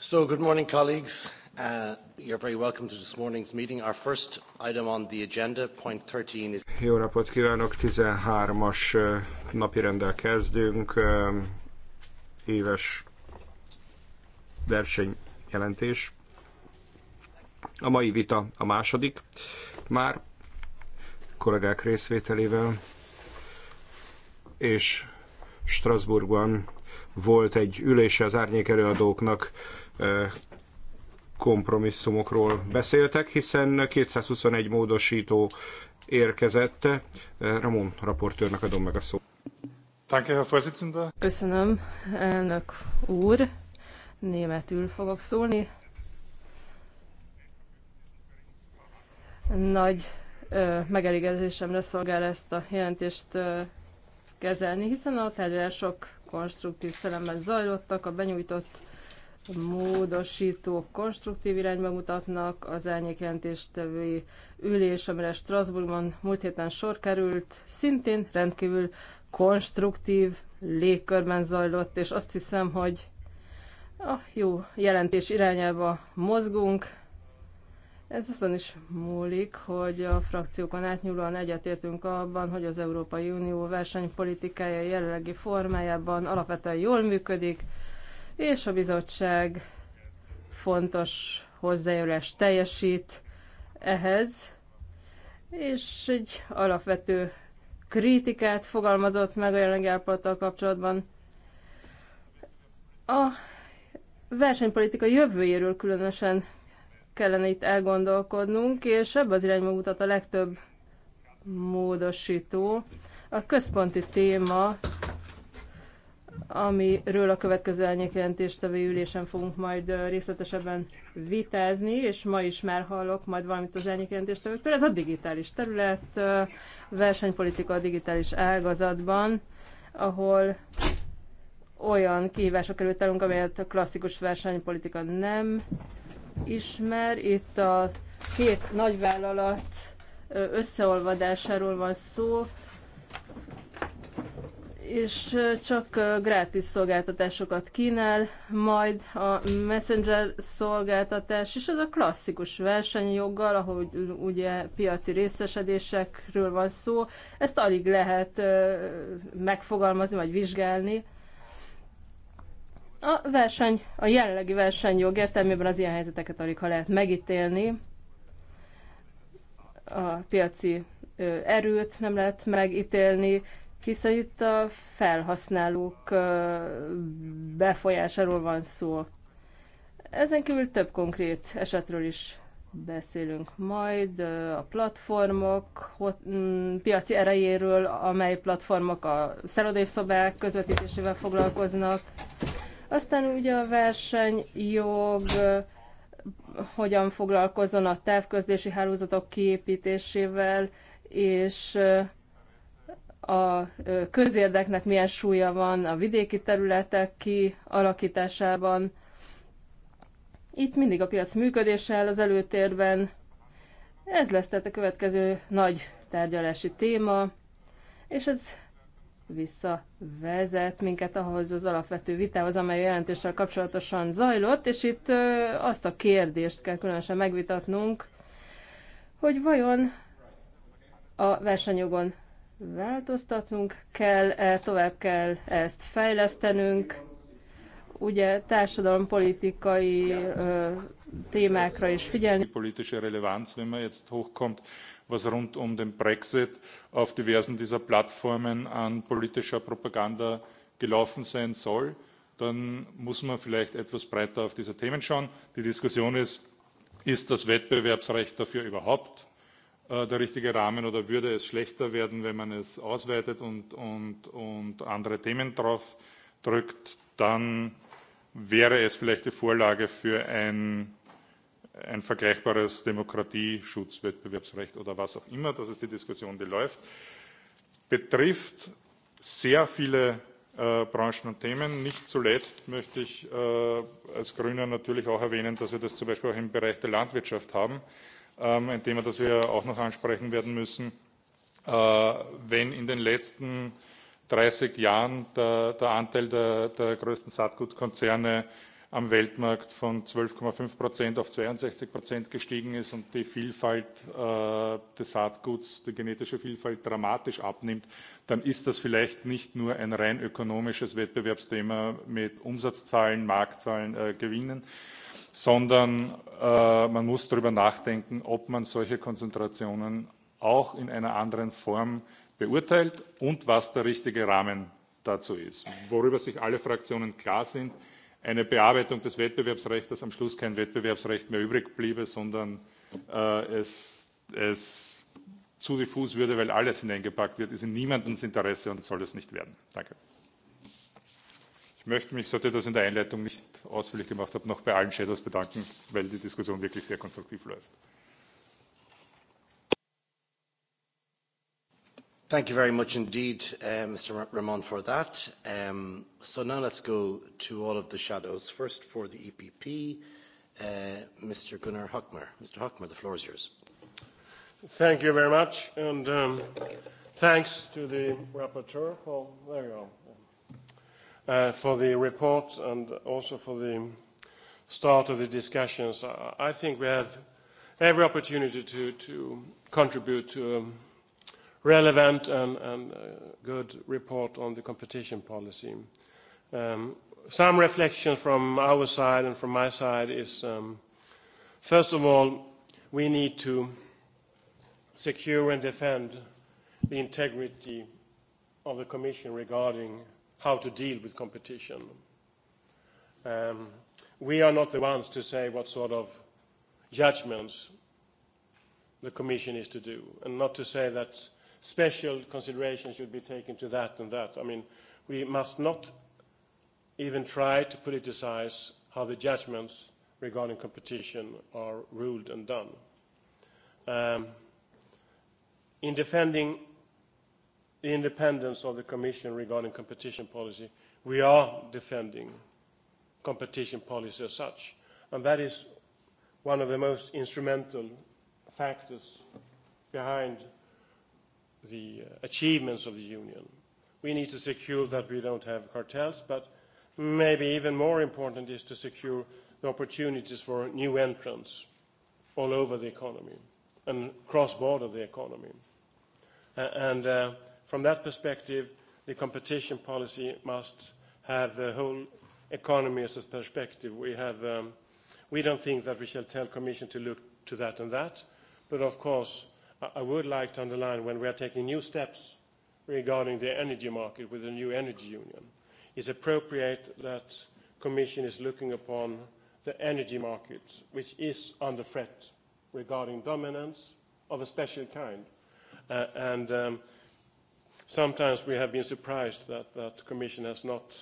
So, good morning, colleagues. Uh, you're very welcome to this morning's meeting. Our first item on the agenda, point 13 is... Jó napot kívánok! 13-as uh, napirenddel kezdünk. Uh, Éves versenyjelentés. A mai vita a második. Már kollégák részvételével és Strasbourgban volt egy ülése az árnyék előadóknak kompromisszumokról beszéltek, hiszen 221 módosító érkezett. Ramon raportőrnek adom meg a szót. Köszönöm, elnök úr. Németül fogok szólni. Nagy ö, megelégedésemre szolgál ezt a jelentést ö, kezelni, hiszen a tárgyalások konstruktív szellemmel zajlottak, a benyújtott módosítók konstruktív irányba mutatnak. Az árnyékjelentéstevői ülés, amire Strasbourgban múlt héten sor került, szintén rendkívül konstruktív légkörben zajlott, és azt hiszem, hogy a jó jelentés irányába mozgunk. Ez azon is múlik, hogy a frakciókon átnyúlóan egyetértünk abban, hogy az Európai Unió versenypolitikája jelenlegi formájában alapvetően jól működik, és a bizottság fontos hozzájárulást teljesít ehhez, és egy alapvető kritikát fogalmazott meg a jelenlegi állapottal kapcsolatban. A versenypolitika jövőjéről különösen kellene itt elgondolkodnunk, és ebbe az irányba mutat a legtöbb módosító. A központi téma amiről a következő elnyékjelentéstevő ülésen fogunk majd részletesebben vitázni, és ma is már hallok majd valamit az elnyékjelentéstevőktől. Ez a digitális terület, versenypolitika a digitális ágazatban, ahol olyan kihívások került elünk, amelyet a klasszikus versenypolitika nem ismer. Itt a két nagyvállalat összeolvadásáról van szó, és csak grátis szolgáltatásokat kínál, majd a Messenger szolgáltatás, és ez a klasszikus versenyjoggal, ahogy ugye piaci részesedésekről van szó, ezt alig lehet megfogalmazni vagy vizsgálni. A verseny, a jelenlegi versenyjog értelmében az ilyen helyzeteket alig ha lehet megítélni. A piaci erőt nem lehet megítélni, hiszen itt a felhasználók befolyásáról van szó. Ezen kívül több konkrét esetről is beszélünk majd, a platformok piaci erejéről, amely platformok a szobák közvetítésével foglalkoznak. Aztán ugye a versenyjog, hogyan foglalkozzon a távközlési hálózatok kiépítésével, és a közérdeknek milyen súlya van a vidéki területek kialakításában. Itt mindig a piac működése áll az előtérben. Ez lesz tehát a következő nagy tárgyalási téma, és ez visszavezet minket ahhoz az alapvető vitához, amely jelentéssel kapcsolatosan zajlott, és itt azt a kérdést kell különösen megvitatnunk, hogy vajon a versenyjogon változtatnunk kell, -e, tovább kell ezt fejlesztenünk. Ugye társadalompolitikai politikai témákra is figyelni. Politische Relevanz, wenn man jetzt hochkommt, was rund um den Brexit auf diversen dieser Plattformen an politischer Propaganda gelaufen sein soll, dann muss man vielleicht etwas breiter auf diese Themen schauen. Die Diskussion ist, ist das Wettbewerbsrecht dafür überhaupt Äh, der richtige Rahmen oder würde es schlechter werden, wenn man es ausweitet und, und, und andere Themen drauf drückt, dann wäre es vielleicht die Vorlage für ein, ein vergleichbares Demokratieschutzwettbewerbsrecht oder was auch immer. Das ist die Diskussion, die läuft. Betrifft sehr viele äh, Branchen und Themen. Nicht zuletzt möchte ich äh, als Grüner natürlich auch erwähnen, dass wir das zum Beispiel auch im Bereich der Landwirtschaft haben Ähm, ein Thema, das wir auch noch ansprechen werden müssen. Äh, wenn in den letzten 30 Jahren der, der Anteil der, der größten Saatgutkonzerne am Weltmarkt von 12,5 Prozent auf 62 Prozent gestiegen ist und die Vielfalt äh, des Saatguts, die genetische Vielfalt dramatisch abnimmt, dann ist das vielleicht nicht nur ein rein ökonomisches Wettbewerbsthema mit Umsatzzahlen, Marktzahlen, äh, Gewinnen, sondern äh, man muss darüber nachdenken, ob man solche Konzentrationen auch in einer anderen Form beurteilt und was der richtige Rahmen dazu ist. Worüber sich alle Fraktionen klar sind, eine Bearbeitung des Wettbewerbsrechts, dass am Schluss kein Wettbewerbsrecht mehr übrig bliebe, sondern äh, es, es zu diffus würde, weil alles hineingepackt wird, ist in niemandes Interesse und soll es nicht werden. Danke möchte mich, sollte das in der Einleitung nicht ausführlich gemacht habe, noch bei allen Shadows bedanken, weil die Diskussion wirklich sehr konstruktiv läuft. Thank you very much indeed, uh, Mr. Ramon, for that. Um, so now let's go to all of the shadows. First for the EPP, uh, Mr. Gunnar Hockmer. Mr. Hockmer, the floor is yours. Thank you very much, and um, thanks to the rapporteur. Well, there you go. Uh, for the report and also for the start of the discussions. I think we have every opportunity to, to contribute to a relevant and, and a uh, good report on the competition policy. Um, some reflection from our side and from my side is, um, first of all, we need to secure and defend the integrity of the Commission regarding how to deal with competition. Um, we are not the ones to say what sort of judgments the Commission is to do, and not to say that special consideration should be taken to that and that. I mean, we must not even try to politicize how the judgments regarding competition are ruled and done. Um, in defending the independence of the Commission regarding competition policy. We are defending competition policy as such, and that is one of the most instrumental factors behind the uh, achievements of the Union. We need to secure that we don't have cartels, but maybe even more important is to secure the opportunities for new entrants all over the economy and cross-border the economy. And uh, From that perspective, the competition policy must have the whole economy as a perspective. We, have, um, we don't think that we shall tell Commission to look to that and that, but of course, I would like to underline when we are taking new steps regarding the energy market with the new energy union, it's appropriate that Commission is looking upon the energy market, which is under threat regarding dominance of a special kind. Uh, and um, Sometimes we have been surprised that the Commission has not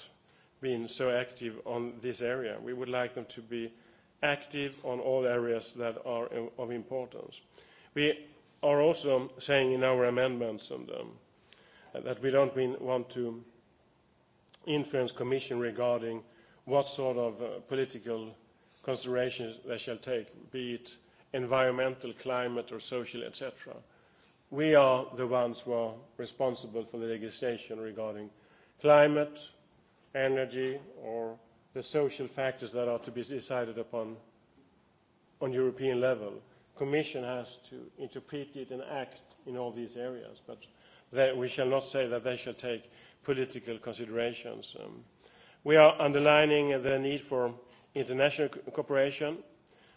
been so active on this area. We would like them to be active on all areas that are of importance. We are also saying in our amendments and, um, that we don't mean, want to influence Commission regarding what sort of uh, political considerations they shall take, be it environmental, climate, or social, etc we are the ones who are responsible for the legislation regarding climate, energy, or the social factors that are to be decided upon on European level. Commission has to interpret it and act in all these areas, but they, we shall not say that they shall take political considerations. Um, we are underlining the need for international cooperation.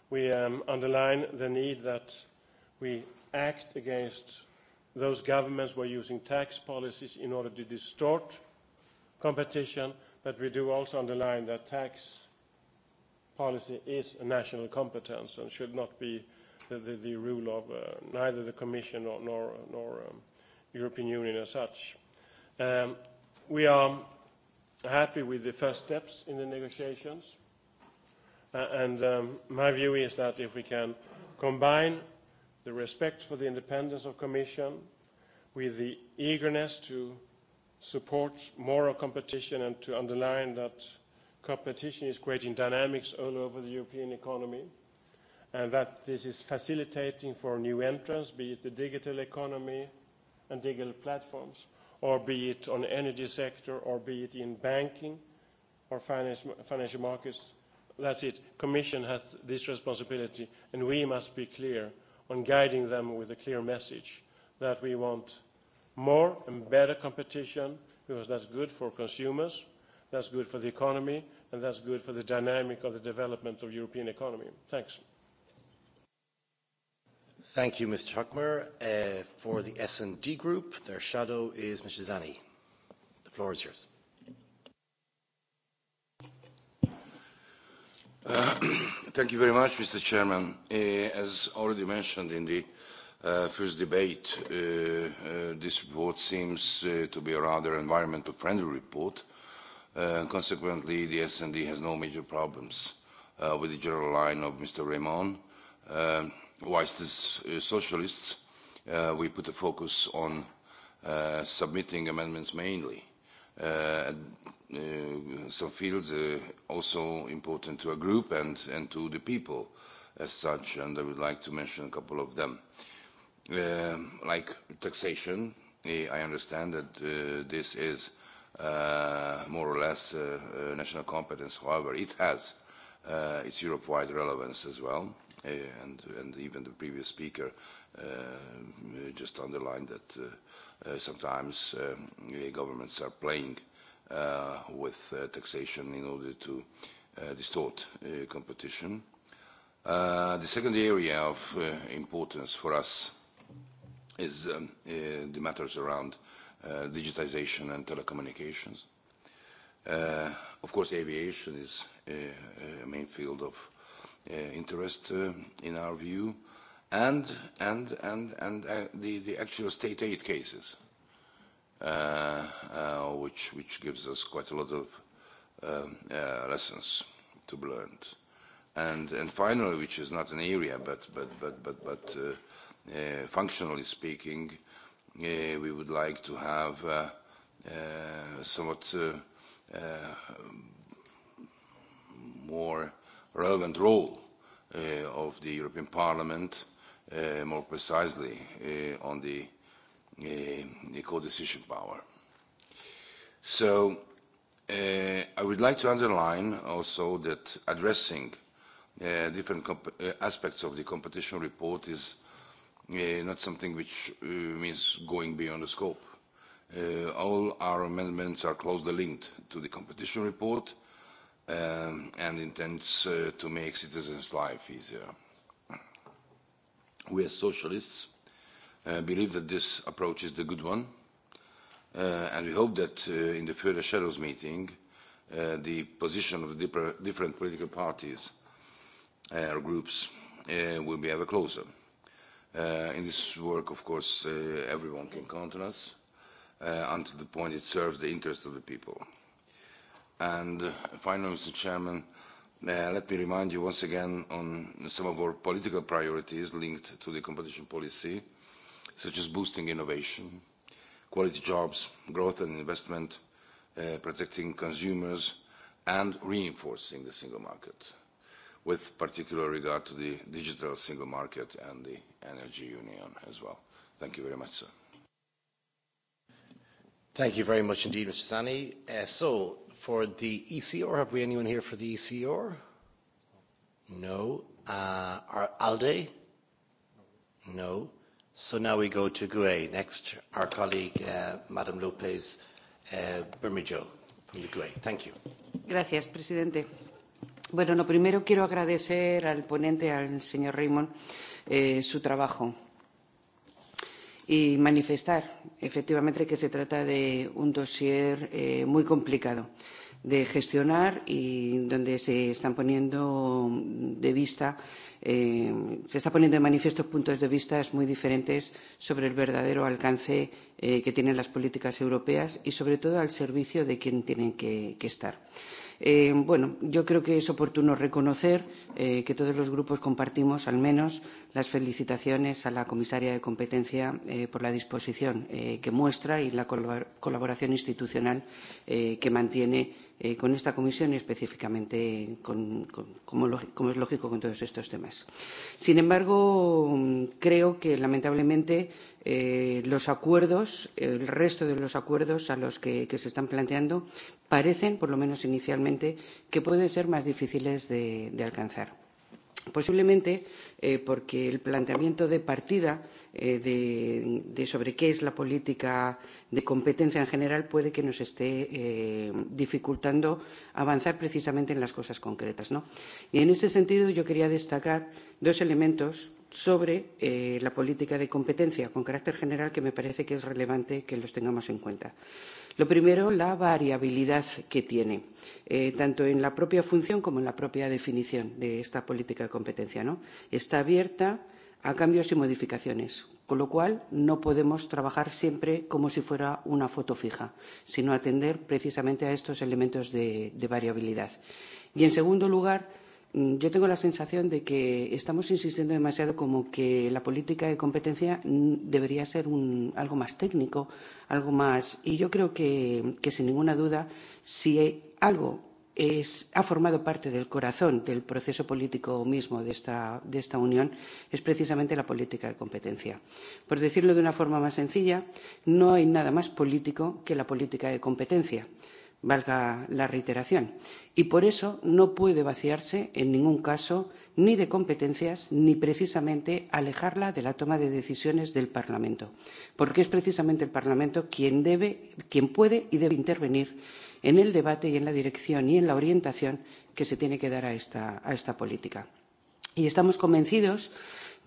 We um, underline the need that we act against those governments who are using tax policies in order to distort competition, but we do also underline that tax policy is a national competence and should not be the, the, the rule of uh, neither the Commission nor, nor, nor um, European Union as such. Um, we are happy with the first steps in the negotiations, uh, and um, my view is that if we can combine the respect for the independence of Commission, with the eagerness to support moral competition and to underline that competition is creating dynamics all over the European economy and that this is facilitating for new entrants, be it the digital economy and digital platforms, or be it on the energy sector, or be it in banking or financial markets. That's it. Commission has this responsibility, and we must be clear on guiding them with a clear message that we want more and better competition because that's good for consumers, that's good for the economy, and that's good for the dynamic of the development of European economy. Thanks. Thank you, Mr. Huckmer. Uh, for the S&D group, their shadow is Mr. Zani. The floor is yours. Uh, thank you very much, Mr. Chairman. Uh, as already mentioned in the uh, first debate, uh, uh, this report seems uh, to be a rather environmental-friendly report. Uh, consequently, the S&D has no major problems uh, with the general line of Mr. Raymond. Uh, whilst as uh, socialists, uh, we put a focus on uh, submitting amendments mainly uh, uh, some fields uh, also important to a group and, and to the people as such, and I would like to mention a couple of them. Uh, like taxation, uh, I understand that uh, this is uh, more or less uh, uh, national competence. However, it has uh, its Europe-wide relevance as well, uh, and, and even the previous speaker uh, just underlined that uh, uh, sometimes uh, governments are playing uh, uh, with uh, taxation in order to uh, distort uh, competition. Uh, the second area of uh, importance for us is um, uh, the matters around uh, digitization and telecommunications. Uh, of course, aviation is a, uh, uh, a main field of uh, interest uh, in our view, and, and, and, and uh, the, the actual state aid cases. Uh, Uh, uh, which, which gives us quite a lot of um, uh, lessons to be learned. And, and finally, which is not an area, but, but, but, but, but uh, uh, functionally speaking, uh, we would like to have uh, uh, somewhat uh, uh, more relevant role uh, of the European Parliament, uh, more precisely uh, on the uh, eh, co-decision power. So uh, I would like to underline also that addressing uh, different comp aspects of the competition report is uh, not something which uh, means going beyond the scope. Uh, all our amendments are closely linked to the competition report um, and intends uh, to make citizens' life easier. We as socialists uh, believe that this approach is the good one, uh, and we hope that uh, in the further shadows meeting, uh, the position of the different political parties uh, or groups uh, will be ever closer. Uh, in this work, of course, uh, everyone can count on us uh, until the point it serves the interest of the people. And uh, finally, Mr. Chairman, uh, let me remind you once again on some of our political priorities linked to the competition policy. Uh, such as boosting innovation, quality jobs, growth and investment, uh, protecting consumers, and reinforcing the single market, with particular regard to the digital single market and the energy union as well. Thank you very much, sir. Thank you very much indeed, Mr. Sani. Uh, so, for the ECR, have we anyone here for the ECR? No. Uh, our ALDE? No. So now we go to GUE. Next, our colleague, uh, Madam Lopez uh, Bermejo from the GUE. Thank you. Gracias, presidente. Bueno, lo primero quiero agradecer al ponente, al señor Raymond, eh, su trabajo y manifestar efectivamente que se trata de un dossier eh, muy complicado de gestionar y donde se están poniendo de vista eh, se está poniendo de manifiesto puntos de vista muy diferentes sobre el verdadero alcance eh, que tienen las políticas europeas y, sobre todo, al servicio de quien tienen que, que estar. Eh, bueno, yo creo que es oportuno reconocer eh, que todos los grupos compartimos al menos las felicitaciones a la comisaria de competencia eh, por la disposición eh, que muestra y la colaboración institucional eh, que mantiene eh, con esta comisión y específicamente con, con, como, lo, como es lógico con todos estos temas. Sin embargo, mm, creo que lamentablemente eh, los acuerdos, el resto de los acuerdos a los que, que se están planteando, parecen, por lo menos inicialmente, que pueden ser más difíciles de, de alcanzar. Posiblemente eh, porque el planteamiento de partida eh, eh, de, de sobre qué es la política de competencia en general puede que nos esté eh, dificultando avanzar precisamente en las cosas concretas. ¿no? Y en ese sentido yo quería destacar dos elementos sobre eh, la política de competencia con carácter general que me parece que es relevante que los tengamos en cuenta. Lo primero, la variabilidad que tiene, eh, tanto en la propia función como en la propia definición de esta política de competencia. ¿no? Está abierta a cambios y modificaciones, con lo cual no podemos trabajar siempre como si fuera una foto fija, sino atender precisamente a estos elementos de, de variabilidad. Y, en segundo lugar, mm, yo tengo la sensación de que estamos insistiendo demasiado como que la política de competencia debería ser un, algo más técnico, algo más. Y yo creo que, que sin ninguna duda, si algo es, ha formado parte del corazón del proceso político mismo de esta, de esta Unión es precisamente la política de competencia. Por decirlo de una forma más sencilla, no hay nada más político que la política de competencia valga la reiteración. Y por eso no puede vaciarse en ningún caso ni de competencias ni precisamente alejarla de la toma de decisiones del Parlamento, porque es precisamente el Parlamento quien debe, quien puede y debe intervenir en el debate y en la dirección y en la orientación que se tiene que dar a esta, a esta política. Y estamos convencidos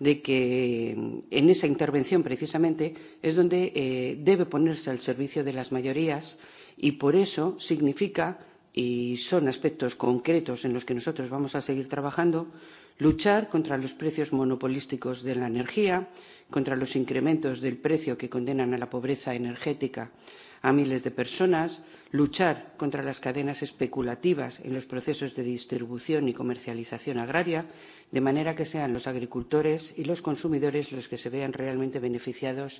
de que mm, en esa intervención precisamente es donde eh, debe ponerse al servicio de las mayorías y por eso significa y son aspectos concretos en los que nosotros vamos a seguir trabajando luchar contra los precios monopolísticos de la energía, contra los incrementos del precio que condenan a la pobreza energética a miles de personas, luchar contra las cadenas especulativas en los procesos de distribución y comercialización agraria, de manera que sean los agricultores y los consumidores los que se vean realmente beneficiados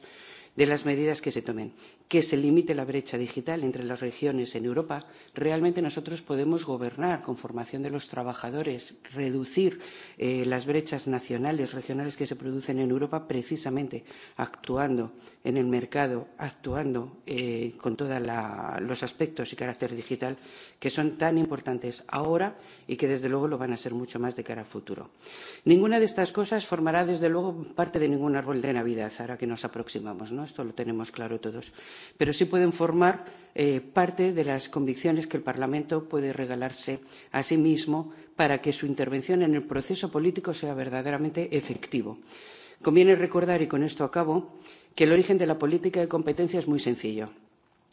de las medidas que se tomen, que se limite la brecha digital entre las regiones en Europa. Realmente nosotros podemos gobernar con formación de los trabajadores, reducir eh, las brechas nacionales, regionales que se producen en Europa precisamente actuando en el mercado, actuando eh, con todos los aspectos y carácter digital que son tan importantes ahora y que desde luego lo van a ser mucho más de cara al futuro. Ninguna de estas cosas formará desde luego parte de ningún árbol de Navidad ahora que nos aproximamos. ¿no? Esto lo tenemos claro todos. Pero sí pueden formar eh, parte de las convicciones que el Parlamento puede regalarse a sí mismo para que su intervención en el proceso político sea verdaderamente efectivo. Conviene recordar, y con esto acabo, que el origen de la política de competencia es muy sencillo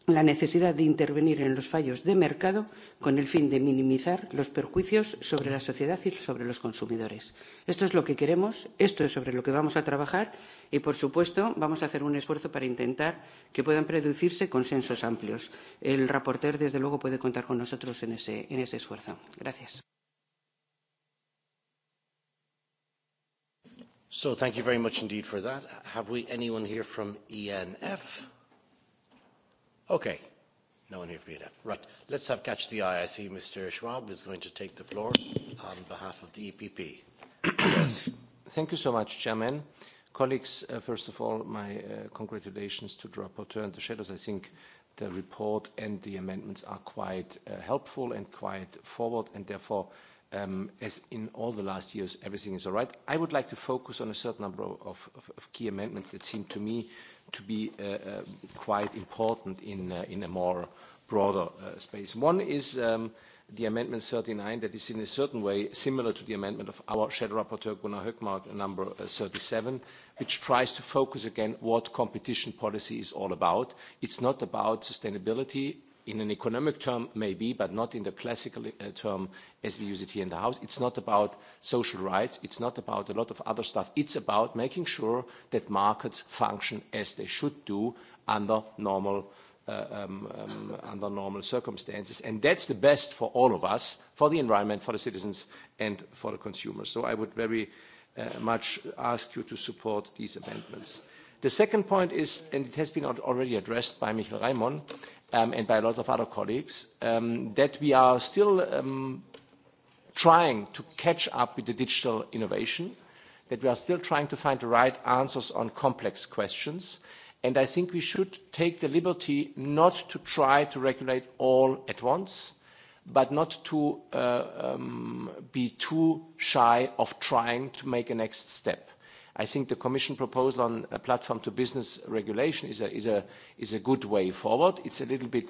la necesidad de intervenir en los fallos de mercado con el fin de minimizar los perjuicios sobre la sociedad y sobre los consumidores. Esto es lo que queremos, esto es sobre lo que vamos a trabajar y, por supuesto, vamos a hacer un esfuerzo para intentar que puedan producirse consensos amplios. El reporter, desde luego, puede contar con nosotros en ese, en ese esfuerzo. Gracias. So thank you very much indeed for that. Have we anyone here from ENF? Okay. No one here for BNF. Right. Let's have catch the eye. I see Mr. Schwab is going to take the floor on behalf of the EPP. yes. Thank you so much, Chairman. Colleagues, uh, first of all, my uh, congratulations to the rapporteur and the shadows. I think the report and the amendments are quite uh, helpful and quite forward, and therefore, um, as in all the last years, everything is all right. I would like to focus on a certain number of, of, of key amendments that seem to me uh, to be uh, uh, quite important in, uh, in a more broader space. One is um, the Amendment 39 that is in a certain way similar to the amendment of our Shadow Rapporteur Gunnar Höckmark, number 37, which tries to focus again what competition policy is all about. It's not about sustainability in an economic term, maybe, but not in the classical uh, term as we use it here in the House. It's not about social rights. It's not about a lot of other stuff. It's about making sure that markets function as they should do under normal uh, um, um, under normal circumstances. And that's the best for all of us, for the environment, for the citizens, and for the consumers. So I would very uh, much ask you to support these amendments. The second point is, and it has been already addressed by Michael Raimon, um, and by a lot of other colleagues, um, that we are still um, trying to catch up with the digital innovation, that we are still trying to find the right answers on complex questions. And I think we should take the liberty not to try to regulate all at once, but not to uh, um, be too shy of trying to make a next step. I think the Commission proposal on a platform to business regulation is a, is a, is a good way forward. It's a little bit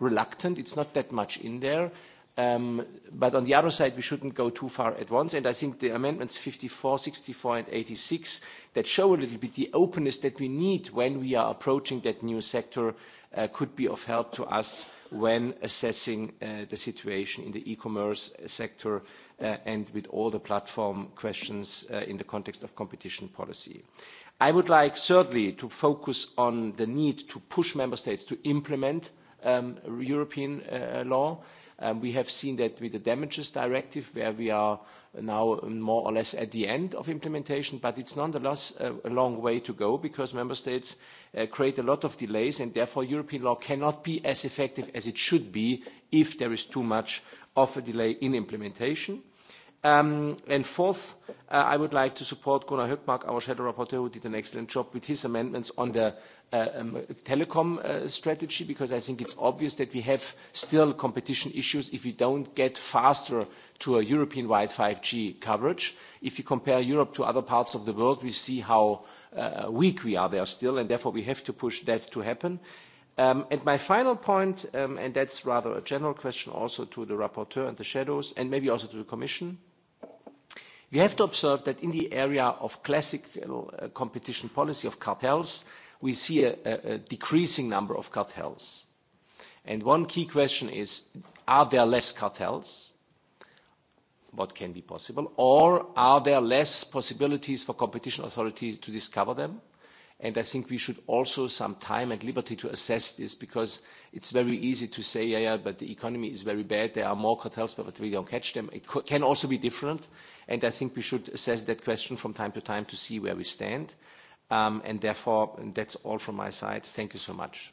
reluctant. It's not that much in there. Um, but on the other side, we shouldn't go too far at once. And I think the amendments 54, 64, and 86 that show a little bit the openness that we need when we are approaching that new sector uh, could be of help to us when assessing uh, the situation in the e-commerce sector Uh, and with all the platform questions uh, in the context of competition policy. I would like, thirdly, to focus on the need to push member states to implement um, European uh, law. Um, we have seen that with the damages directive, where we are now more or less at the end of implementation, but it's nonetheless a, long way to go because member states create a lot of delays, and therefore European law cannot be as effective as it should be if there is too much of a delay in implementation. Um, and fourth, uh, I would like to support Gunnar Höckmark, our shadow rapporteur, who did an excellent job with his amendments on the uh, um, telecom uh, strategy, because I think it's obvious that we have still competition issues if we don't get faster to a European-wide 5G coverage. If you compare Europe to other parts of the world, we see how uh, weak we are there still, and therefore we have to push that to happen. Um, and my final point, um, and that's rather a general question also to the rapporteur and the shadows, and maybe also to the Commission, we have to observe that in the area of classical uh, competition policy of cartels, we see a, a, decreasing number of cartels. And one key question is, are there less cartels? What can be possible? Or are there less possibilities for competition authorities to discover them? And I think we should also some time and liberty to assess this because it's very easy to say, yeah, yeah, but the economy is very bad. There are more cartels, but we don't catch them. It can also be different. And I think we should assess that question from time to time to see where we stand. Um, and therefore, that's all from my side. Thank you so much.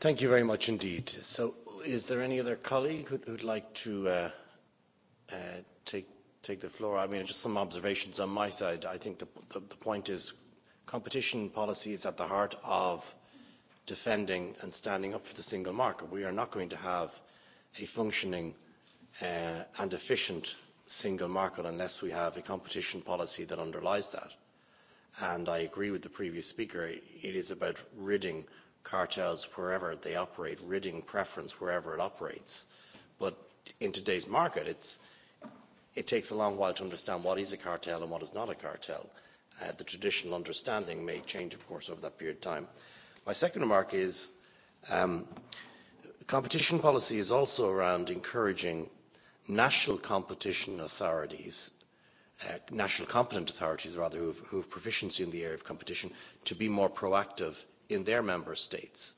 Thank you very much indeed. So is there any other colleague who would like to uh, uh, take take the floor. I mean, just some observations on my side. I think the, the, the point is competition policy is at the heart of defending and standing up for the single market. We are not going to have a functioning uh, and efficient single market unless we have a competition policy that underlies that. And I agree with the previous speaker, it is about ridding cartels wherever they operate, ridding preference wherever it operates. But in today's market, it's, it takes a long while to understand what is a cartel and what is not a cartel. Uh, the traditional understanding may change, of course, over that period of time. My second remark is um, competition policy is also around encouraging national competition authorities, uh, national competent authorities, rather, who have, who have proficiency in the area of competition, to be more proactive in their member states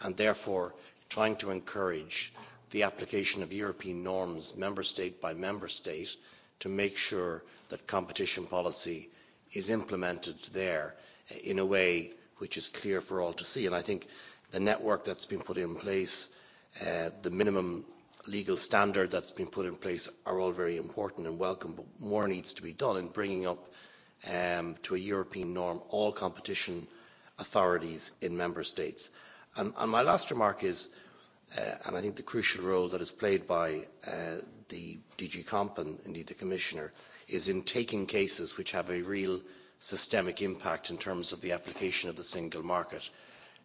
and therefore trying to encourage the application of European norms, member state by member state, to make sure that competition policy is implemented there in a way which is clear for all to see. And I think the network that's been put in place, uh, the minimum legal standard that's been put in place are all very important and welcome, but more needs to be done in bringing up um, to a European norm all competition authorities in member states. And, and my last remark is Uh, and I think the crucial role that is played by uh, the DG Comp and indeed the Commissioner is in taking cases which have a real systemic impact in terms of the application of the single market.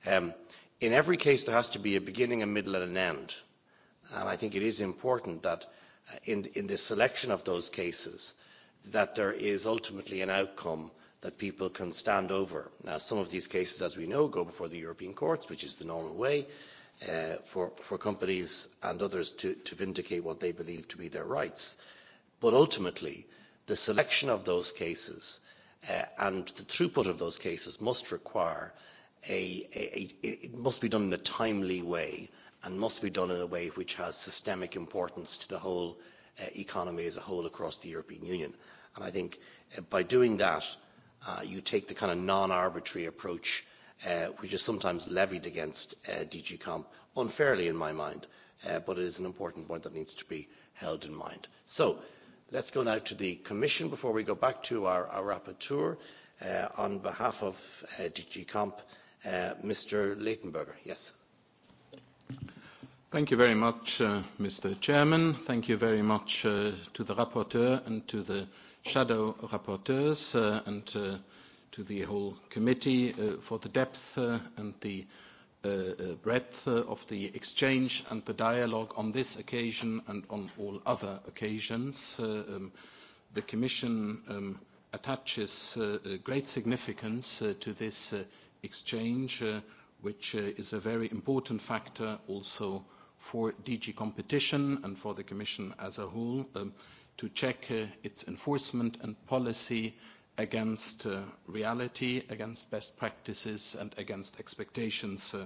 Um, in every case, there has to be a beginning, a middle, and an end. And I think it is important that uh, in, in the selection of those cases, that there is ultimately an outcome that people can stand over. Now, some of these cases, as we know, go before the European courts, which is the normal way uh, for, for companies and others to, to vindicate what they believe to be their rights. But ultimately, the selection of those cases uh, and the throughput of those cases must require a, a, a, it must be done in a timely way and must be done in a way which has systemic importance to the whole uh, economy as a whole across the European Union. And I think uh, by doing that, uh, you take the kind of non-arbitrary approach uh, which is sometimes levied against uh, DG Comp, unfairly in my mind, uh, but it is an important point that needs to be held in mind. So let's go now to the Commission before we go back to our, our rapporteur. Uh, on behalf of uh, DG Comp, uh, Mr. Leitenberger. Yes. Thank you very much, uh, Mr. Chairman. Thank you very much uh, to the rapporteur and to the shadow rapporteurs uh, and uh, to the whole committee uh, for the depth uh, and the uh, uh, breadth uh, of the exchange and the dialogue on this occasion and on all other occasions. Uh, um, the Commission um, attaches uh, uh great significance uh, to this uh, exchange, uh, which uh, is a very important factor also for DG competition and for the Commission as a whole. Um, to check uh, its enforcement and policy against uh, reality, against best practices, and against expectations uh,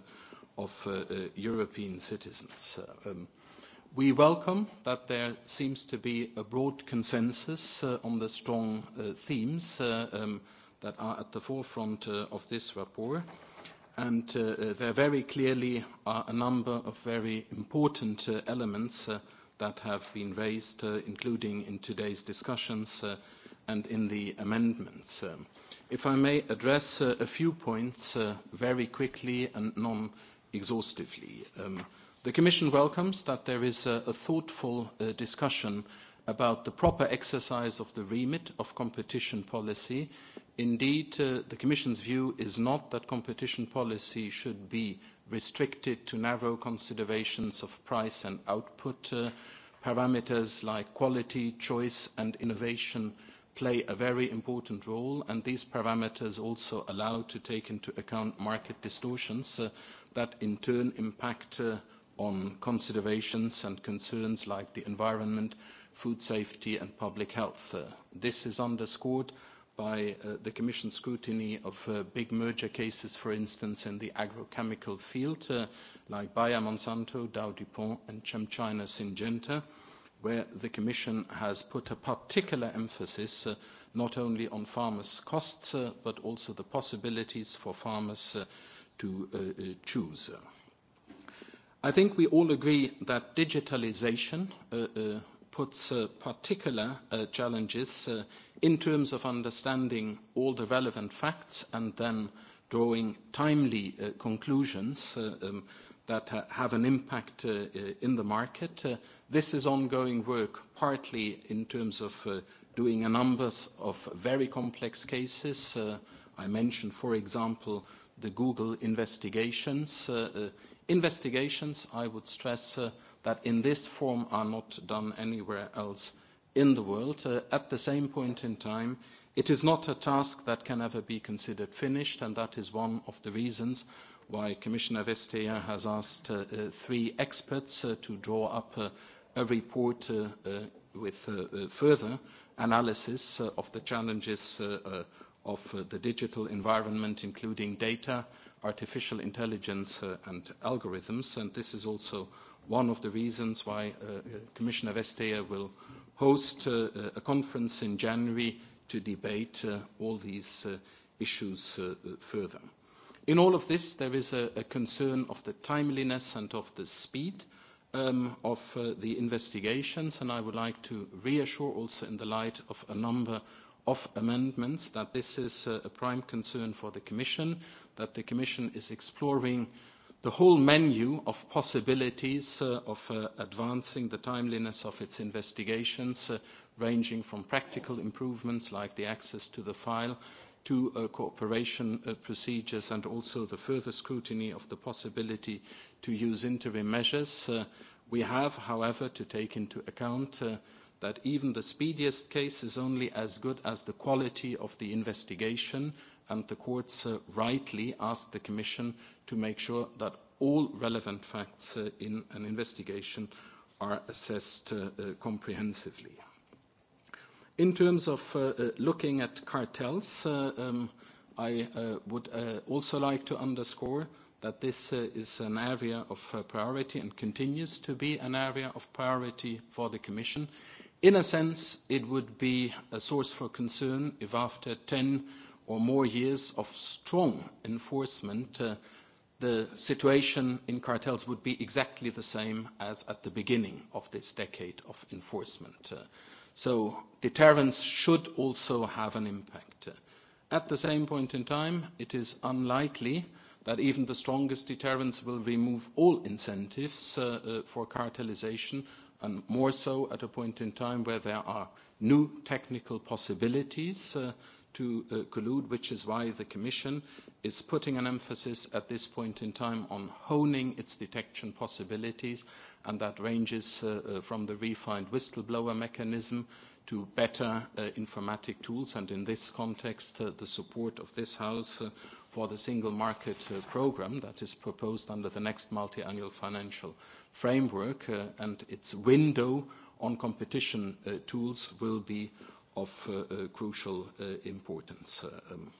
of uh, uh, European citizens. Uh, um, we welcome that there seems to be a broad consensus on the strong themes um, that are at the forefront of this rapport. And there very clearly are a number of very important elements that have been raised, uh, including in today's discussions uh, and in the amendments. Um, if I may address uh, a few points uh, very quickly and non-exhaustively. Um, the Commission welcomes that there is a, a thoughtful uh, discussion about the proper exercise of the remit of competition policy. Indeed, uh, the Commission's view is not that competition policy should be uh, restricted to narrow considerations of price and output. Uh, parameters like quality, choice and innovation play a very important role, and these parameters also allow to take into account market distortions uh, that in turn impact uh, on considerations and concerns like the environment, food safety and public health. this is underscored by uh, the Commission scrutiny of uh, big merger cases, for instance, in the agrochemical field, uh, like Bayer Monsanto, Dow DuPont, and ChemChina Syngenta, where the Commission has put a particular emphasis uh, not only on farmers' costs, uh, but also the possibilities for farmers uh, to uh, uh choose. I think we all agree that digitalization uh, uh, puts uh, particular uh, challenges uh, in terms of understanding all the relevant facts and then drawing timely uh, conclusions uh, um, that uh, have an impact uh, in the market. Uh, this is ongoing work, partly in terms of uh, doing a number of very complex cases. Uh, I mentioned, for example, the Google investigations. Uh, uh, investigations, I would stress, uh, that in this form are not done anywhere else in the world. Uh, at the same point in time, it is not a task that can ever be considered finished, and that is one of the reasons why Commissioner Vestager has asked uh, uh, three experts uh, to draw up uh, a report uh, uh, with uh, uh, further analysis uh, of the challenges uh, uh, of uh, the digital environment, including data, artificial intelligence uh, and algorithms. And this is also one of the reasons why uh, uh Commissioner Vestager will host uh, uh, a conference in January to debate uh, all these uh, issues uh, uh, further. In all of this, there is a, a concern of the timeliness and of the speed um, of uh, the investigations, and I would like to reassure also in the light of a number of amendments that this is uh, a prime concern for the Commission, that the Commission is exploring uh, the whole menu of possibilities uh, of uh, advancing the timeliness of its investigations, uh, ranging from practical improvements like the access to the file to uh, cooperation uh, procedures and also the further scrutiny of the possibility to use interim measures. Uh, we have, however, to take into account uh, that even the speediest case is only as good as the quality of the investigation, and the courts uh, rightly asked the Commission to make sure that all relevant facts uh, in an investigation are assessed uh, uh, comprehensively. In terms of uh, uh, looking at cartels, uh, um, I uh, would uh, also like to underscore that this uh, is an area of uh, priority and continues to be an area of priority for the Commission. In a sense, it would be a source for concern if after 10 or more years of strong enforcement, uh, the situation in cartels would be exactly the same as at the beginning of this decade of enforcement. Uh, so deterrence should also have an impact. Uh, at the same point in time, it is unlikely that even the strongest deterrence will remove all incentives uh, uh, for cartelization, and more so at a point in time where there are new technical possibilities Uh, to uh, collude, which is why the Commission is putting an emphasis at this point in time on honing its detection possibilities, and that ranges uh, uh, from the refined whistleblower mechanism to better uh, informatic tools, and in this context, uh, the support of this House uh, for the single market uh, program that is proposed under the next multi-annual financial framework, uh, and its window on competition uh, tools will be of uh, uh, crucial uh, importance. Uh, um,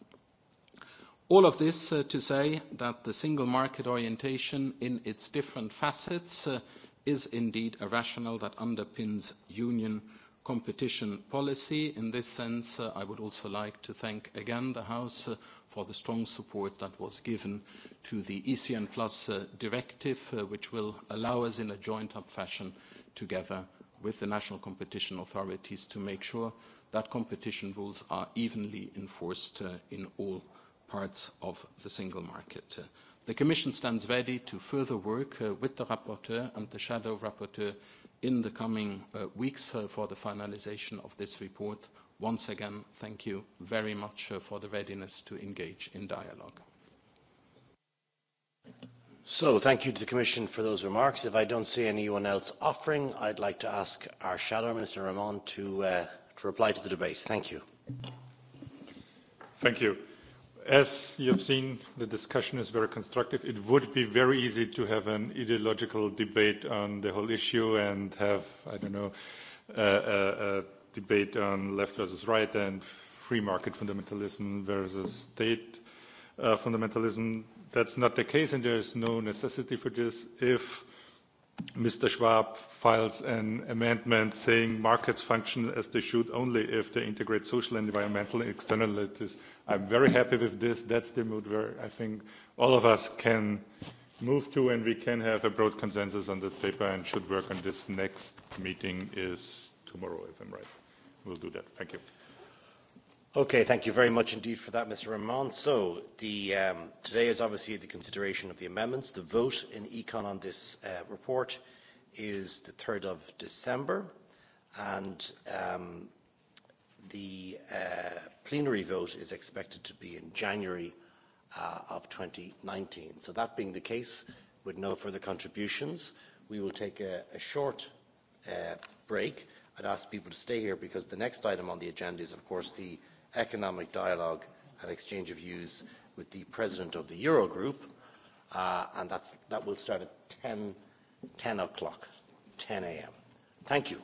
all of this uh, to say that the single market orientation in its different facets uh, is indeed a rationale that underpins union competition policy. In this sense, uh, I would also like to thank again the House uh, for the strong support that was given to the ECN Plus uh, directive, uh, which will allow us in a joint-up fashion together with the national competition authorities to make sure that competition rules are evenly enforced uh, in all parts of the single market. Uh, the Commission stands ready to further work uh, with the rapporteur and the shadow rapporteur in the coming uh, weeks uh, for the finalization of this report. Once again, thank you very much uh, for the readiness to engage in dialogue. So, thank you to the Commission for those remarks. If I don't see anyone else offering, I'd like to ask our shadow, Mr. Ramon, to uh, to reply to the debate. Thank you. Thank you. As you have seen, the discussion is very constructive. It would be very easy to have an ideological debate on the whole issue and have, I don't know, a, a, a debate on left versus right and free market fundamentalism versus state uh, fundamentalism. That's not the case, and there is no necessity for this if Mr. Schwab files an amendment saying markets function as they should only if they integrate social and environmental externalities. I'm very happy with this. That's the mood where I think all of us can move to and we can have a broad consensus on that paper and should work on this. Next meeting is tomorrow, if I'm right. We'll do that. Thank you. Okay, thank you very much indeed for that, Mr. Rahman. So the, um, today is obviously the consideration of the amendments. The vote in Econ on this uh, report is the 3rd of December, and um, the uh, plenary vote is expected to be in January uh, of 2019. So that being the case, with no further contributions, we will take a, a short uh, break. I'd ask people to stay here because the next item on the agenda is, of course, the economic dialogue and exchange of views with the president of the Eurogroup, uh, and that's, that will start at 10, 10 o'clock, 10 a.m. Thank you.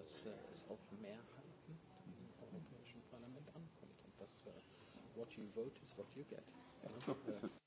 dass äh, es auf Mehrheiten im Europäischen Parlament ankommt und dass äh, what you vote is what you get. Ja, so ist es.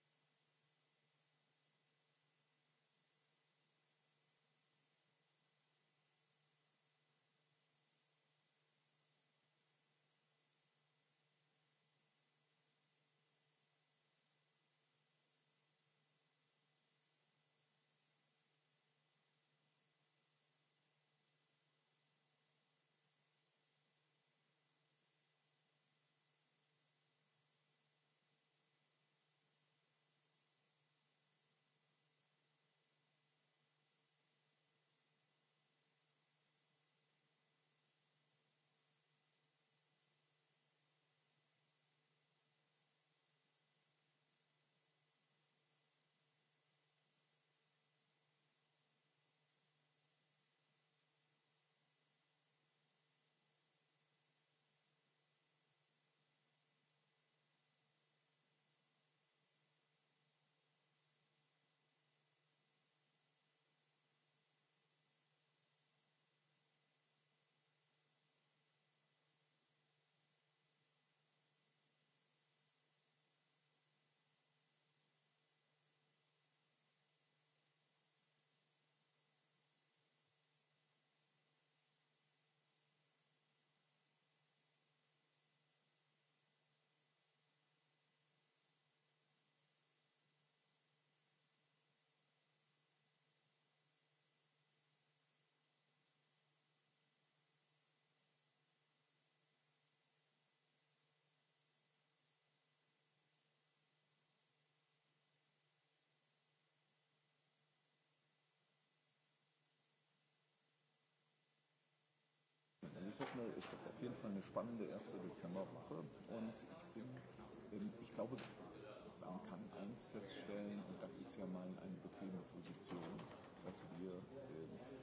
Woche ist auf jeden Fall eine spannende erste Dezemberwoche und im, im, ich glaube, man kann eins feststellen, und das ist ja mal eine bequeme Position, dass wir äh,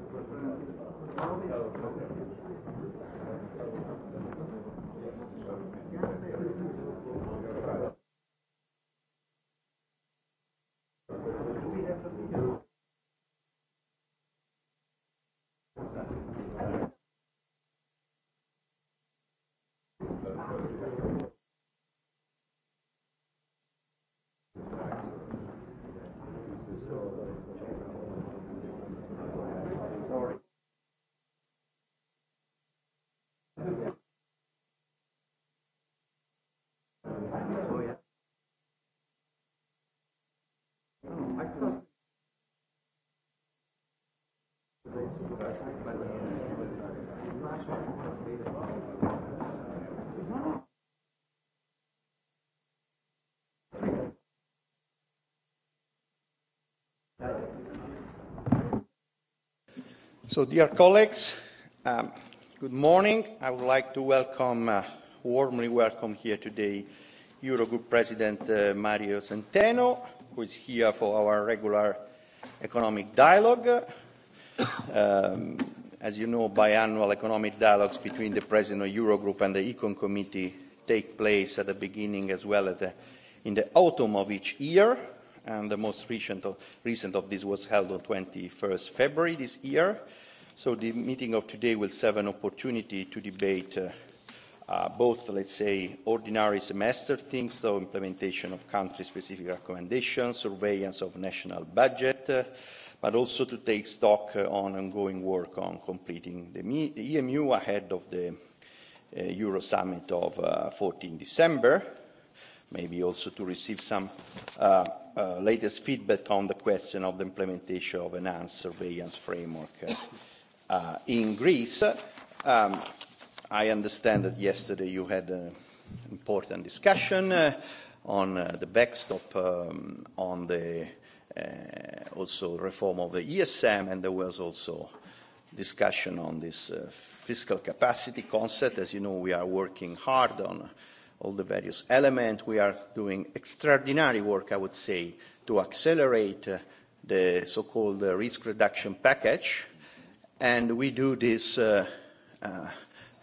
So, dear colleagues, um, good morning. I would like to welcome, uh, warmly welcome here today, Eurogroup President uh, Mario Centeno, who is here for our regular economic dialogue. Um, as you know, biannual economic dialogues between the President of Eurogroup and the Econ Committee take place at the beginning as well as the, in the autumn of each year. And the most recent of, recent of this was held on 21st February this year. So the meeting of today will serve an opportunity to debate uh, Uh, both, let's say, ordinary semester things, so implementation of country-specific recommendations, surveillance of national budget, uh, but also to take stock uh, on ongoing work on completing the, e, the EMU ahead of the uh, Euro Summit of uh, 14 December, maybe also to receive some uh, uh, latest feedback on the question of the implementation of enhanced surveillance framework uh, uh, in Greece. Um, I understand that yesterday you had an important discussion uh, on uh, the backstop, um, on the uh, also reform of the ESM, and there was also discussion on this uh, fiscal capacity concept. As you know, we are working hard on all the various elements. We are doing extraordinary work, I would say, to accelerate uh, the so-called uh, risk reduction package, and we do this uh, uh,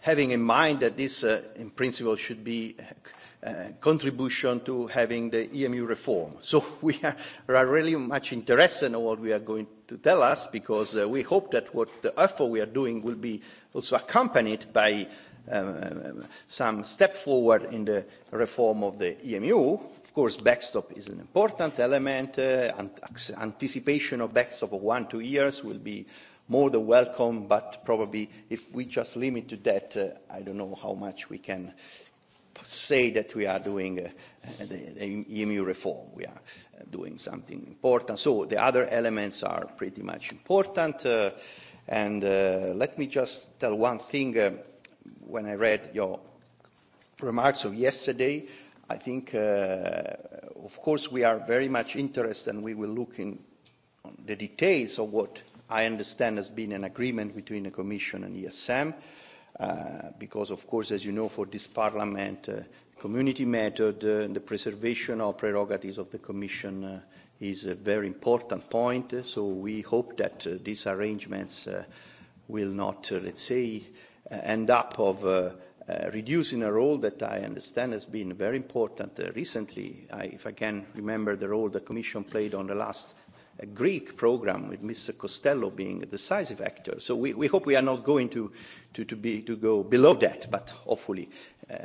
having in mind that this, uh, in principle, should be a contribution to having the EMU reform. So we are, are really much interested in what we are going to tell us because uh, we hope that what the effort we are doing will be also accompanied by um, some step forward in the reform of the EMU. Of course, backstop is an important element. Uh, and anticipation of backstop of one, two years will be uh, more than welcome, but probably if we just limit to that, uh, I don't know how much we can say that we are doing uh, uh the, the EMU reform. We are uh, doing something important. So the other elements are pretty much important. Uh, and uh, let me just tell one thing. Uh, when I read your remarks of yesterday, I think, uh, of course, we are very much interested and we will look in the details of what I understand has been an agreement between the Commission and ESM, uh, because of course, as you know, for this Parliament, uh, community method, uh, the preservation of prerogatives of the Commission uh, is a very important point. So we hope that uh, these arrangements uh, will not, uh, let's say, uh, end up of uh, uh, reducing a role that I understand has been very important uh, recently. I, if I can remember the role the Commission played on the last a Greek program with Mr. Costello being a decisive actor. So we, we hope we are not going to, to, to, be, to go below that, but hopefully uh,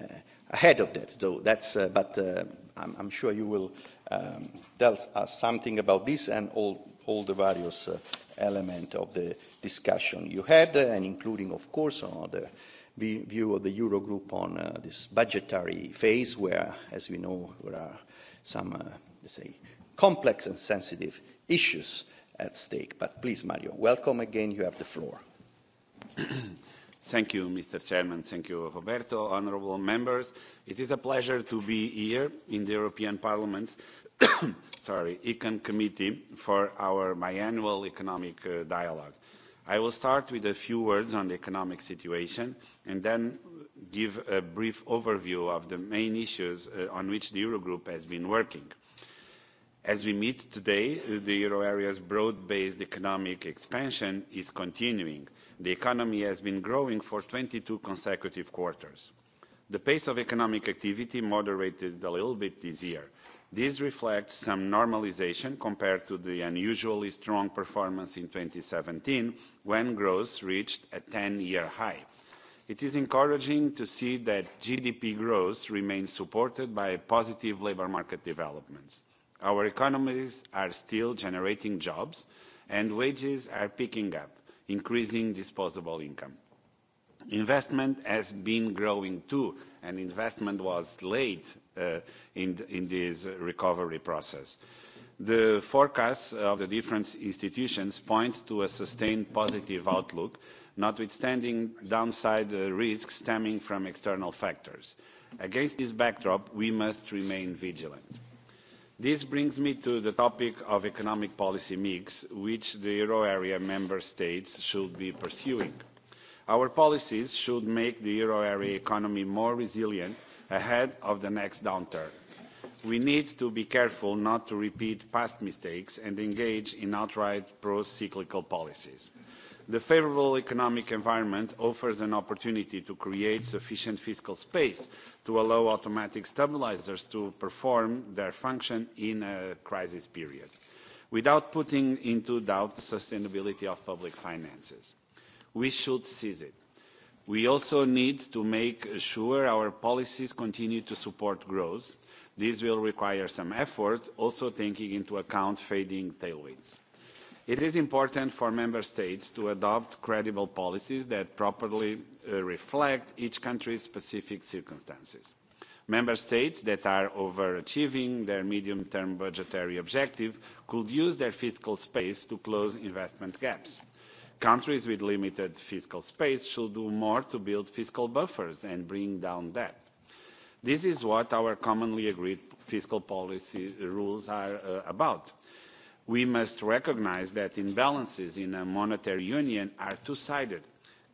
ahead of that. So that's, uh, but uh, I'm, I'm sure you will um, tell us something about this and all, all the various uh, elements of the discussion you had, uh, and including, of course, on the view of the Eurogroup on uh, this budgetary phase where, as we know, there are some, uh, let's say, complex and sensitive issues at stake. But please, Mario, welcome again. You have the floor. Thank you, Mr. Chairman. Thank you, Roberto. Honourable members, it is a pleasure to be here in the European Parliament, sorry, Econ Committee for our biannual economic uh, dialogue. I will start with a few words on the economic situation and then give a brief overview of the main issues uh, on which the Eurogroup has been working. Uh, As we meet today, the euro area's broad-based economic expansion is continuing. The economy has been growing for 22 consecutive quarters. The pace of economic activity moderated a little bit this year. This reflects some normalization compared to the unusually strong performance in 2017, when growth reached a 10-year high. It is encouraging to see that GDP growth remains supported by positive labor market developments. Our economies are still generating jobs, and wages are picking up, increasing disposable income. Investment has been growing too, and investment was late uh, in, in this recovery process. The forecasts of the different institutions point to a sustained positive outlook, notwithstanding downside uh, risks stemming from external factors. Against this backdrop, we must remain vigilant. This brings me to the topic of economic policy mix, which the euro area member states should be pursuing. Our policies should make the euro area economy more resilient ahead of the next downturn. We need to be careful not to repeat past mistakes and engage in outright pro-cyclical policies the favourable economic environment offers an opportunity to create sufficient fiscal space to allow automatic stabilisers to perform their function in a crisis period without putting into doubt the sustainability of public finances. We should seize it. We also need to make sure our policies continue to support growth. This will require some effort, also taking into account fading tailwinds. It is important for member states to adopt credible policies that properly uh, reflect each country's specific circumstances. Member states that are overachieving their medium-term budgetary objective could use their fiscal space to close investment gaps. Countries with limited fiscal space should do more to build fiscal buffers and bring down debt. This is what our commonly agreed fiscal policy rules are uh, about we must recognise that imbalances in a monetary union are two sided.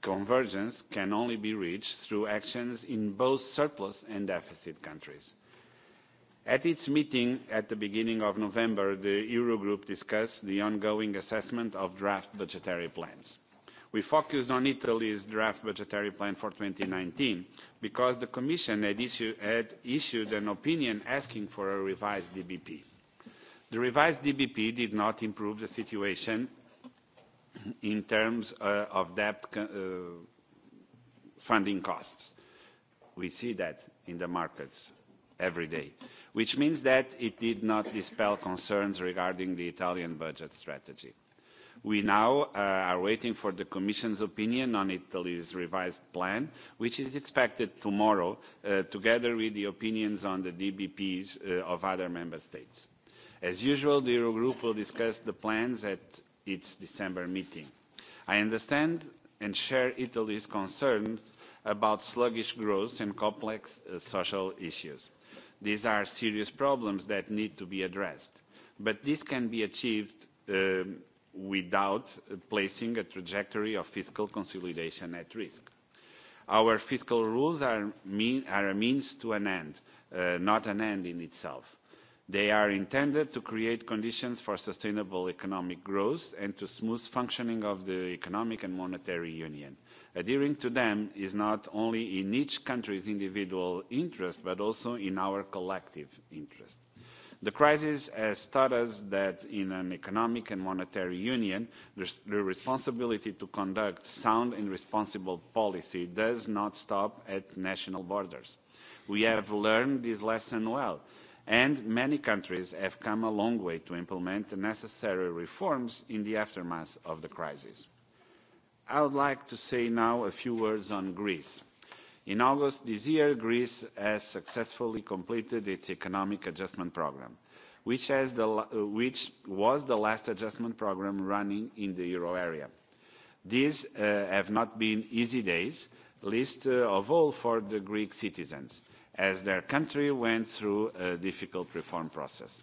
convergence can only be reached through actions in both surplus and deficit countries. at its meeting at the beginning of november the eurogroup discussed the ongoing assessment of draft budgetary plans. we focused on italy's draft budgetary plan for two thousand and nineteen because the commission had, issue, had issued an opinion asking for a revised dbp The revised DBP did not improve the situation in terms uh, of debt uh, funding costs. We see that in the markets every day, which means that it did not dispel concerns regarding the Italian budget strategy. We now uh, are waiting for the Commission's opinion on Italy's revised plan, which is expected tomorrow, uh, together with the opinions on the DBPs uh, of other member states. As usual, the Eurogroup will discuss the plans at its December meeting. I understand and share Italy's concerns about sluggish growth and complex uh, social issues. These are serious problems that need to be addressed, but this can be achieved um, without uh, placing a trajectory of fiscal consolidation at risk. Our fiscal rules are, mean, are a means to an end, uh, not an end in itself they are intended to create conditions for sustainable economic growth and to smooth functioning of the economic and monetary union. adhering to them is not only in each country's individual interest but also in our collective interest. the crisis has taught us that in an economic and monetary union the responsibility to conduct sound and responsible policy does not stop at national borders. we have learned this lesson well and many countries have come a long way to implement the necessary reforms in the aftermath of the crisis. I would like to say now a few words on Greece. In August this year, Greece has successfully completed its economic adjustment programme, which, the, uh, which was the last adjustment programme running in the euro area. These uh, have not been easy days, least uh, of all for the Greek citizens as their country went through a difficult reform process.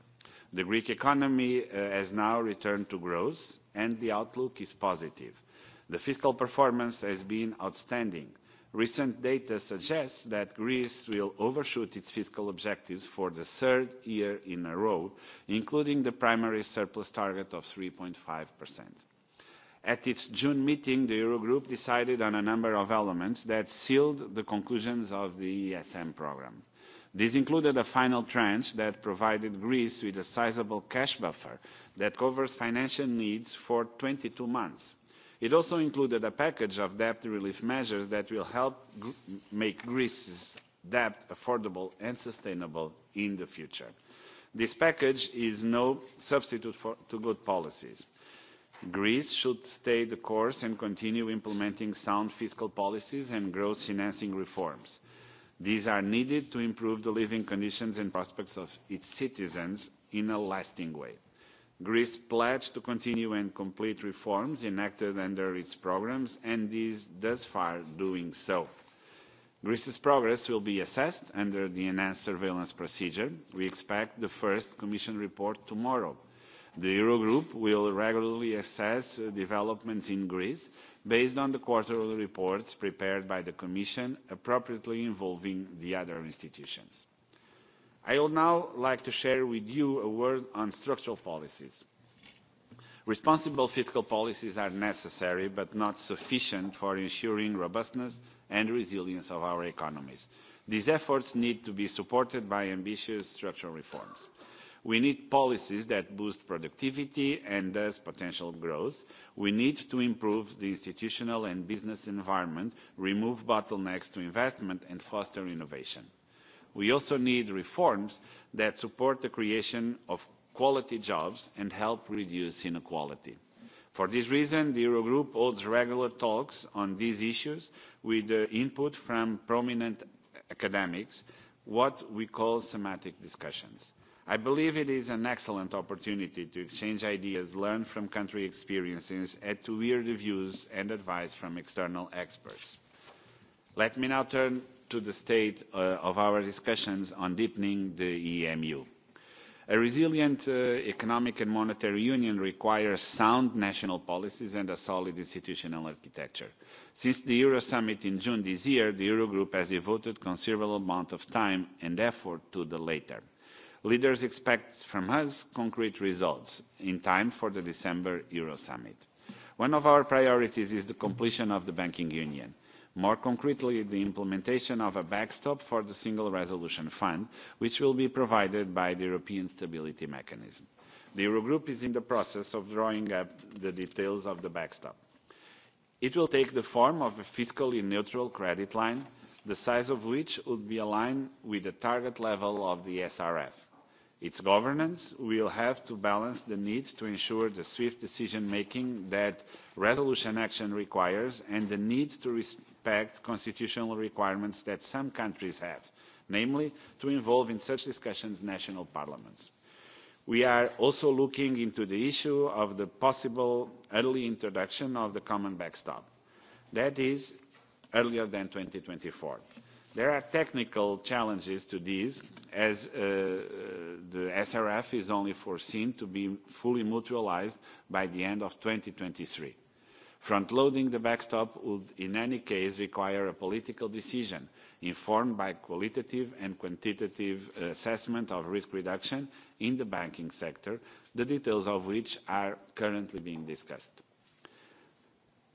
The Greek economy uh, has now returned to growth, and the outlook is positive. The fiscal performance has been outstanding. Recent data suggests that Greece will overshoot its fiscal objectives for the third year in a row, including the primary surplus target of 3.5 percent at its June meeting, the Eurogroup decided on a number of elements that sealed the conclusions of the ESM programme. This included a final tranche that provided Greece with a sizable cash buffer that covers financial needs for 22 months. It also included a package of debt relief measures that will help gr make Greece's debt affordable and sustainable in the future. This package is no substitute for, to good policies Greece should stay the course and continue implementing sound fiscal policies and growth financing reforms. These are needed to improve the living conditions and prospects of its citizens in a lasting way. Greece pledged to continue and complete reforms enacted under its programmes, and is thus far doing so. Greece's progress will be assessed under the enhanced surveillance procedure. We expect the first Commission report tomorrow The Eurogroup will regularly assess developments in Greece based on the quarterly reports prepared by the Commission, appropriately involving the other institutions. I would now like to share with you a word on structural policies. Responsible fiscal policies are necessary but not sufficient for ensuring robustness and resilience of our economies. These efforts need to be supported by ambitious structural reforms. We need policies that boost productivity and thus potential growth. We need to improve the institutional and business environment, remove bottlenecks to investment and foster innovation. We also need reforms that support the creation of quality jobs and help reduce inequality. For this reason, the Eurogroup holds regular talks on these issues with the uh, input from prominent academics, what we call thematic discussions. I believe it is an excellent opportunity to exchange ideas, learn from country experiences, and to hear the views and advice from external experts. Let me now turn to the state uh, of our discussions on deepening the EMU. A resilient uh, economic and monetary union requires sound national policies and a solid institutional architecture. Since the Euro summit in June this year, the Eurogroup has devoted considerable amount of time and effort to the latter. Leaders expect from us concrete results in time for the December Euro Summit. One of our priorities is the completion of the banking union. More concretely, the implementation of a backstop for the Single Resolution Fund, which will be provided by the European Stability Mechanism. The Eurogroup is in the process of drawing up the details of the backstop. It will take the form of a fiscally neutral credit line, the size of which would be aligned with the target level of the SRF its governance will have to balance the need to ensure the swift decision making that resolution action requires and the need to respect constitutional requirements that some countries have namely to involve in such discussions national parliaments. we are also looking into the issue of the possible early introduction of the common backstop that is earlier than two thousand and twenty four There are technical challenges to these, as uh, uh the SRF is only foreseen to be fully mutualized by the end of 2023. Front-loading the backstop would in any case require a political decision informed by qualitative and quantitative assessment of risk reduction in the banking sector, the details of which are currently being discussed.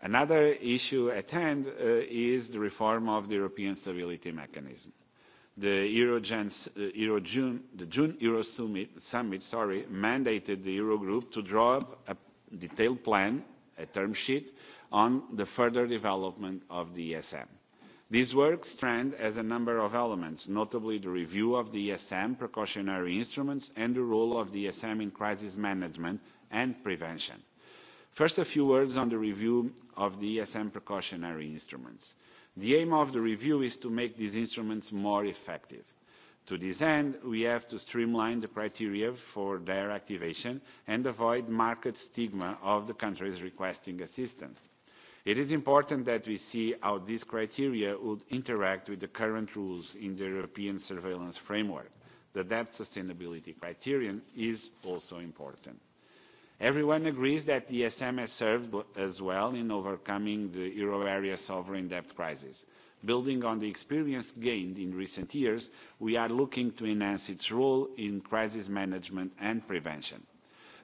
Another issue at hand uh, is the reform of the European Stability Mechanism. The, Eurogen, uh, Euro June, the June Euro Summit, summit sorry, mandated the Eurogroup to draw up a detailed plan, a term sheet, on the further development of the ESM. This work strand has a number of elements, notably the review of the ESM precautionary instruments and the role of the ESM in crisis management and prevention. First, a few words on the review of the ESM precautionary instruments. The aim of the review is to make these instruments more effective. To this end, we have to streamline the criteria for their activation and avoid market stigma of the countries requesting assistance. It is important that we see how these criteria would interact with the current rules in the European surveillance framework. The debt sustainability criterion is also important. Everyone agrees that the ESM has served as well in overcoming the euro area sovereign debt crisis. Building on the experience gained in recent years, we are looking to enhance its role in crisis management and prevention.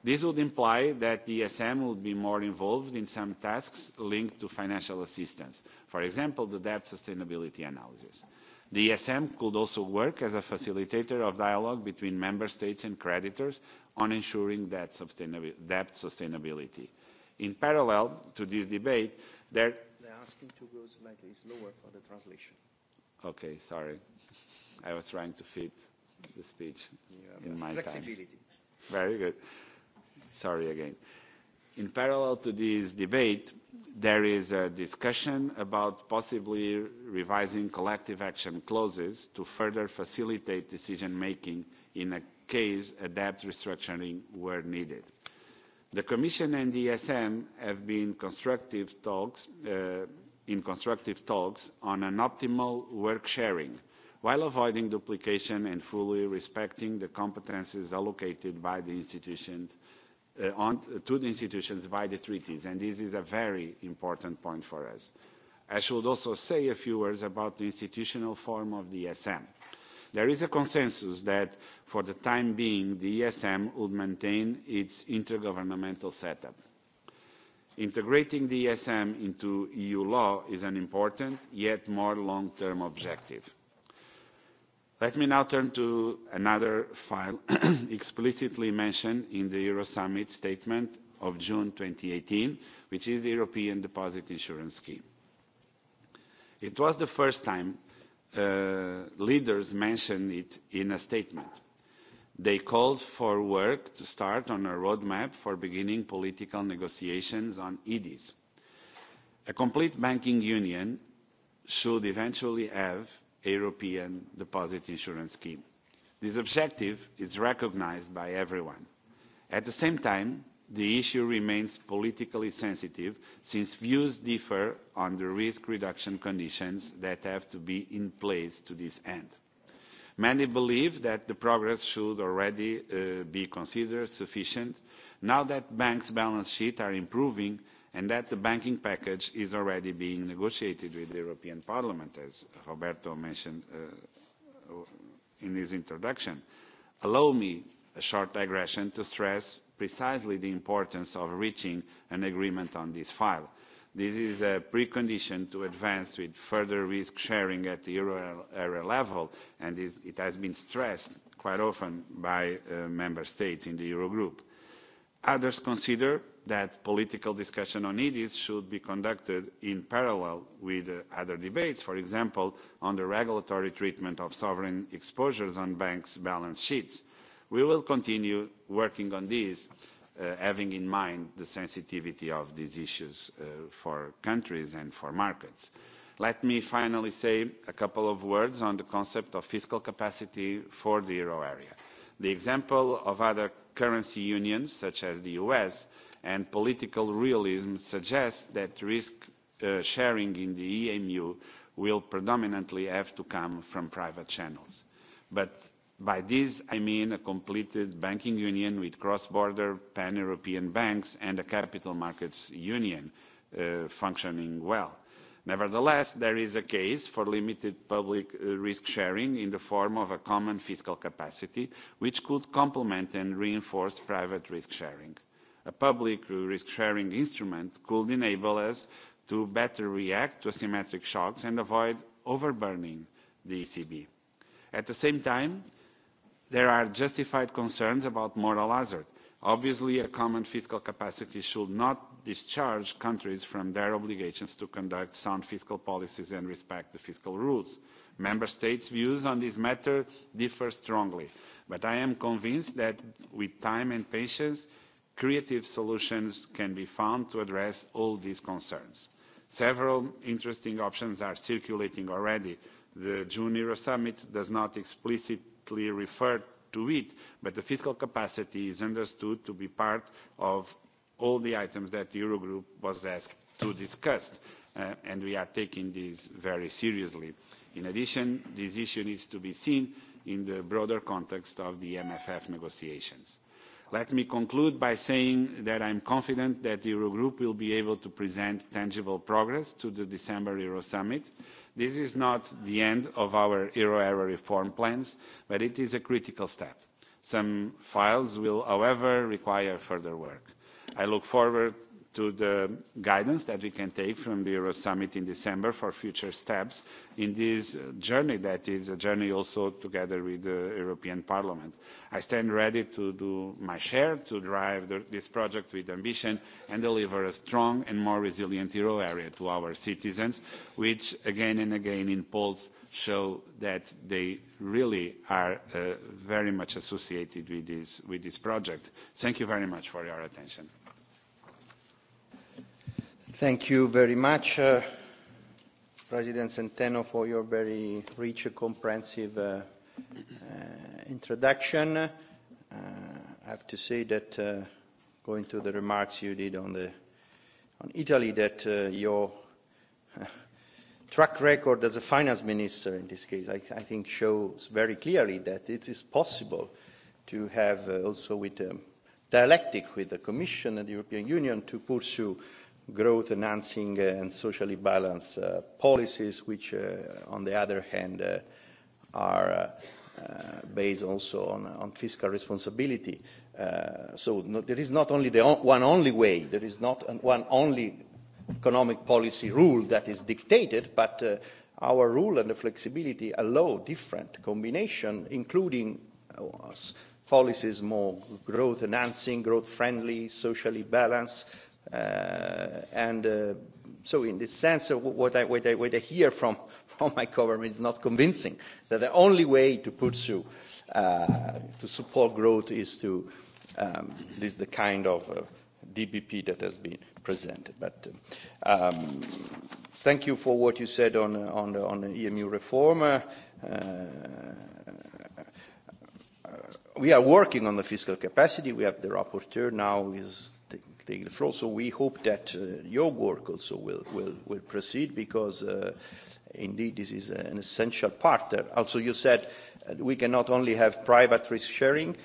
This would imply that the ESM would be more involved in some tasks linked to financial assistance, for example, the debt sustainability analysis. The ESM could also work as a facilitator of dialogue between member states and creditors on ensuring that, sustainability. In parallel to this debate, there... They're asking to go slightly slower for the translation. Okay, sorry. I was trying to fit the speech yeah, in my flexibility. time. Very good. Sorry again. In parallel to this debate, there is a discussion about possibly revising collective action clauses to further facilitate decision making in a case a debt restructuring were needed. The Commission and the ESM have been constructive talks, uh, in constructive talks on an optimal work sharing while avoiding duplication and fully respecting the competences allocated by the institutions uh, on, uh, to the institutions by the treaties. And this is a very important point for us. I should also say a few words about the institutional form of the ESM. Uh, There is a consensus that for the time being the ESM would maintain its intergovernmental setup. Integrating the ESM into EU law is an important yet more long-term objective. Let me now turn to another file explicitly mentioned in the Euro Summit statement of June 2018, which is the European Deposit Insurance Scheme. It was the first time Uh, leaders mentioned it in a statement. They called for work to start on a roadmap for beginning political negotiations on EDs. A complete banking union should eventually have a European deposit insurance scheme. This objective is recognized by everyone. At the same time, the issue remains politically sensitive since views differ on the risk reduction conditions that have to be in place to this end. Many believe that the progress should already uh, be considered sufficient now that banks' balance sheets are improving and that the banking package is already being negotiated with the European Parliament, as Roberto mentioned uh, in his introduction. Allow me a short digression to stress precisely the importance of reaching an agreement on this file. This is a precondition to advance with further risk sharing at the euro area level, and it has been stressed quite often by uh, member states in the Eurogroup. Others consider that political discussion on EDIS should be conducted in parallel with uh, other debates, for example, on the regulatory treatment of sovereign exposures on banks' balance sheets. We will continue working on this, uh, having in mind the sensitivity of these issues uh, for countries and for markets. Let me finally say a couple of words on the concept of fiscal capacity for the euro area. The example of other currency unions, such as the US, and political realism suggests that risk uh, sharing in the EMU will predominantly have to come from private channels. But By this, I mean a completed banking union with cross-border pan-European banks and a capital markets union uh, functioning well. Nevertheless, there is a case for limited public uh, risk sharing in the form of a common fiscal capacity, which could complement and reinforce private risk sharing. A public risk sharing instrument could enable us to better react to asymmetric shocks and avoid overburning the ECB. At the same time, there are justified concerns about moral hazard. obviously a common fiscal capacity should not discharge countries from their obligations to conduct sound fiscal policies and respect the fiscal rules. member states' views on this matter differ strongly but i am convinced that with time and patience creative solutions can be found to address all these concerns. Several interesting options are circulating already. The June Euro Summit does not explicit, directly referred to it, but the fiscal capacity is understood to be part of all the items that the Eurogroup was asked to discuss, uh, and we are taking this very seriously. In addition, this issue needs to be seen in the broader context of the MFF negotiations. Let me conclude by saying that I am confident that the Eurogroup will be able to present tangible progress to the December Euro Summit, this is not the end of our euro area reform plans but it is a critical step. some files will however require further work. i look forward to the guidance that we can take from the Euro Summit in December for future steps in this journey that is a journey also together with the European Parliament. I stand ready to do my share to drive the, this project with ambition and deliver a strong and more resilient euro area to our citizens, which again and again in polls show that they really are uh, very much associated with this, with this project. Thank you very much for your attention. Thank you very much, uh, President Centeno, for your very rich, comprehensive uh, uh, introduction. Uh, I have to say that uh, going to the remarks you did on, the, on Italy, that uh, your uh, track record as a finance minister in this case, I, I think shows very clearly that it is possible to have uh, also with um, dialectic with the Commission and the European Union to pursue growth enhancing uh, and socially balanced uh, policies, which, uh, on the other hand, uh, are uh, uh, based also on, on fiscal responsibility. so no, there is not only the on, one only way, there is not an, one only economic policy rule that is dictated, but our rule and the flexibility allow different combination, including policies more growth enhancing, growth friendly, socially balanced, Uh, and uh, so in this sense, uh, what I, what I, what I hear from, from my government is not convincing that the only way to pursue, uh, to support growth is to, um, this the kind of uh, DBP that has been presented. But um, thank you for what you said on, on, the, on the EMU reform. Uh, uh, we are working on the fiscal capacity. We have the rapporteur now is legal floor. So we hope that uh, your work also will, will, will proceed because uh, indeed this is an essential part. There. Also you said uh, we cannot only have private risk sharing.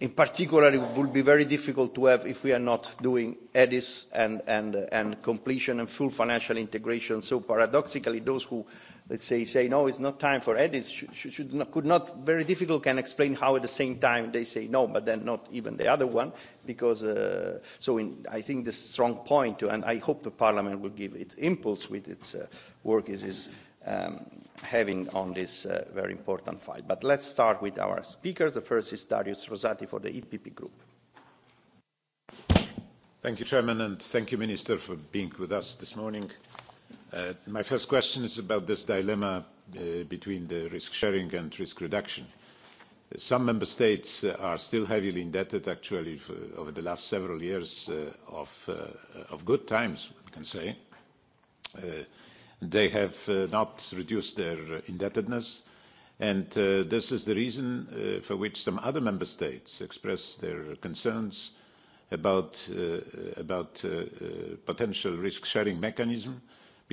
In particular, it would be very difficult to have if we are not doing EDIS and, and, uh, and completion and full financial integration. So paradoxically, those who let's say, say, no, it's not time for edits, should, should, should not, could not, very difficult can explain how at the same time they say no, but then not even the other one, because, uh, so in, I think the strong point, and I hope the Parliament will give it impulse with its uh, work is, is um, having on this uh, very important file. But let's start with our speakers. The first is Darius Rosati for the EPP Group. Thank you, Chairman, and thank you, Minister, for being with us this morning. Uh, my first question is about this dilemma uh, between the risk sharing and risk reduction. Some member states uh, are still heavily indebted, actually, for, over the last several years uh, of, uh, of good times, one can say. They have not reduced their indebtedness, and this is the reason for which some other member states express their concerns about, about potential risk-sharing mechanism,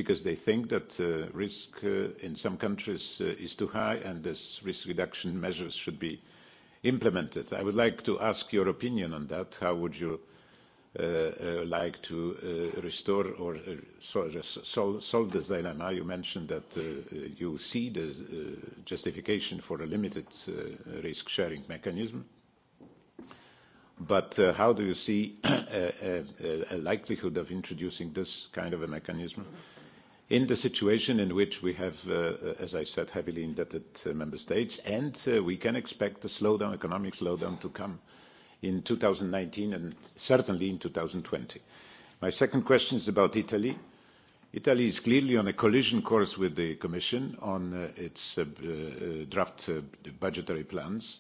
because they think that uh, risk uh, in some countries uh, is too high and this risk reduction measures should be implemented. I would like to ask your opinion on that. How would you uh, uh, like to uh, restore or uh, solve, solve, this dilemma? You mentioned that uh, uh, you see the uh, justification for a limited uh, risk-sharing mechanism. But uh, how do you see a, a, a likelihood of introducing this kind of a mechanism? Mm -hmm in the situation in which we have, uh, uh, as I said, heavily indebted uh, member states, and uh, we can expect a slowdown, economic slowdown to come in 2019 and certainly in 2020. My second question is about Italy. Italy is clearly on a collision course with the Commission on uh, its uh, draft budgetary plans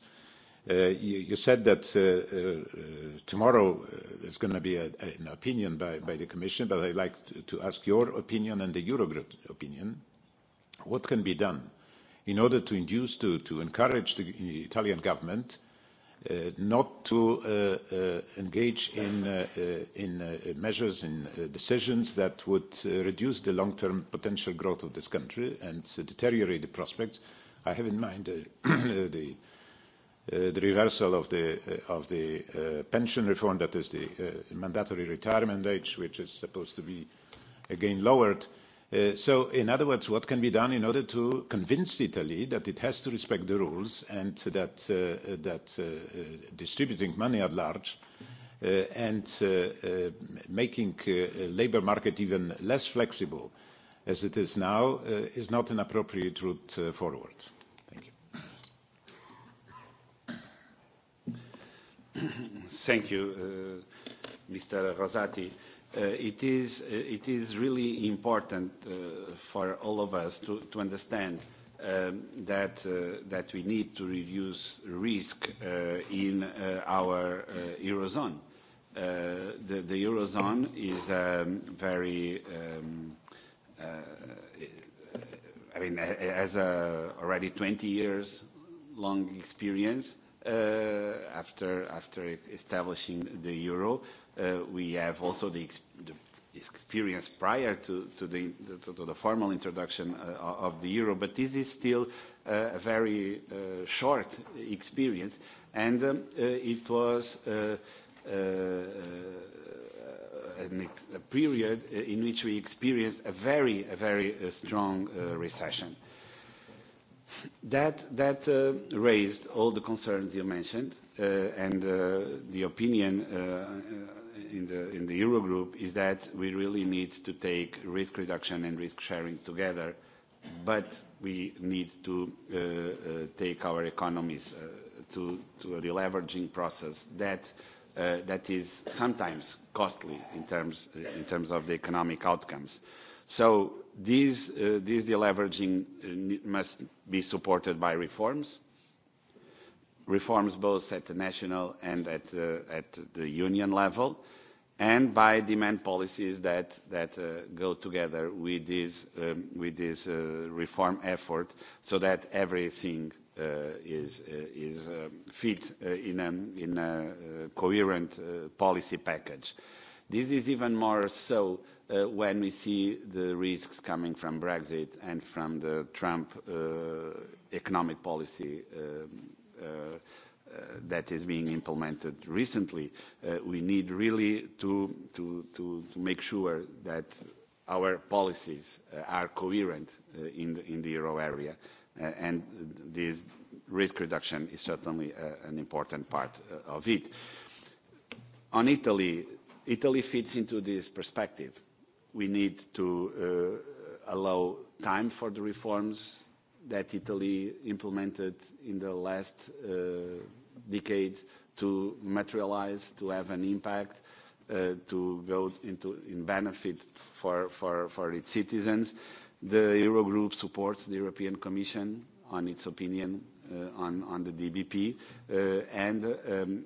Uh, you, you said that uh, uh, tomorrow is going to be a, a, an opinion by, by the Commission, but I'd like to, to ask your opinion and the Eurogroup opinion. What can be done in order to induce, to, to encourage the Italian government uh, not to uh, uh, engage in, uh, uh, in uh, measures, in uh, decisions that would uh, reduce the long-term potential growth of this country and uh, deteriorate the prospects? I have in mind uh, the Uh, the reversal of the, uh, of the uh, pension reform, that is the mandatory retirement age, which is supposed to be again lowered. Uh, so, in other words, what can be done in order to convince Italy that it has to respect the rules and that, uh, that uh, distributing money at large and making the labour market even less flexible as it is now is not an appropriate route forward? Thank you, uh, Mr. Rosati. Uh, it, is, uh, it is really important uh, for all of us to, to understand um, that, uh, that we need to reduce risk uh, in uh, our uh, Eurozone. Uh, the, the Eurozone is um, very, um, uh, I mean, has a already 20 years long experience Uh, after, establishing the euro. Uh, we have also the, experience prior to, the, formal introduction uh, of the euro, but this is still a very short experience, and um, it was a period in which we experienced a very, very strong recession. That, that uh, raised all the concerns you mentioned, uh, and uh, the opinion uh, uh, in, the, in the Eurogroup is that we really need to take risk reduction and risk sharing together, but we need to uh, uh, take our economies uh, to, to a deleveraging process that, uh, that is sometimes costly in terms, in terms of the economic outcomes. So this uh, deleveraging uh, must be supported by reforms, reforms both at the national and at, the, uh, at the union level, and by demand policies that, that uh, go together with this, um, with this uh, reform effort so that everything uh, is, is fit in a, in a coherent policy package. This is even more so Uh, when we see the risks coming from Brexit and from the Trump uh, economic policy um, uh, uh, that is being implemented recently. Uh, we need really to, to, to, to make sure that our policies uh, are coherent uh, in, the, in the euro area. Uh, and this risk reduction is certainly uh, an important part uh, of it. On Italy, Italy fits into this perspective we need to uh, allow time for the reforms that Italy implemented in the last uh, decades to materialize, to have an impact, uh, to go into in benefit for, for, for its citizens. The Eurogroup supports the European Commission on its opinion uh, on, on the DBP. Uh, and um,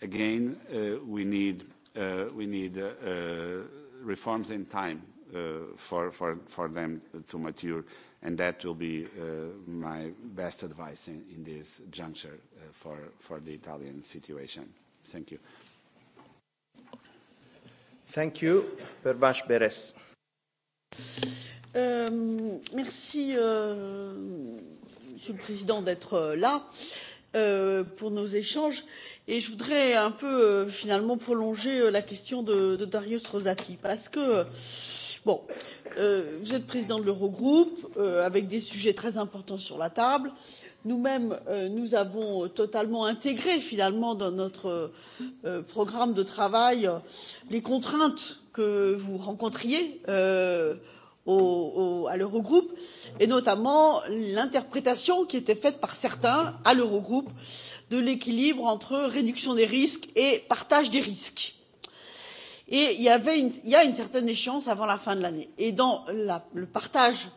again, uh, we need, uh, we need uh, uh, reforms in time uh, for, for, for them to mature, and that will be uh, my best advice in, in this juncture uh, for, for the Italian situation. Thank you. Thank you, Pervash Beres. Euh, merci, euh, Monsieur le Président, d'être euh, là euh, pour nos échanges. Euh, et je voudrais un peu euh, finalement prolonger euh, la question de, de Darius Rosati parce que euh, bon, euh, vous êtes président de l'Eurogroupe euh, avec des sujets très importants sur la table. Nous-mêmes, euh, nous avons totalement intégré finalement dans notre euh, programme de travail euh, les contraintes que vous rencontriez euh, au, au, à l'Eurogroupe et notamment l'interprétation qui était faite par certains à l'Eurogroupe euh, de l'équilibre entre réduction des risques et partage des risques. Et il y, avait une, il y a une certaine échéance avant la fin de l'année et dans la, le partage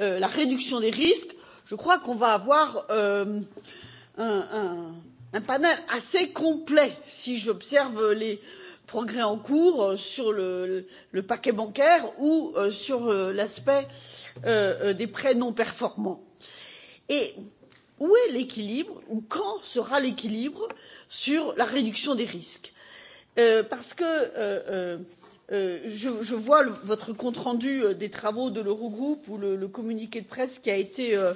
euh, la réduction des risques je crois qu'on va avoir euh, un, un, un panel assez complet si j'observe les progrès en cours euh, sur le, le paquet bancaire ou euh, sur euh, l'aspect euh, euh, des prêts non performants. Et où est l'équilibre ou quand sera l'équilibre sur la réduction des risques? Euh, parce que euh, euh, euh je, je vois le, votre compte rendu euh, des travaux de l'Eurogroupe ou le, le communiqué de presse qui a été euh,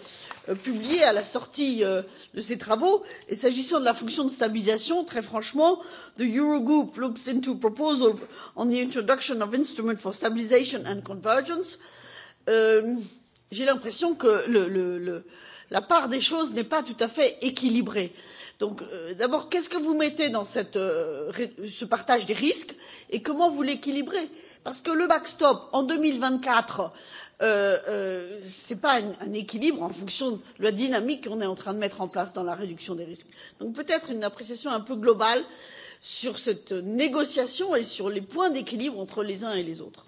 euh, publié à la sortie euh, de ces travaux et s'agissant de la fonction de stabilisation, très franchement, the Eurogroup looks into proposal on the introduction of instrument for stabilization and convergence. Euh, J'ai l'impression que le, le, le, euh, la part des choses n'est pas tout à fait équilibrée. donc euh, d'abord qu'est ce que vous mettez dans cette, euh, ce partage des risques et comment vous l'équilibrez? parce que le backstop en deux mille vingt quatre euh, euh, ce n'est pas un, un équilibre en fonction de la dynamique qu'on est en train de mettre en place dans la réduction des risques. donc peut être une appréciation un peu globale sur cette négociation et sur les points d'équilibre entre les uns et les autres.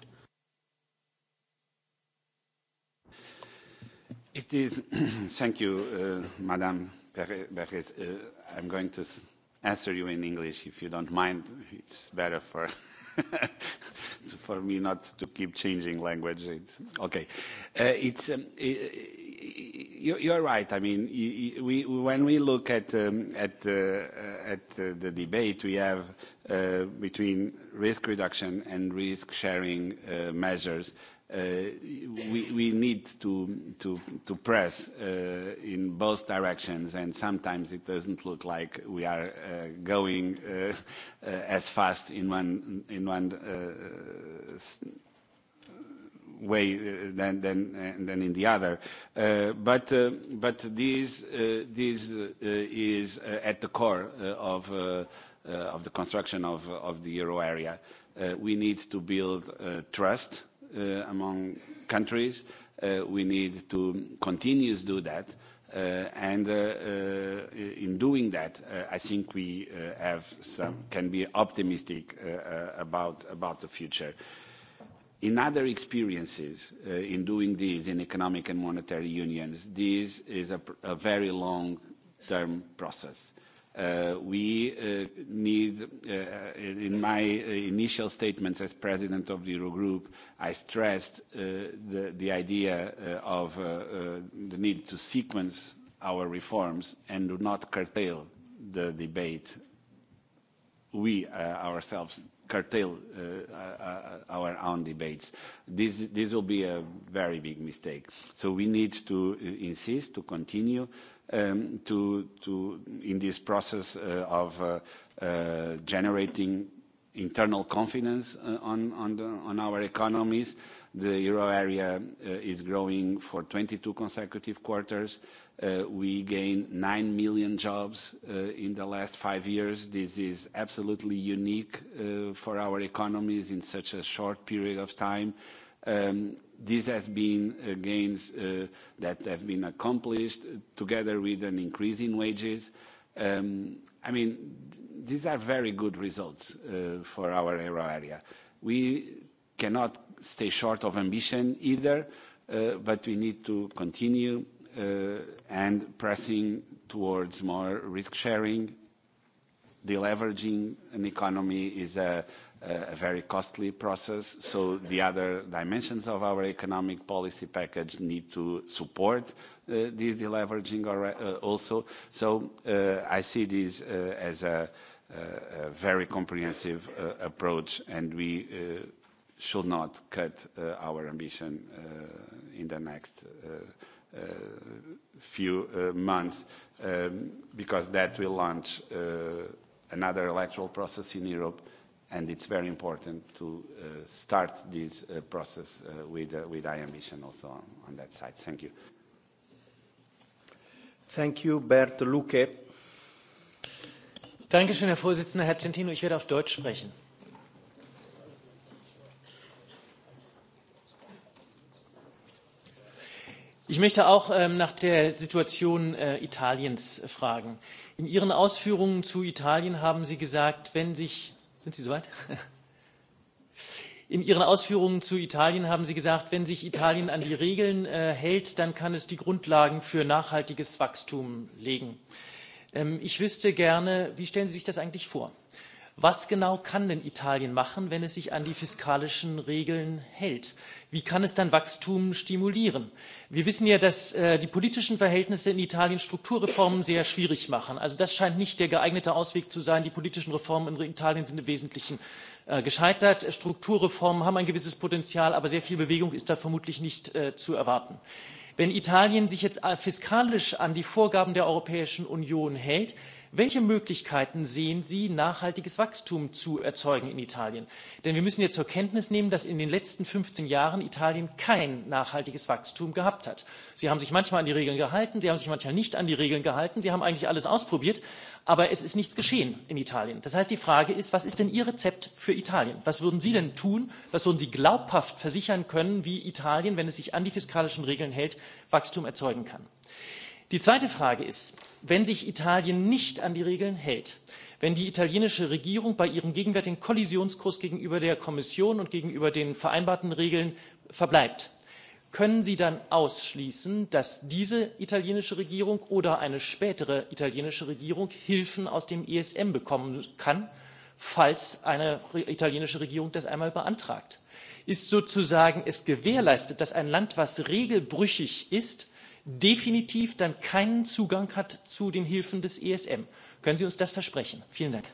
It is, thank you, uh, Madam Perez. Uh, I'm going to answer you in English if you don't mind. It's better for, for me not to keep changing language. It's, okay. Uh, it's, um, you, you're right. I mean, we, when we look at, um, at, uh, uh, at uh, the debate we have uh, between risk reduction and risk sharing uh, measures, Uh, we, need to, to, to press uh, in both directions, and sometimes it doesn't look like we are uh, going as fast in one, in one way than, than, than in the other. Uh, but, uh, but this, uh, this is at the core of, of the construction of, of the euro area. We need to build trust uh, among countries. Uh, we need to continue to do that. Uh, and uh, uh, in doing that, uh, I think we uh, have some, can be optimistic uh, uh, about, about the future. In other experiences uh, in doing this in economic and monetary unions, this is a, a very long-term process. Uh, Uh, we uh, need, uh, in my initial statements as president of the Eurogroup, I stressed the, the, idea of the need to sequence our reforms and do not curtail the debate. We ourselves curtail our own debates. This, this will be a very big mistake. So we need to insist, to continue, um, to, to, in this process uh, of uh, uh, generating internal confidence on, on, the, on our economies. The euro area is growing for 22 consecutive quarters. Uh, we gained 9 million jobs uh, in the last five years. This is absolutely unique uh, for our economies in such a short period of time. Um, these have been uh, gains uh, that have been accomplished together with an increase in wages. Um, I mean, these are very good results uh, for our euro area. We cannot stay short of ambition either, uh, but we need to continue uh, and pressing towards more risk sharing. Deleveraging an economy is a a very costly process. So the other dimensions of our economic policy package need to support uh, this deleveraging or, uh, also. So uh, I see this uh, as a, a, a very comprehensive uh, approach, and we uh, should not cut uh, our ambition uh, in the next uh, uh, few uh, months, um, because that will launch uh, another electoral process in Europe and it's very important to uh, start this uh, process uh, with, uh, with high ambition also on, on that side. Thank you. Thank you, Bert Luque. Dankeschön, Herr Vorsitzender. Herr Centino, ich werde auf Deutsch sprechen. Ich möchte auch ähm, nach der Situation äh, Italiens fragen. In Ihren Ausführungen zu Italien haben Sie gesagt, wenn sich Sind Sie soweit? In Ihren Ausführungen zu Italien haben Sie gesagt, wenn sich Italien an die Regeln äh, hält, dann kann es die Grundlagen für nachhaltiges Wachstum legen. Ähm, ich wüsste gerne, wie stellen Sie sich das eigentlich vor? Was genau kann denn Italien machen, wenn es sich an die fiskalischen Regeln hält? Wie kann es dann Wachstum stimulieren? Wir wissen ja, dass äh, die politischen Verhältnisse in Italien Strukturreformen sehr schwierig machen. Also das scheint nicht der geeignete Ausweg zu sein. Die politischen Reformen in Italien sind im Wesentlichen äh, gescheitert. Strukturreformen haben ein gewisses Potenzial, aber sehr viel Bewegung ist da vermutlich nicht äh, zu erwarten. Wenn Italien sich jetzt äh, fiskalisch an die Vorgaben der Europäischen Union hält, Welche Möglichkeiten sehen Sie, nachhaltiges Wachstum zu erzeugen in Italien? Denn wir müssen ja zur Kenntnis nehmen, dass in den letzten 15 Jahren Italien kein nachhaltiges Wachstum gehabt hat. Sie haben sich manchmal an die Regeln gehalten, Sie haben sich manchmal nicht an die Regeln gehalten, Sie haben eigentlich alles ausprobiert, aber es ist nichts geschehen in Italien. Das heißt, die Frage ist, was ist denn Ihr Rezept für Italien? Was würden Sie denn tun? Was würden Sie glaubhaft versichern können, wie Italien, wenn es sich an die fiskalischen Regeln hält, Wachstum erzeugen kann? Die zweite Frage ist, wenn sich Italien nicht an die Regeln hält, wenn die italienische Regierung bei ihrem gegenwärtigen Kollisionskurs gegenüber der Kommission und gegenüber den vereinbarten Regeln verbleibt, können Sie dann ausschließen, dass diese italienische Regierung oder eine spätere italienische Regierung Hilfen aus dem ESM bekommen kann, falls eine italienische Regierung das einmal beantragt? Ist sozusagen es gewährleistet, dass ein Land, was regelbrüchig ist, definitiv dann keinen Zugang hat zu den Hilfen des ESM. Können Sie uns das versprechen? Vielen Dank.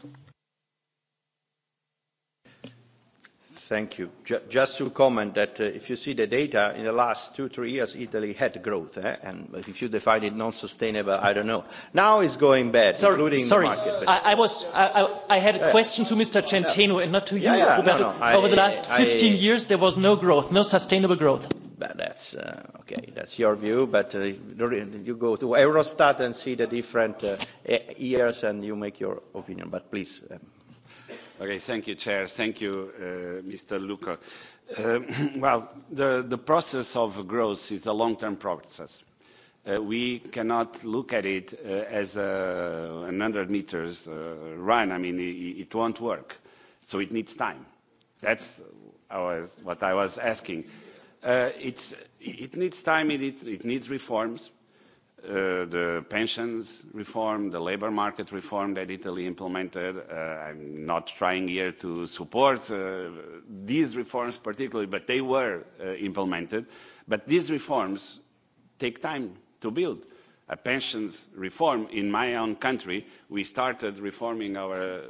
Thank you. just to comment that uh, if you see the data, in the last two, three years, Italy had growth. Eh? And if you define it non-sustainable, I don't know. Now it's going bad, sorry, including sorry. the market. Sorry, I, I, was, I, I had a question to Mr. Centeno and not to you, yeah, yeah, Roberto. No, no. Over I, the last 15 I, years, there was no growth, no sustainable growth that's uh, okay. That's your view. But uh, you go to Eurostat and see the different uh, e, years, and you make your opinion. But please. Um. Okay. Thank you, Chair. Thank you, uh, Mr. Luca. Uh, well, the, the process of growth is a long-term process. Uh, we cannot look at it uh, as uh, a 100 meters uh, run. I mean, it, it won't work. So it needs time. That's I was, what I was asking Uh, it's, it needs time, it, it needs reforms. Uh, the pensions reform, the labor market reform that Italy implemented. Uh, I'm not trying here to support uh, these reforms particularly, but they were uh, implemented. But these reforms take time to build. A pensions reform in my own country, we started reforming our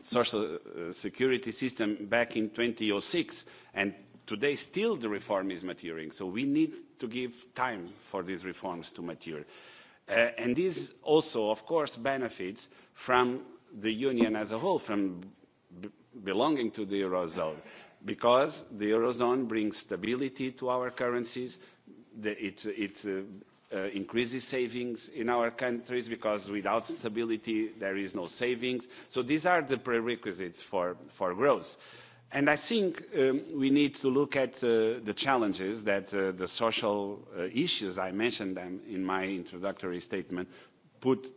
social uh, security system back in 2006, and today still the reform is maturing. So we need to give time for these reforms to mature. Uh, and this also, of course, benefits from the Union as a whole, from belonging to the Eurozone, because the Eurozone brings stability to our currencies, the, it, it uh, Uh, increases savings in our countries because without stability there is no savings. So these are the prerequisites for, for growth. Uh, And I think um, we need to look at uh, the challenges that uh, the social uh, issues, I mentioned them in my introductory statement, put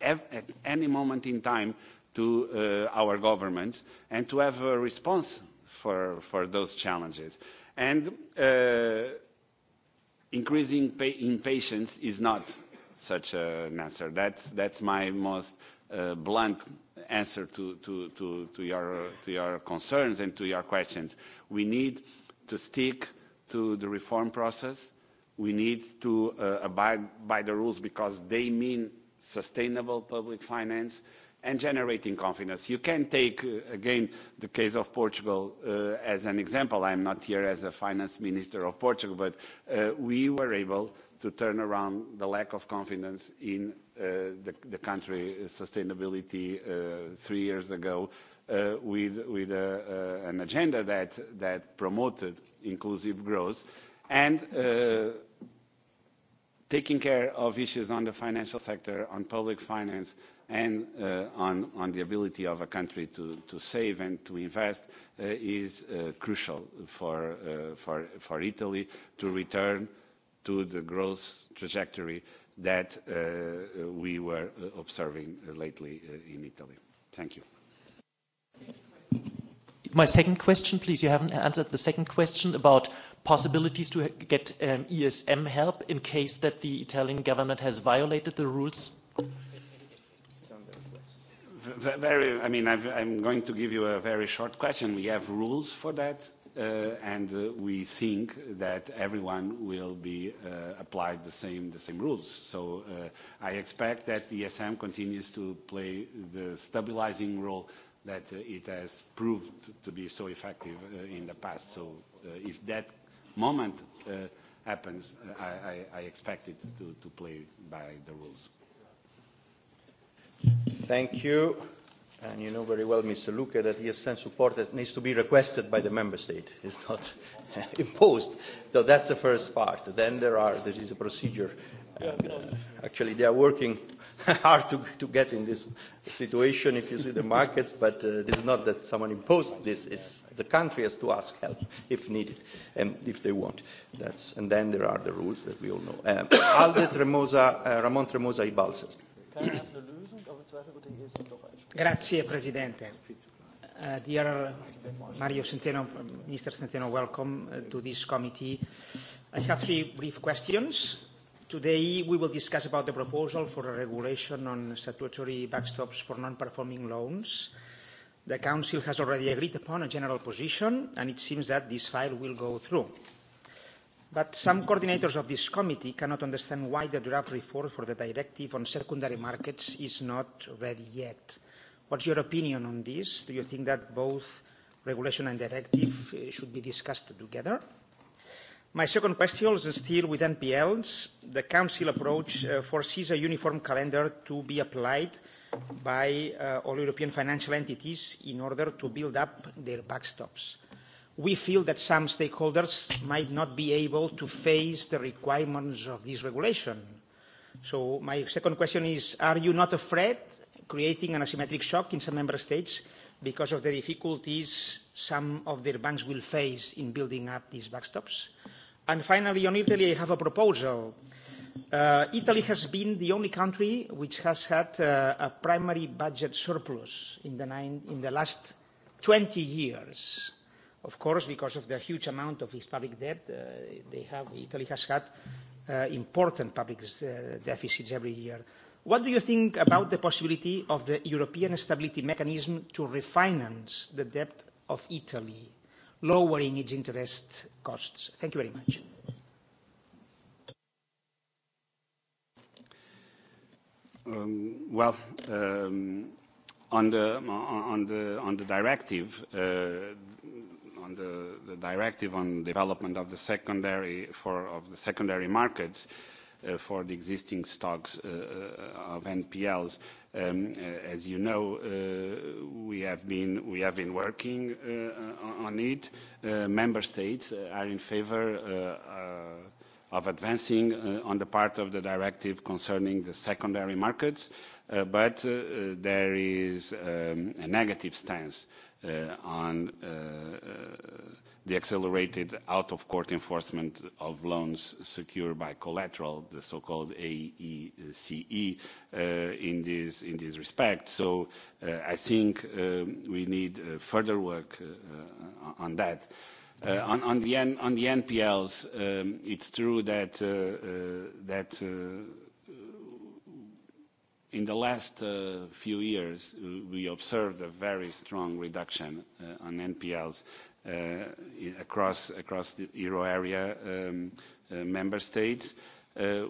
at any moment in time to uh, our governments and to have a response for, for those challenges. And uh, increasing impatience is not such an answer. That's, that's my most uh, blunt answer to, to, to, to, your, to your concerns and to your questions. We need to stick to the reform process. We need to uh, abide by the rules because they mean sustainable public finance. Uh, and generating confidence. You can take, uh, again, the case of Portugal uh, as an example. I'm not here as a finance minister of Portugal, but uh, we were able to turn around the lack of confidence in uh, the, the country sustainability uh, three years ago uh, with, with a, an agenda that, that promoted inclusive growth. And taking care of issues on the financial sector, on public finance, and uh, on, on the ability of a country to, to save and to invest uh, is uh, crucial for, uh, for, for Italy to return to the growth trajectory that uh, we were uh, observing lately uh, in Italy. Thank you. My second question, please. You haven't answered the second question about possibilities to get um, ESM help in case that the Italian government has violated the rules very, I mean, I've, I'm going to give you a very short question. We have rules for that, uh, and uh, we think that everyone will be uh, applied the same, the same rules. So uh, I expect that the ESM continues to play the stabilizing role that uh, it has proved to be so effective uh, in the past. So uh, if that moment uh, happens, uh, I, I, I expect it to, to play by the rules. Thank you. And you know very well, Mr. Luca, that ESM support needs to be requested by the member state. It's not imposed. So that's the first part. Then there are, this is a procedure. And, uh, actually, they are working hard to, to get in this situation if you see the markets, but uh, this is not that someone imposed this. It's the country has to ask help if needed and if they want. That's, and then there are the rules that we all know. Uh, Alde Tremosa, uh, Ramon Tremosa Ibalces. Um Grazie, Presidente. Uh, dear Mario Centeno, Mr. Centeno, welcome uh, to this committee. I have three brief questions. Today we will discuss about the proposal for a regulation on statutory backstops for non-performing loans. The Council has already agreed upon a general position, and it seems that this file will go through. But some coordinators of this committee cannot understand why the draft report for the directive on secondary markets is not ready yet. What's your opinion on this? Do you think that both regulation and directive uh, should be discussed together? My second question is still with NPLs. The Council approach uh, foresees a uniform calendar to be applied by uh, all European financial entities in order to build up their backstops we feel that some stakeholders might not be able to face the requirements of this regulation. So my second question is, are you not afraid creating an asymmetric shock in some member states because of the difficulties some of their banks will face in building up these backstops? And finally, on Italy, I have a proposal. Uh, Italy has been the only country which has had uh, a primary budget surplus in the, in the last 20 years Of course, because of the huge amount of its public debt, uh, they have, Italy has had uh, important public uh, deficits every year. What do you think about the possibility of the European Stability Mechanism to refinance the debt of Italy, lowering its interest costs? Thank you very much. Um, well, um, on, the, on, the, on the directive, uh, on the, the directive on development of the secondary for of the secondary markets uh, for the existing stocks uh, uh of NPLs. Um, uh, as you know, uh, we have been we have been working uh, on it. Uh, member states uh, are in favor. Uh, uh, of advancing uh, on the part of the directive concerning the secondary markets, uh, but uh, there is um, a negative stance uh, Uh, on uh, uh, the accelerated out-of-court enforcement of loans secured by collateral, the so-called AECE, e, uh, in, this, in this respect. So uh, I think we need uh, further work uh, on that. Uh, on, on, the N, on the NPLs, um, it's true that, uh, uh, that In the last uh, few years, uh, we observed a very strong reduction uh, on NPLs across, the euro area um, member states.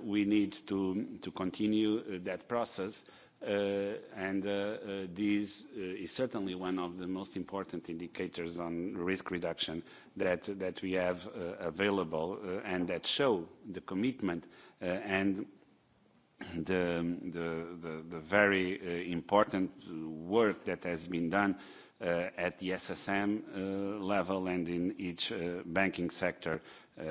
We need to, continue that process, and this is certainly one of the most important indicators on risk reduction that, that we have available, and that show the commitment and the, the, the, the very uh, important work that has been done uh, at the SSM uh, level and in each uh, banking sector uh,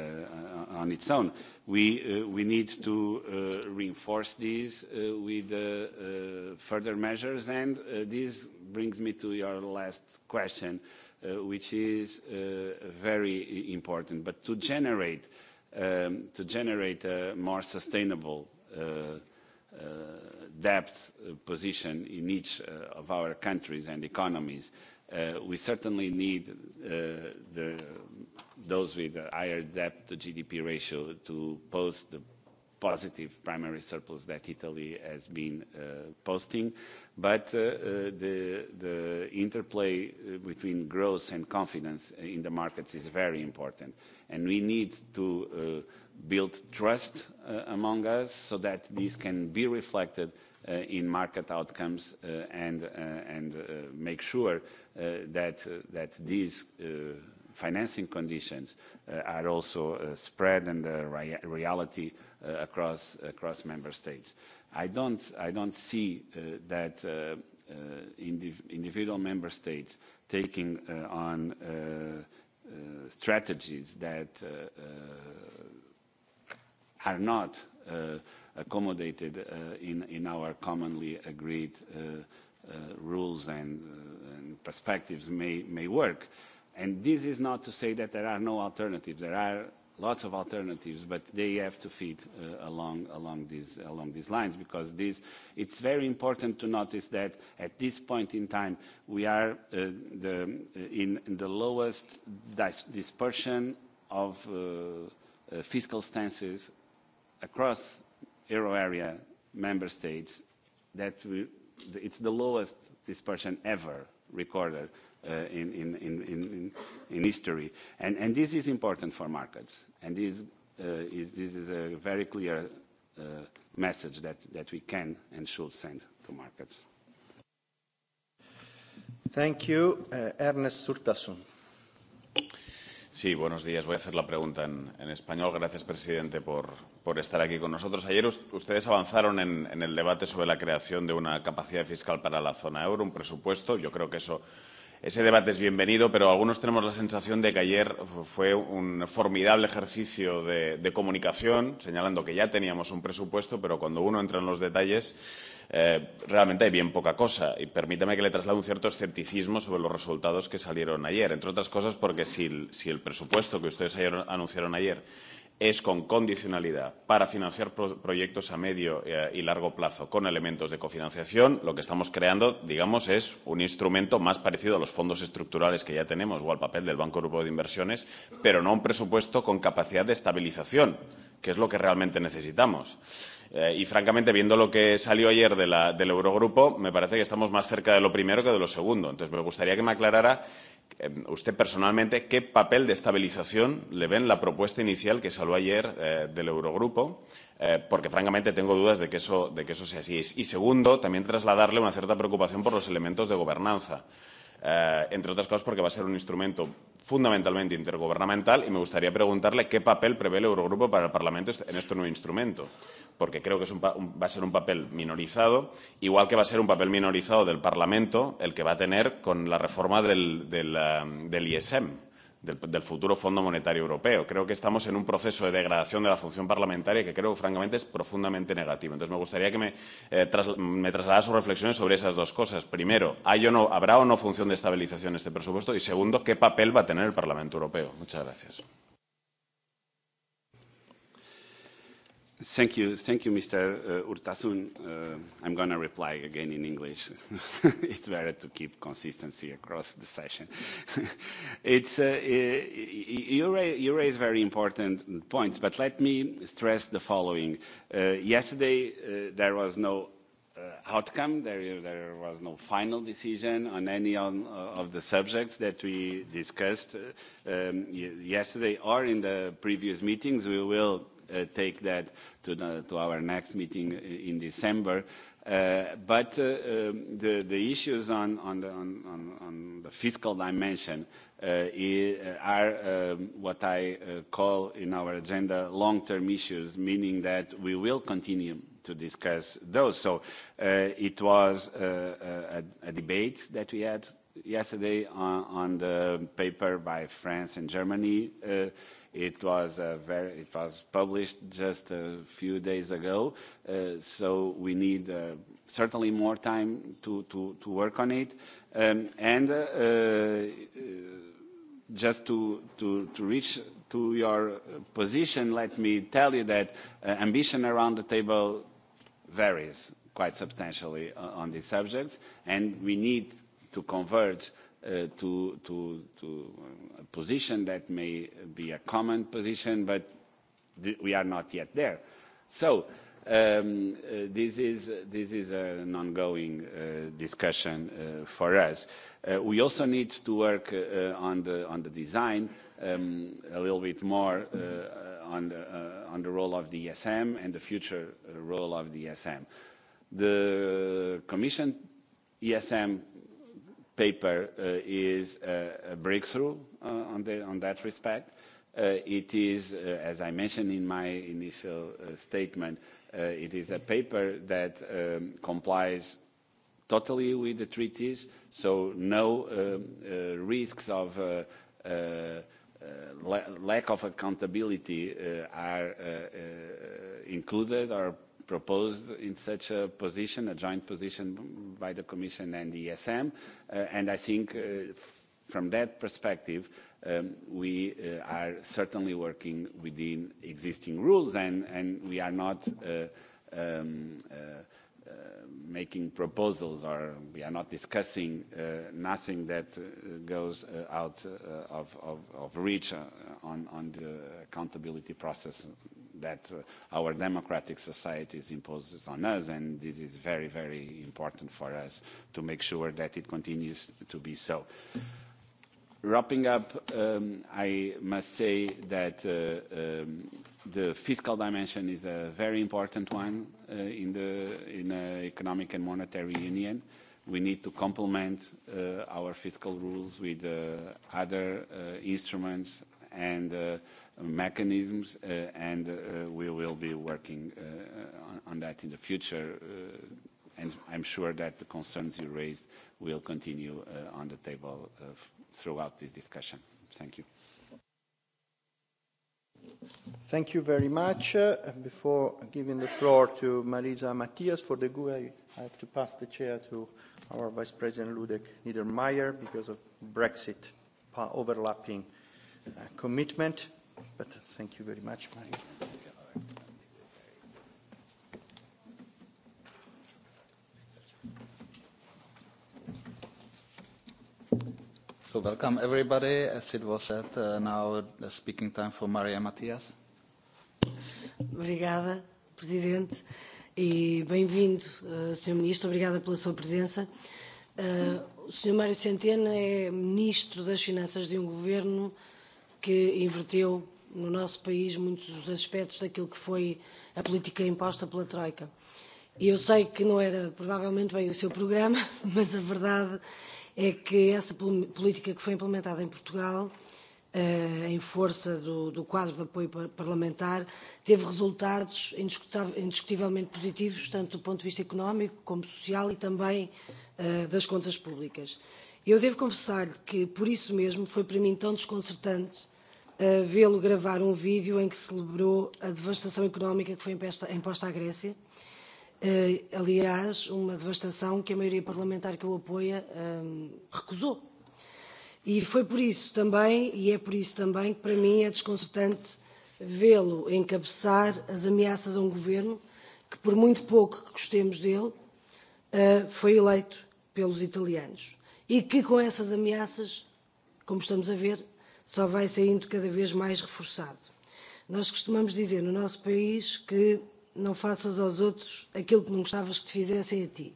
on its own. We, uh, we need to uh, reinforce these uh, with uh, uh, further measures and uh, this brings me to your last question uh, which is uh, very important. But to generate, um, to generate a uh, more sustainable Uh, uh, debt position in each uh, of our countries and economies, we certainly need the, those with a higher debt to GDP ratio to post the positive primary surplus that Italy has been uh, posting. But uh, the, the interplay between growth and confidence in the markets is very important. And we need to uh, build trust Uh, among us so that this can be reflected uh, in market outcomes uh, and, uh, and uh, make sure uh, that, uh, that these uh, financing conditions uh, are also uh, spread and a uh, rea reality uh, across, across member states. I don't, I don't see uh, that uh, uh, indiv individual member states taking uh, on uh, uh, strategies that uh, uh, are not uh, accommodated uh, in, in our commonly agreed uh, uh, rules and, uh, and perspectives may, may work. And this is not to say that there are no alternatives. There are lots of alternatives, but they have to fit uh, along, along, these, along these lines because this, it's very important to notice that at this point in time we are uh, the, uh, in, in the lowest dis dispersion of uh, uh, fiscal stances across euro area member states that we, it's the lowest dispersion ever recorded uh, in, in, in, in history. And, and this is important for markets. And this, uh, is, this is a very clear uh, message that, that we can and should send to markets. Thank you. Uh, Ernest Surtasun. Sí, buenos días. Voy a hacer la pregunta en, en español. Gracias, presidente, por, por, estar aquí con nosotros. Ayer ustedes avanzaron en, en, el debate sobre la creación de una capacidad fiscal para la zona euro, un presupuesto. Yo creo que eso ese debate es bienvenido, pero algunos tenemos la sensación de que ayer fue un formidable ejercicio de, de comunicación, señalando que ya teníamos un presupuesto, pero cuando uno entra en los detalles, eh, realmente hay bien poca cosa. Y permítame que le traslade un cierto escepticismo sobre los resultados que salieron ayer, entre otras cosas porque si el, si el presupuesto que ustedes ayer anunciaron ayer es con condicionalidad para financiar pro proyectos a medio eh, y largo plazo con elementos de cofinanciación, lo que estamos creando, digamos, es un instrumento más parecido a los fondos estructurales que ya tenemos o al papel del Banco Europeo de Inversiones, pero no un presupuesto con capacidad de estabilización, que es lo que realmente necesitamos. Eh, y francamente, viendo lo que salió ayer de la, del Eurogrupo, me parece que estamos más cerca de lo primero que de lo segundo. Entonces, me gustaría que me aclarara usted personalmente, ¿qué papel de estabilización le ven la propuesta inicial que salió ayer eh, del Eurogrupo? Eh, porque francamente tengo dudas de que, eso, de que eso sea así. Y segundo, también trasladarle una cierta preocupación por los elementos de gobernanza. Eh, entre otras cosas porque va a ser un instrumento fundamentalmente intergubernamental y me gustaría preguntarle qué papel prevé el Eurogrupo para el Parlamento en este nuevo instrumento porque creo que es un, un, va a ser un papel minorizado, igual que va a ser un papel minorizado del Parlamento el que va a tener con la reforma del, del, um, del ISM. Del, del, futuro Fondo Monetario Europeo. Creo que estamos en un proceso de degradación de la función parlamentaria que creo, francamente, es profundamente negativo. Entonces, me gustaría que me, eh, tras, me trasladara sus reflexiones sobre esas dos cosas. Primero, ¿hay o no, ¿habrá o no función de estabilización en este presupuesto? Y segundo, ¿qué papel va a tener el Parlamento Europeo? Muchas gracias. Thank you. Thank you, Mr. Uh, Urtasun. Uh, I'm going to reply again in English. it's better to keep consistency across the session. it's, uh, you, raise, you raise very important points, but let me stress the following. Uh, yesterday, uh, there was no uh, outcome. There, there was no final decision on any on, uh, of the subjects that we discussed uh, um, yesterday or in the previous meetings. We will uh, take that to, the, to our next meeting in December. Uh, but uh, um, the, the issues on, on, the, on, on, on the fiscal dimension uh, are um, what I uh, call in our agenda long-term issues, meaning that we will continue to discuss those. So uh, it was uh, a, a debate that we had yesterday on, uh, on the paper by France and Germany. Uh, It was a uh, very, it was published just a few days ago, uh, so we need uh, certainly more time to, to, to work on it. Um, and uh, uh, just to, to, to reach to your position, let me tell you that uh, ambition around the table varies quite substantially uh, on these subjects, and we need to converge uh, to, to, to position that may be a common position but th we are not yet there so um, uh, this is this is an ongoing uh, discussion uh, for us uh, we also need to work uh, uh on the on the design um, a little bit more uh, uh on the, uh, on the role of the ESM and the future role of the ESM the commission ESM paper uh, is a, a breakthrough uh, on, the, on that respect. Uh, it is, uh, as I mentioned in my initial uh, statement, uh, it is a paper that um, complies totally with the treaties, so no um, uh, risks of uh, uh, uh la lack of accountability uh, are uh, uh, included or proposed in such a position, a joint position by the Commission and the ESM. Uh, and I think uh, from that perspective, um, we uh, are certainly working within existing rules and, and we are not uh, um, uh, uh, making proposals or we are not discussing uh, nothing that uh, goes uh, out uh, of, of, of reach uh, on, on the accountability process that our democratic societies imposes on us, and this is very, very important for us to make sure that it continues to be so. Wrapping up, um, I must say that uh, um, the fiscal dimension is a very important one uh, in the in, uh, economic and monetary union. We need to complement uh, our fiscal rules with uh, other uh, instruments and uh, mechanisms, uh, and uh, we will be working uh, on, that in the future. Uh, and I'm sure that the concerns you raised will continue uh, on the table uh, throughout this discussion. Thank you. Thank you very much. Uh, before giving the floor to Marisa Matias for the GUE, I have to pass the chair to our Vice President Ludek Niedermayer because of Brexit overlapping Uh, commitment. But thank you very much, Mario. So welcome everybody. As it was said, uh, now the speaking time for Maria Matias. Obrigada, Presidente, e bem-vindo, uh, Sr. Ministro. Obrigada pela sua presença. Uh, o Sr. Mário Centeno é Ministro das Finanças de um governo uh, que inverteu no nosso país muitos dos aspectos daquilo que foi a política imposta pela Troika. E eu sei que não era provavelmente bem o seu programa, mas a verdade é que essa política que foi implementada em Portugal, eh, em força do, do quadro de apoio parlamentar, teve resultados indiscutivelmente positivos, tanto do ponto de vista económico como social e também eh, das contas públicas. Eu devo confessar lhe que, por isso mesmo, foi para mim tão desconcertante vê-lo gravar um vídeo em que celebrou a devastação económica que foi imposta, imposta à Grécia. Uh, aliás, uma devastação que a maioria parlamentar que o apoia um, recusou. E foi por isso também, e é por isso também, que para mim é desconcertante vê-lo encabeçar as ameaças a um governo que, por muito pouco que gostemos dele, uh, foi eleito pelos italianos. E que, com essas ameaças, como estamos a ver, só vai saindo cada vez mais reforçado. Nós costumamos dizer no nosso país que não faças aos outros aquilo que não gostavas que te fizessem a ti.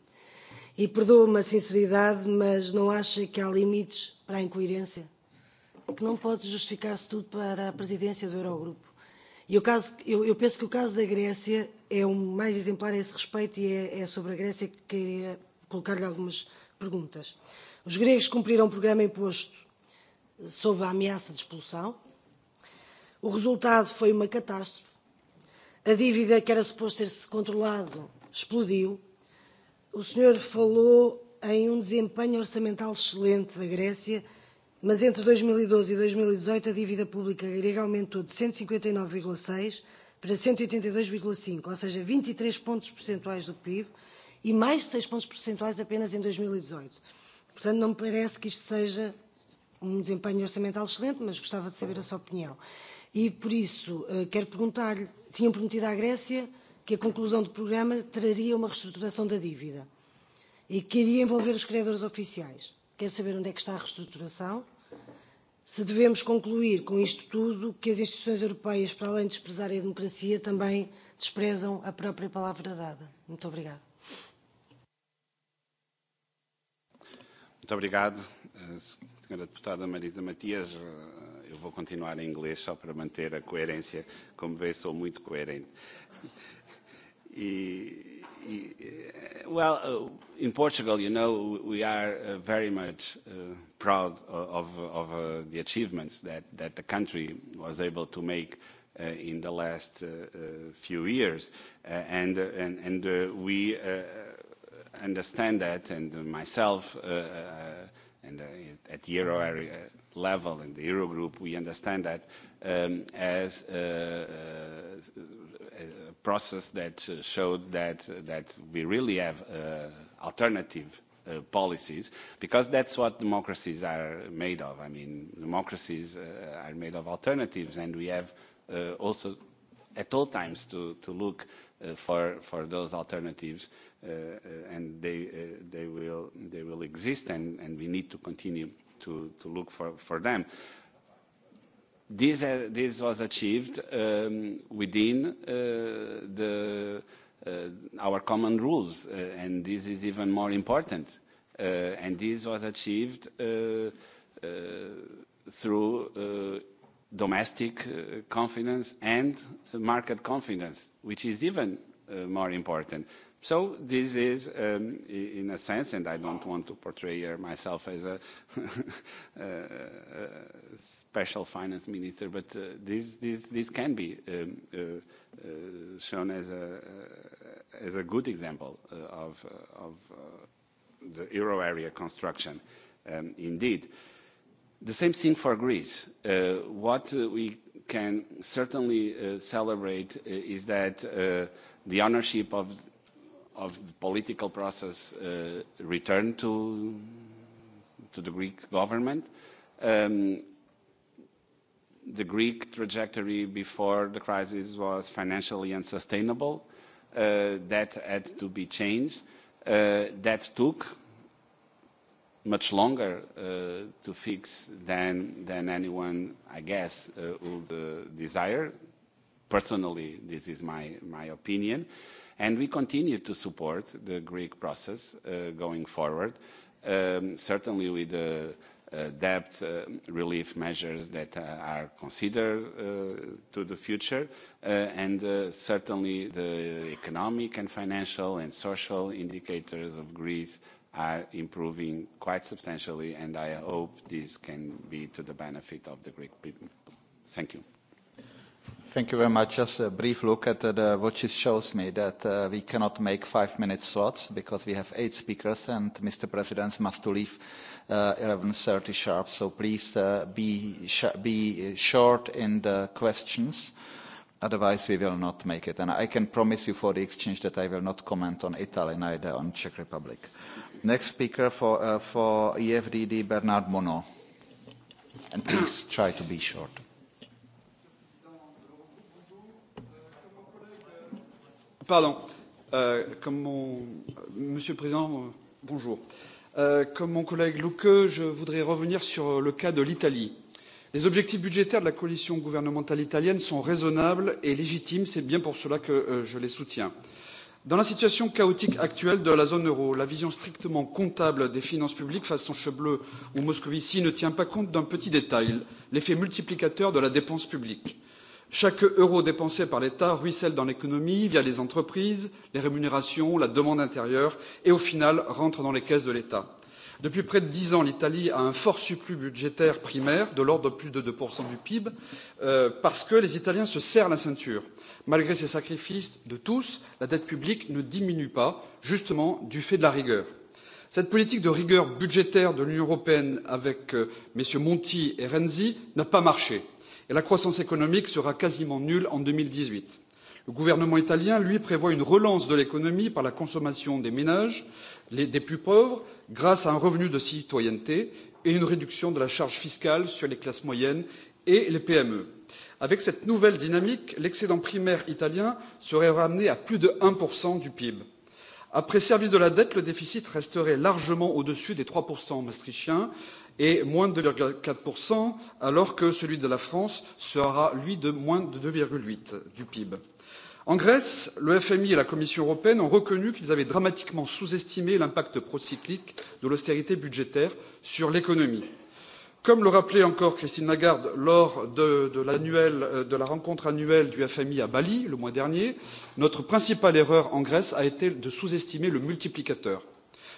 E perdoa-me a sinceridade, mas não acha que há limites para a incoerência? Que não pode justificar-se tudo para a presidência do Eurogrupo. E o caso, eu, eu penso que o caso da Grécia é o mais exemplar a esse respeito e é, é sobre a Grécia que queria colocar-lhe algumas perguntas. Os gregos cumpriram o programa imposto sob a ameaça de expulsão. O resultado foi uma catástrofe. A dívida que era suposto ter-se controlado explodiu. O senhor falou em um desempenho orçamental excelente da Grécia, mas entre 2012 e 2018 e e a dívida pública grega aumentou de 159,6 e para 182,5, ou seja, 23 pontos percentuais do PIB e mais 6 pontos percentuais apenas em 2018. Portanto, não me parece que isto seja um desempenho orçamental excelente, mas gostava de saber a sua opinião. E, por isso, eh, quero perguntar-lhe, tinham prometido à Grécia que a conclusão do programa traria uma reestruturação da dívida e que iria envolver os credores oficiais. Quero saber onde é que está a reestruturação, se devemos concluir com isto tudo que as instituições europeias, para além de desprezarem a democracia, também desprezam a própria palavra dada. Muito obrigada. Muito obrigado. Eh, Senhora Deputada Marisa Matias, eh, eu vou continuar em inglês só para manter a coerência. Como vê, sou muito coerente. E, e, eh, well, uh, in Portugal, you know, we are uh, very much uh, proud of, of uh, the achievements that, that the country was able to make uh, in the last uh, uh, few years. Uh, and and, and uh, we uh, understand that, and myself, uh, uh, at the euro area level in the euro group, we understand that um, as a, uh, uh, a process that uh, showed that, that we really have uh, alternative uh, policies, because that's what democracies are made of. I mean, democracies uh, are made of alternatives, and we have uh, also at all times to, to look Uh, for for those alternatives, uh, uh, and they uh, they will they will exist, and, and we need to continue to to look for for them. This uh, this was achieved um, within uh, the. Uh, our common rules, uh, and this is even more important. Uh, and this was achieved uh, uh, through uh, domestic uh, confidence and market confidence, which is even uh, more important. So this is, um, in a sense, and I don't want to portray myself as uh, a, special finance minister, but this, this, this can be um, shown as a, as a good example of, of the euro area construction, um, indeed. The same thing for Greece. Uh, what uh, we can certainly uh, celebrate uh, is that uh, the ownership of, of the political process uh, returned to, to the Greek government. Um, the Greek trajectory before the crisis was financially unsustainable. Uh, that had to be changed. Uh, that took much longer uh, to fix than, than anyone, I guess, uh, would uh, desire. Personally, this is my, my opinion. And we continue to support the Greek process uh, going forward, um, certainly with the uh, uh, debt uh, relief measures that uh, are considered uh, to the future, uh, and uh, certainly the economic and financial and social indicators of Greece are improving quite substantially, and I hope this can be to the benefit of the Greek people. Thank you. Thank you very much. Just a brief look at the watches shows me that uh, we cannot make five-minute slots because we have eight speakers and Mr. President must leave uh, 11.30 sharp. So please uh, be, sh be short in the questions. Otherwise, we will not make it. And I can promise you for the exchange that I will not comment on Italy, neither on Czech Republic. Next speaker for, uh, for EFDD, Bernard Monod. And please try to be short. Pardon. Euh, comme mon... Monsieur le Président, euh, bonjour. Euh, comme mon collègue Luque, je voudrais revenir sur le cas de l'Italie. Les objectifs budgétaires de la coalition gouvernementale italienne sont raisonnables et légitimes. C'est bien pour cela que euh, je les soutiens. Euh, Dans la situation chaotique actuelle de la zone euro, la vision strictement comptable des finances publiques façon Chebleu ou Moscovici ne tient pas compte d'un petit détail, l'effet multiplicateur de la dépense publique. Chaque euro dépensé par l'État ruisselle dans l'économie via les entreprises, les rémunérations, la demande intérieure et au final rentre dans les caisses de l'État. Depuis près de dix ans, l'Italie a un fort surplus budgétaire primaire, de l'ordre de plus de 2% du PIB, euh, parce que les Italiens se serrent la ceinture. Malgré ces sacrifices de tous, la dette publique ne diminue pas, justement du fait de la rigueur. Cette politique de rigueur budgétaire de l'Union européenne avec euh, messieurs Monti et Renzi n'a pas marché et la croissance économique sera quasiment nulle en 2018. Le gouvernement italien, lui, prévoit une relance de l'économie par la consommation des ménages, des plus pauvres grâce à un revenu de citoyenneté et une réduction de la charge fiscale sur les classes moyennes et les PME. Avec cette nouvelle dynamique, l'excédent primaire italien serait ramené à plus de 1% du PIB. Après service de la dette, le déficit resterait largement au-dessus des 3% maastrichtiens et moins de 2,4%, alors que celui de la France sera, lui, de moins de 2,8% du PIB. En Grèce, le FMI et la Commission européenne ont reconnu qu'ils avaient dramatiquement sous-estimé l'impact procyclique de l'austérité budgétaire sur l'économie. Comme le rappelait encore Christine Lagarde lors de, de, euh, de la rencontre annuelle du FMI à Bali le mois dernier, notre principale erreur en Grèce a été de sous-estimer le multiplicateur.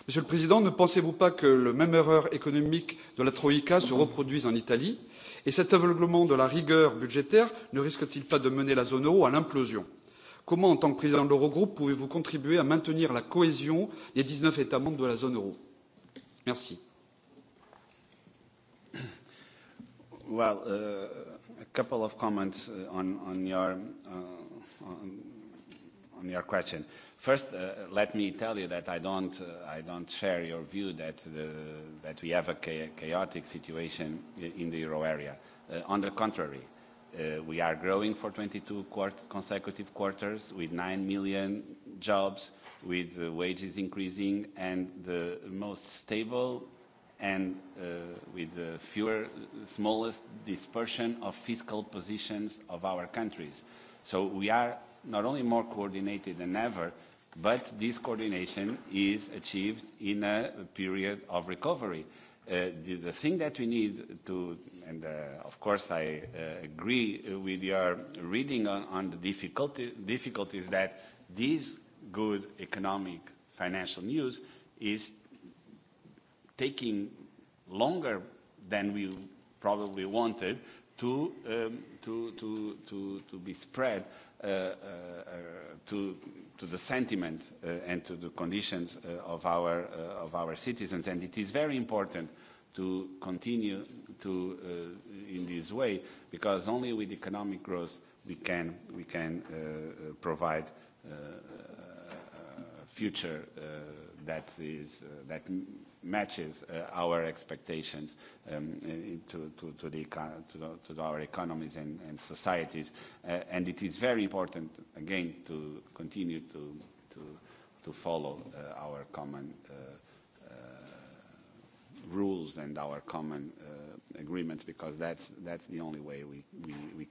Monsieur le Président, ne pensez-vous pas que la même erreur économique de la Troïka se reproduise en Italie Et cet aveuglement de la rigueur budgétaire ne risque-t-il pas de mener la zone euro à l'implosion comment en tant que président de l'Eurogroupe pouvez-vous contribuer à maintenir la cohésion des 19 États membres de la zone euro Merci. Well, uh, a couple of comments uh, on, on your uh, on, on your question. First, uh, let me tell you that I don't uh, I don't share your view that the, that we have a chaotic situation in the euro area. Uh, on the contrary, uh, Uh, we are growing for 22 consecutive quarters with 9 million jobs, with wages increasing, and the most stable and uh, with the fewer, smallest dispersion of fiscal positions of our countries. So we are not only more coordinated than ever, but this coordination is achieved in a period of recovery. Uh, the, the thing that we need to, and uh, of course I uh, agree with your reading on, on the difficulty, difficulties that this good economic financial news is taking longer than we probably wanted to, um, to, to, to, to be spread uh, uh, uh to to the sentiment uh, and to the conditions uh, of, our, uh, of our citizens. And it is very important to continue to, uh, in this way because only with economic growth we can, we can uh, uh provide uh, a uh, future uh, that, is, uh, that matches uh, our expectations um, uh, to, our economies and, societies. Uh, and it is very important, again, to continue to, follow our common rules and our common agreements because that's the only way we,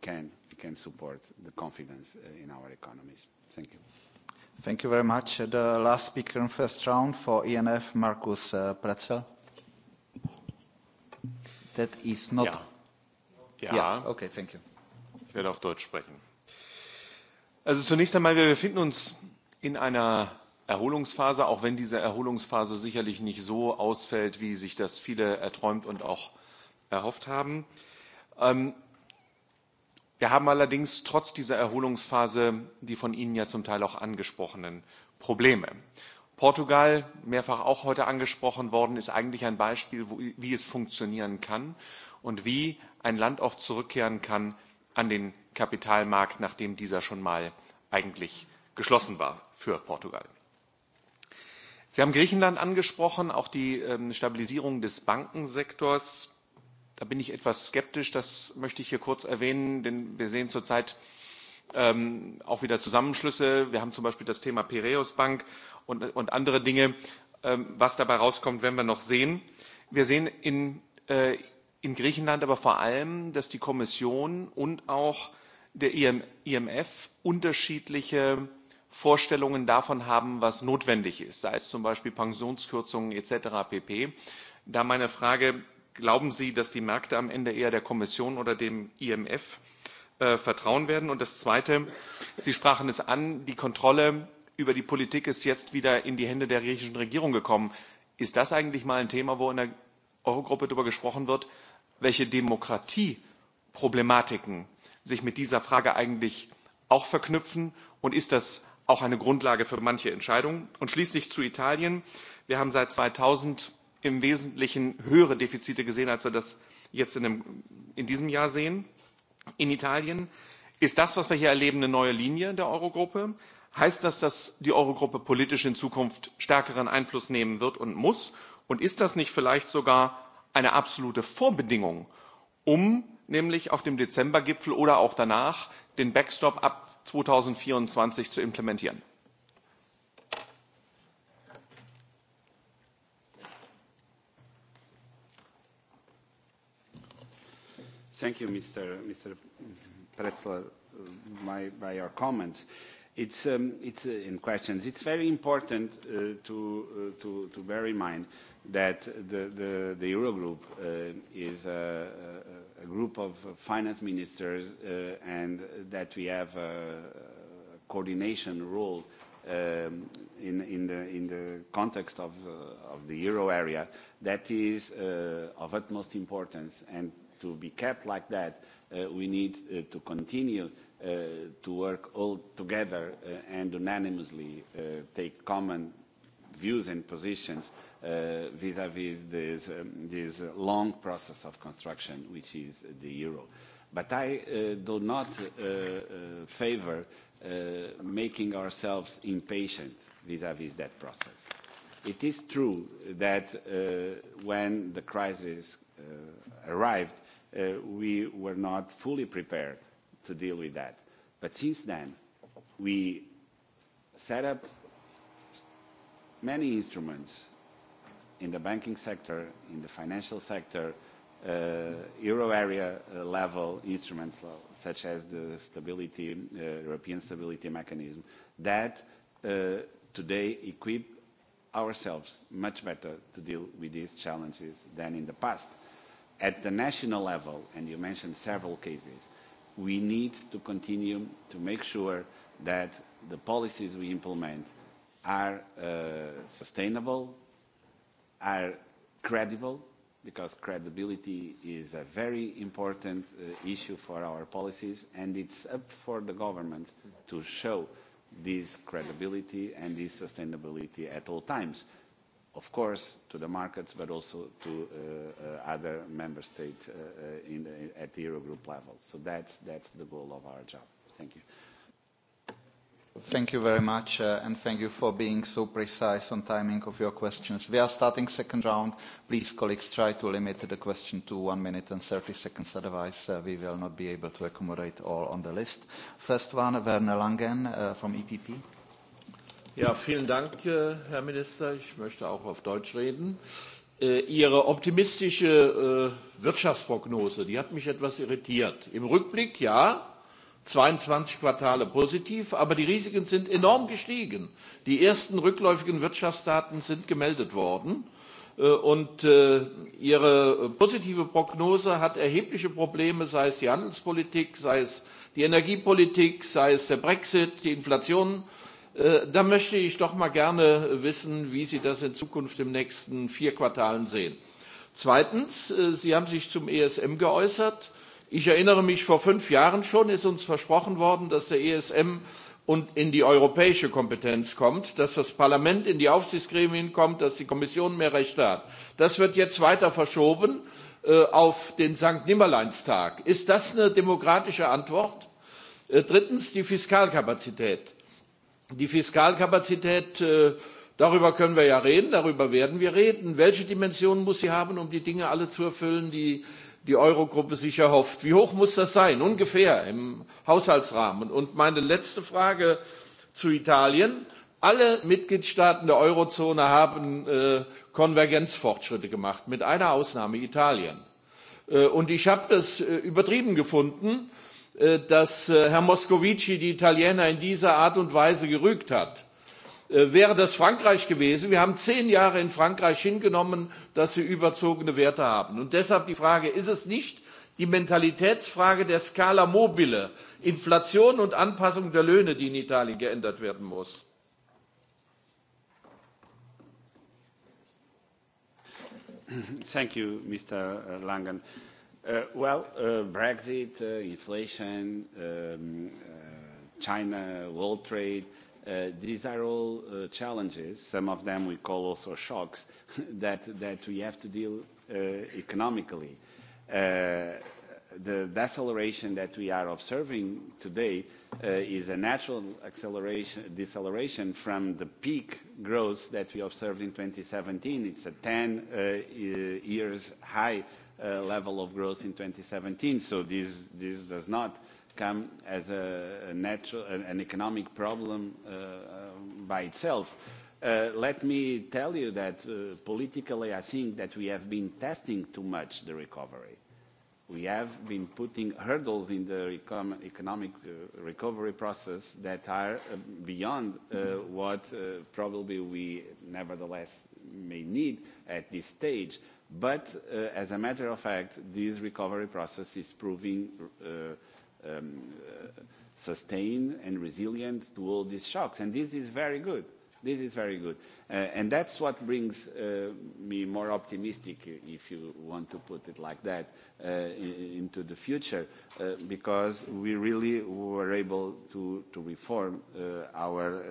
can support the confidence in our economies. Thank you. Thank you very much. Uh, the last speaker in first round for ENF, Markus uh, Pretzel. That is not. Ja. ja. Ja. Okay, thank you. Ich werde auf Deutsch sprechen. Also zunächst einmal, wir befinden uns in einer Erholungsphase, auch wenn diese Erholungsphase sicherlich nicht so ausfällt, wie sich das viele erträumt und auch erhofft haben. Ähm, Wir haben allerdings trotz dieser Erholungsphase die von Ihnen ja zum Teil auch angesprochenen Probleme. Portugal, mehrfach auch heute angesprochen worden, ist eigentlich ein Beispiel, wo, wie es funktionieren kann und wie ein Land auch zurückkehren kann an den Kapitalmarkt, nachdem dieser schon mal eigentlich geschlossen war für Portugal. Sie haben Griechenland angesprochen, auch die ähm, Stabilisierung des Bankensektors Da bin ich etwas skeptisch. Das möchte ich hier kurz erwähnen, denn wir sehen zurzeit ähm, auch wieder Zusammenschlüsse. Wir haben zum Beispiel das Thema Piraeus Bank und, und andere Dinge. Ähm, was dabei rauskommt, werden wir noch sehen. Wir sehen in, äh, in Griechenland aber vor allem, dass die Kommission und auch der IMF unterschiedliche Vorstellungen davon haben, was notwendig ist, sei es zum Beispiel Pensionskürzungen etc. pp. Da meine Frage, Glauben Sie, dass die Märkte am Ende eher der Kommission oder dem IMF äh, vertrauen werden? Und das Zweite, Sie sprachen es an, die Kontrolle über die Politik ist jetzt wieder in die Hände der griechischen Regierung gekommen. Ist das eigentlich mal ein Thema, wo in der Eurogruppe darüber gesprochen wird, welche Demokratieproblematiken sich mit dieser Frage eigentlich auch verknüpfen? Und ist das auch eine Grundlage für manche Entscheidungen? Und schließlich zu Italien. Wir haben seit 2000 im Wesentlichen höhere Defizite gesehen, als wir das jetzt in, dem, in diesem Jahr sehen. In Italien ist das, was wir hier erleben, eine neue Linie der Eurogruppe. Heißt das, dass die Eurogruppe politisch in Zukunft stärkeren Einfluss nehmen wird und muss? Und ist das nicht vielleicht sogar eine absolute Vorbedingung, um nämlich auf dem Dezembergipfel oder auch danach den Backstop ab 2024 zu implementieren? Thank you, Mr. Mr. Pretzler, uh, by, by your comments. It's, um, it's uh, in questions. It's very important uh, to, uh, to, to bear in mind that the, the, the Eurogroup uh, is a, a, a group of finance ministers uh, and that we have a coordination role um, in, in, the, in the context of, uh, of the euro area that is uh, of utmost importance and to be kept like that. Uh, we need uh, to continue uh, to work all together uh, and unanimously uh, take common views and positions uh, vis-à-vis uh, vis, this, um, this long process of construction, which is the euro. But I uh, do not uh, uh, favor uh, making ourselves impatient vis-à-vis -vis that process. It is true that uh, when the crisis uh, arrived, uh, we were not fully prepared to deal with that. But since then, we set up many instruments in the banking sector, in the financial sector, uh, euro area uh, level instruments uh, such as the stability, uh, European stability mechanism that uh, today equip ourselves much better to deal with these challenges than in the past at the national level, and you mentioned several cases, we need to continue to make sure that the policies we implement are uh, sustainable, are credible, because credibility is a very important uh, issue for our policies, and it's up for the governments to show this credibility and this sustainability at all times of course, to the markets, but also to uh, uh other member states uh, uh in the, uh, at the Eurogroup level. So that's, that's the goal of our job. Thank you. Thank you very much, uh, and thank you for being so precise on timing of your questions. We are starting second round. Please, colleagues, try to limit the question to one minute and 30 seconds, otherwise uh, we will not be able to accommodate all on the list. First one, Werner Langen uh, from EPP. Ja, vielen Dank, äh, Herr Minister. Ich möchte auch auf Deutsch reden. Äh, Ihre optimistische äh, Wirtschaftsprognose, die hat mich etwas irritiert. Im Rückblick, ja, 22 Quartale positiv, aber die Risiken sind enorm gestiegen. Die ersten rückläufigen Wirtschaftsdaten sind gemeldet worden. Und Ihre positive Prognose hat erhebliche Probleme, sei es die Handelspolitik, sei es die Energiepolitik, sei es der Brexit, die Inflation Äh, da möchte ich doch mal gerne wissen, wie Sie das in Zukunft im nächsten vier Quartalen sehen. Zweitens, äh, Sie haben sich zum ESM geäußert. Ich erinnere mich, vor fünf Jahren schon ist uns versprochen worden, dass der ESM in die europäische Kompetenz kommt, dass das Parlament in die Aufsichtsgremien kommt, dass die Kommission mehr Rechte hat. Das wird jetzt weiter verschoben äh, auf den Sankt Nimmerleinstag. Ist das eine demokratische Antwort? drittens die Fiskalkapazität. Die Fiskalkapazität, äh, darüber können wir ja reden, darüber werden wir reden. Welche Dimension muss sie haben, um die Dinge alle zu erfüllen, die die Eurogruppe sich erhofft? Wie hoch muss das sein, ungefähr im Haushaltsrahmen? Und meine letzte Frage zu Italien. Alle Mitgliedstaaten der Eurozone haben äh, Konvergenzfortschritte gemacht, mit einer Ausnahme Italien. Äh, und ich habe es übertrieben gefunden, Äh, dass äh, Herr Moscovici die Italiener in dieser Art und Weise gerügt hat. Äh, wäre das Frankreich gewesen, wir haben zehn Jahre in Frankreich hingenommen, dass sie überzogene Werte haben. Und deshalb die Frage, ist es nicht die Mentalitätsfrage der Scala mobile, Inflation und Anpassung der Löhne, die in Italien geändert werden muss? Thank you, Mr. Langen. Uh, well, uh, Brexit, uh, inflation, um, China, world trade, these are all challenges. Some of them we call also shocks that, that we have to deal economically. the deceleration that we are observing today is a natural acceleration, deceleration from the peak growth that we observed in 2017. It's a 10 years high Uh, level of growth in 2017. So this, this does not come as a, natural, an economic problem uh, uh, by itself. let me tell you that politically I think that we have been testing too much the recovery. We have been putting hurdles in the economic recovery process that are beyond what probably we nevertheless may need at this stage But uh, as a matter of fact, this recovery process is proving uh, um, uh, sustained and resilient to all these shocks, and this is very good. This is very good. and that's what brings me more optimistic, if you want to put it like that, into the future, because we really were able to, reform our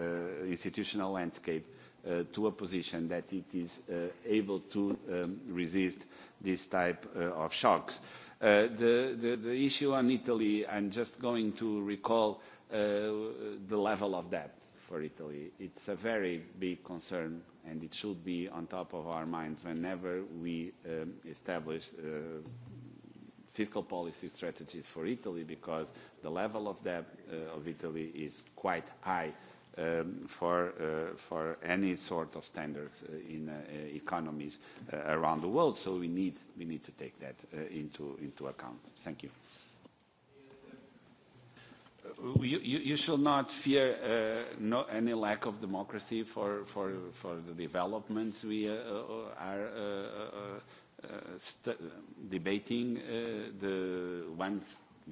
institutional landscape Uh, to a position that it is uh, able to um, resist this type uh, of shocks. Uh, the, the, the issue on Italy, I'm just going to recall uh, the level of debt for Italy. It's a very big concern and it should be on top of our minds whenever we um, establish uh, fiscal policy strategies for Italy because the level of debt uh, of Italy is quite high um, for, uh, for any sort of standards uh, in uh, economies uh, around the world. So we need, we need to take that uh, into, into account. Thank you. Uh, you, you, you should not fear uh, no, any lack of democracy for, for, for the developments we uh, uh are uh, uh, uh, st debating. Uh, the one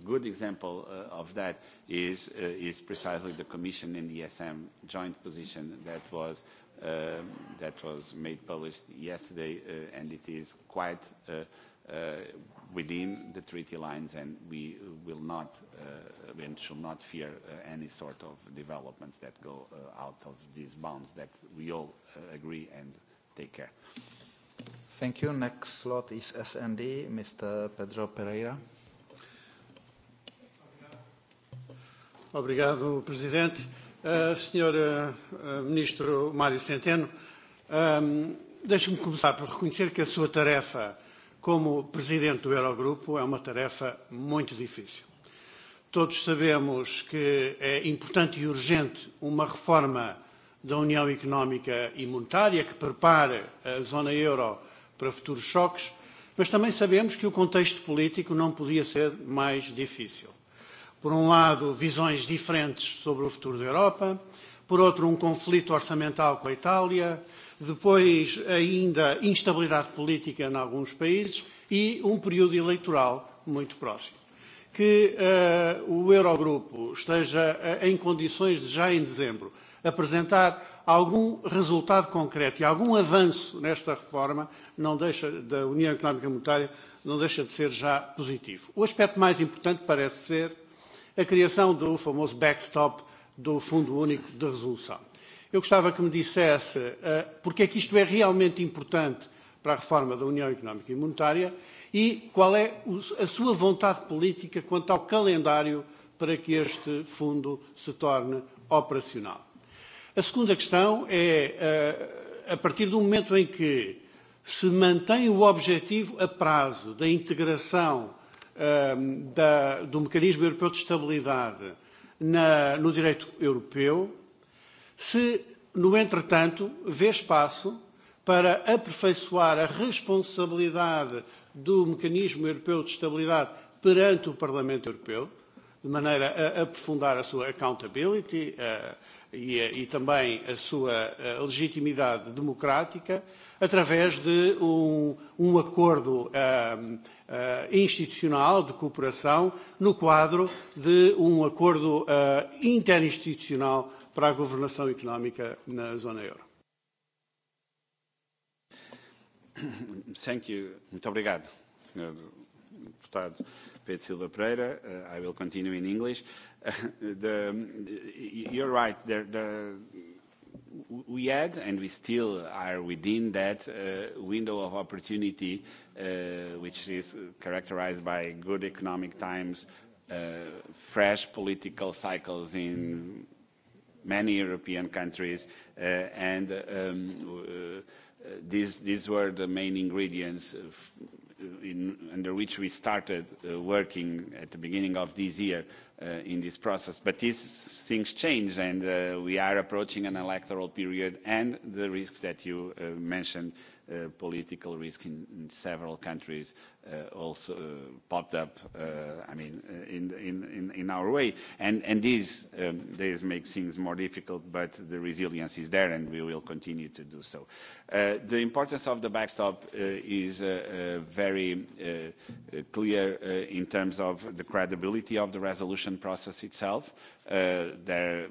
good example uh, of that is, uh, is precisely the Commission and the ESM joint position that was, um, that was made published yesterday, uh, and it is quite uh, uh, within the treaty lines, and we will not uh, we shall not fear uh, any sort of developments that go uh, out of these bounds that we all uh, agree and take care. Thank you. Next slot is SND, Mr. Pedro Pereira. Obrigado, Presidente. Uh, Sr. uh, Ministro Mário Centeno, uh, deixe-me começar por reconhecer que a sua tarefa como Presidente do Eurogrupo é uma tarefa muito difícil. Todos sabemos que é importante e urgente uma reforma da União Económica e Monetária que prepare a zona euro para futuros choques, mas também sabemos que o contexto político não podia ser mais difícil por um lado, visões diferentes sobre o futuro da Europa, por outro, um conflito orçamental com a Itália, depois, ainda, instabilidade política em alguns países e um período eleitoral muito próximo. Que uh, o Eurogrupo esteja uh, em condições de, já em dezembro, apresentar algum resultado concreto e algum avanço nesta reforma não deixa, da União Económica Monetária não deixa de ser já positivo. O aspecto mais importante parece ser a criação do famoso backstop do Fundo Único de Resolução. Eu gostava que me dissesse uh, porque é que isto é realmente importante para a reforma da União Económica e Monetária e qual é o, a sua vontade política quanto ao calendário para que este fundo se torne operacional. A segunda questão é, uh, a partir do momento em que se mantém o objetivo a prazo da integração Ehm, da, do mecanismo europeu de estabilidade na, no direito europeu, se, no entretanto, vê espaço para aperfeiçoar a responsabilidade do mecanismo europeu de estabilidade perante o Parlamento Europeu, de maneira a aprofundar a sua accountability uh, e, eh, e também a sua uh, legitimidade democrática, através de um, um acordo uh, uh, institucional de cooperação no quadro de um acordo uh, interinstitucional para a governação económica na zona euro. Thank you. Muito obrigado, Sr. Deputado Pedro Silva Pereira. Uh, I will continue in English. Uh, the, you're right. There, there, we had, and we still are within that uh, window of opportunity, uh, which is characterized by good economic times, uh, fresh political cycles in many European countries, and um, these were the main ingredients Uh, under which we started uh, working at the beginning of this year uh, in this process. But these things change, and uh, we are approaching an electoral period and the risks that you uh, mentioned uh, Uh, political risk in, in several countries uh, also uh, popped up, uh, I mean, uh, in, in, in our way. And, and these, um, these make things more difficult, but the resilience is there and we will continue to do so. Uh, the importance of the backstop uh, is uh, uh, very uh, clear uh, in terms of the credibility of the resolution process itself. Uh, there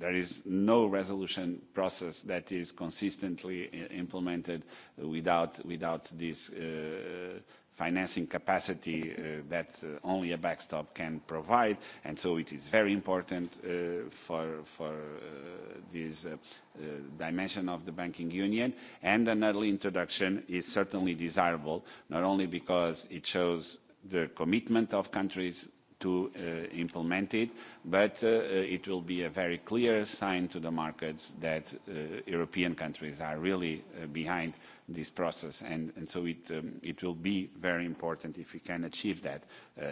There is no resolution process that is consistently implemented without, without this uh, financing capacity uh, that uh, only a backstop can provide. And so it is very important uh, for, for uh, this uh, dimension of the banking union. And an early introduction is certainly desirable, not only because it shows the commitment of countries to uh, implement it, but uh, uh, it will be a very clear sign to the markets that uh, European countries are really uh, behind this process, and, and so it, um, it will be very important if we can achieve that, uh,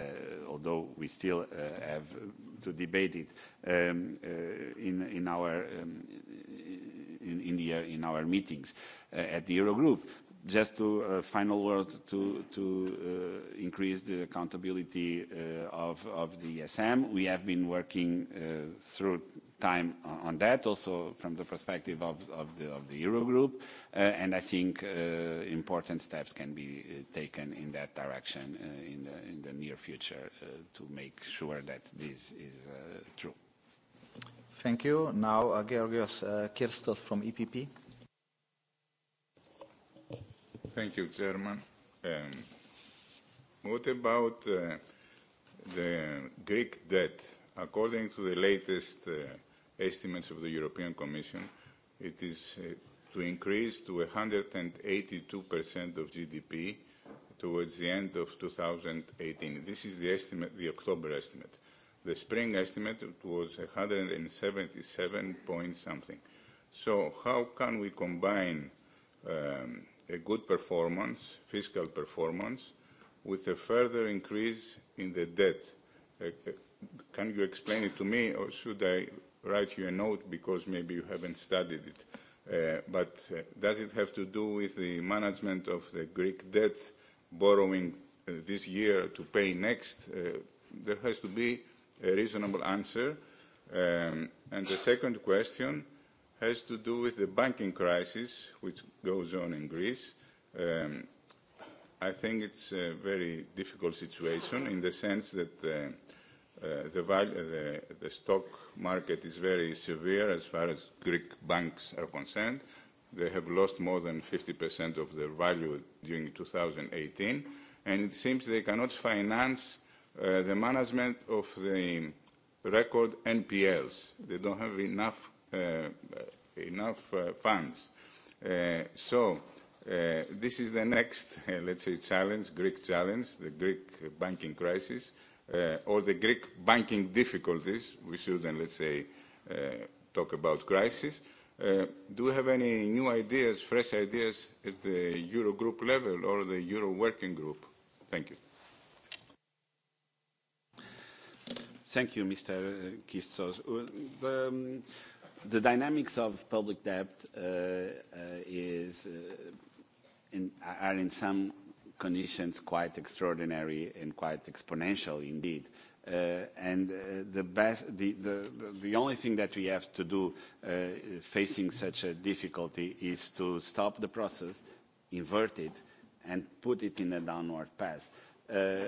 although we still uh, have to debate it um, uh, in, in, our, um, in, in, in our meetings uh, at the Eurogroup. Just to uh, final word to, to uh, increase the accountability uh, of, of the ESM. We have been working uh, through time on that, also from the perspective of, of, the, of the Eurogroup. Uh, and I think uh, important steps can be uh, taken in that direction uh, in the, in the near future uh, to make sure that this is uh, true. Thank you. Now, Georgios Kirstos from EPP. Thank you, Chairman. Um, what about uh, the Greek debt? According to the latest uh, estimates of the European Commission, it is uh, to increase to 182% of GDP towards the end of 2018. This is the estimate, the October estimate. The spring estimate was 177 point something. So how can we combine um, a good performance, fiscal performance, with a further increase in the debt. Uh, uh, can you explain it to me, or should I write you a note because maybe you haven't studied it? Uh, but uh, does it have to do with the management of the Greek debt, borrowing uh, this year to pay next? Uh, there has to be a reasonable answer. Um, and the second question, has to do with the banking crisis which goes on in Greece. Um, I think it's a very difficult situation in the sense that uh, uh, the, value, uh, the, the stock market is very severe as far as Greek banks are concerned. They have lost more than 50% of their value during 2018, and it seems they cannot finance uh, the management of the record NPLs. They don't have enough Uh, enough uh, funds. Uh, so this is the next, let's say, challenge, Greek challenge, the Greek banking crisis, or the Greek banking difficulties. We shouldn't, let's say, talk about crisis. Uh, do we have any new ideas, fresh ideas at the Eurogroup level or the Euro Working Group? Thank you. Thank you, Mr. Kistos. The, um, the dynamics of public debt uh, uh, is, uh, are in some conditions quite extraordinary and quite exponential indeed. and the, only thing that we have to do facing such a difficulty is to stop the process, invert it, and put it in a downward path. Uh,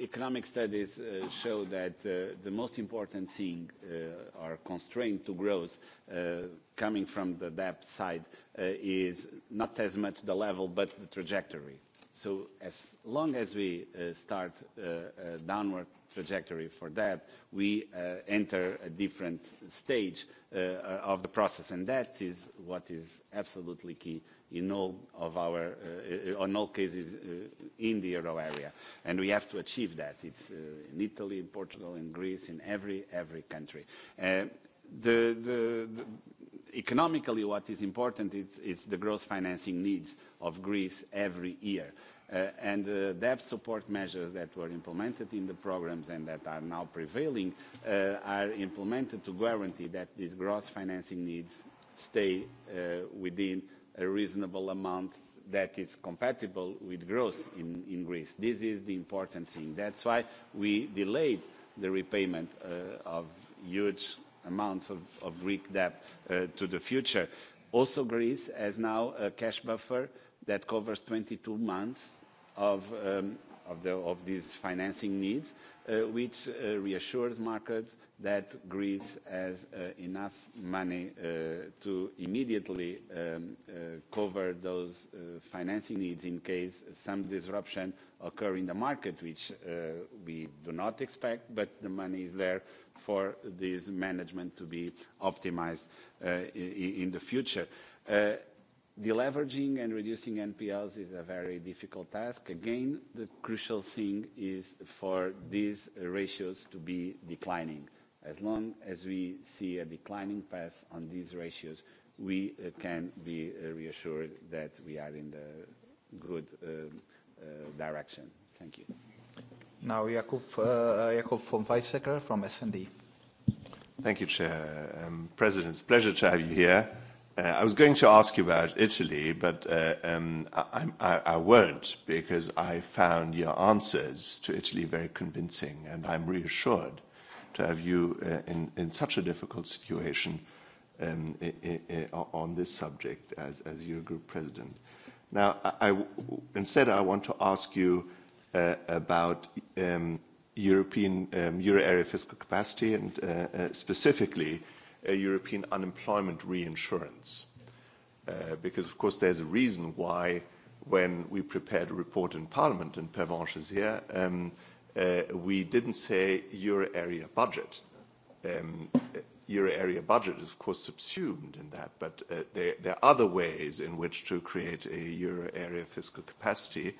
economic studies uh, show that uh, the most important thing uh, constraint to growth uh, coming from the debt side uh, is not as much the level but the trajectory. So as long as we uh, start uh, a downward trajectory for debt, we uh, enter a different stage uh, of the process. And that is what is absolutely key in all of our uh, uh, on all cases uh, in the euro area and we have to achieve that it's uh, in Italy in Portugal in Greece in every every country uh, the, the, the economically what is important is, is the gross financing needs of Greece every year uh, and the uh, debt support measures that were implemented in the programs and that are now prevailing uh, are implemented to guarantee that these gross financing needs stay uh, within a reasonable amount that is compatible with growth in, in Greece. This is the important thing. That's why we delayed the repayment uh, of huge amounts of, of Greek debt uh, to the future. Also, Greece has now a cash buffer that covers 22 months of um, of, these financing needs, uh, which uh, reassures markets that Greece has uh, enough money to immediately um, cover those financing needs in case some disruption occur in the market, which we do not expect, but the money is there for this management to be optimized in, the future deleveraging and reducing NPLs is a very difficult task. Again, the crucial thing is for these ratios to be declining. As long as we see a declining path on these ratios, we uh, can be uh, reassured that we are in the good uh, direction. Thank you. Now, Jakub, Jakub von Weizsäcker from S&D. Thank you, Chair. Um, President, it's a pleasure to have you here. Uh, I was going to ask you about Italy, but uh, um, I, I, I won't because I found your answers to Italy very convincing, and I'm reassured to have you uh, in, in such a difficult situation um, I, I, on this subject as, as your group president. Now, I, I, instead, I want to ask you uh, about um, European um, euro area fiscal capacity and uh, uh, specifically a European unemployment reinsurance. Uh, because, of course, there's a reason why when we prepared a report in Parliament, and Pervenche is here, um, uh, we didn't say euro area budget. Um, uh, euro area budget is, of course, subsumed in that, but uh, there, there are other ways in which to create a euro area fiscal capacity.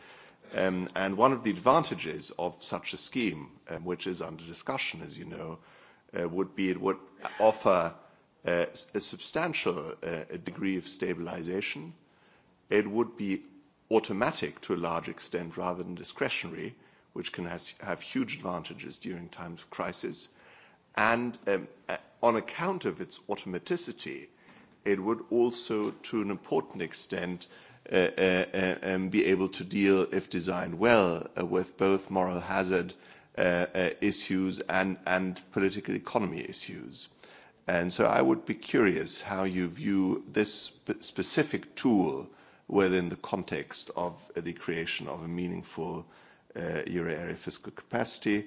Um, and one of the advantages of such a scheme, um, which is under discussion, as you know, uh, uh, would be it would offer uh, a substantial uh, degree of stabilization. It would be automatic to a large extent rather than discretionary, which can has, have huge advantages during times of crisis. And um, on account of its automaticity, it would also, to an important extent, uh, uh, uh, um, be able to deal, if designed well, uh, with both moral hazard Uh, uh, issues and, and political economy issues. And so I would be curious how you view this sp specific tool within the context of the creation of a meaningful uh, euro area fiscal capacity.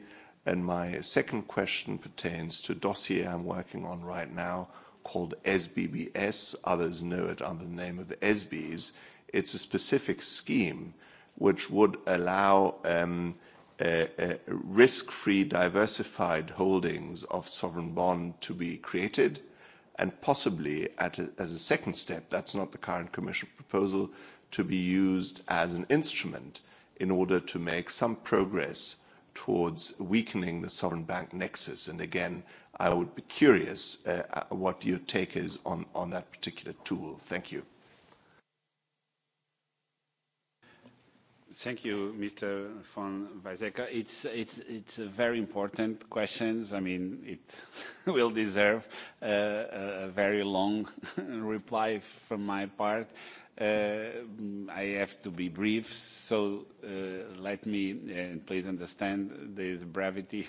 And my second question pertains to a dossier I'm working on right now called SBBS. Others know it under the name of SBs. It's a specific scheme which would allow um, risk-free diversified holdings of sovereign bond to be created and possibly at a, as a second step, that's not the current commission proposal, to be used as an instrument in order to make some progress towards weakening the sovereign bank nexus. And again, I would be curious uh, uh what your take is on, on that particular tool. Thank you. Thank you, Mr. von Weizsäcker. It's, it's, it's a very important questions. I mean, it will deserve a, a very long reply from my part. Uh, I have to be brief, so uh, let me uh, please understand the brevity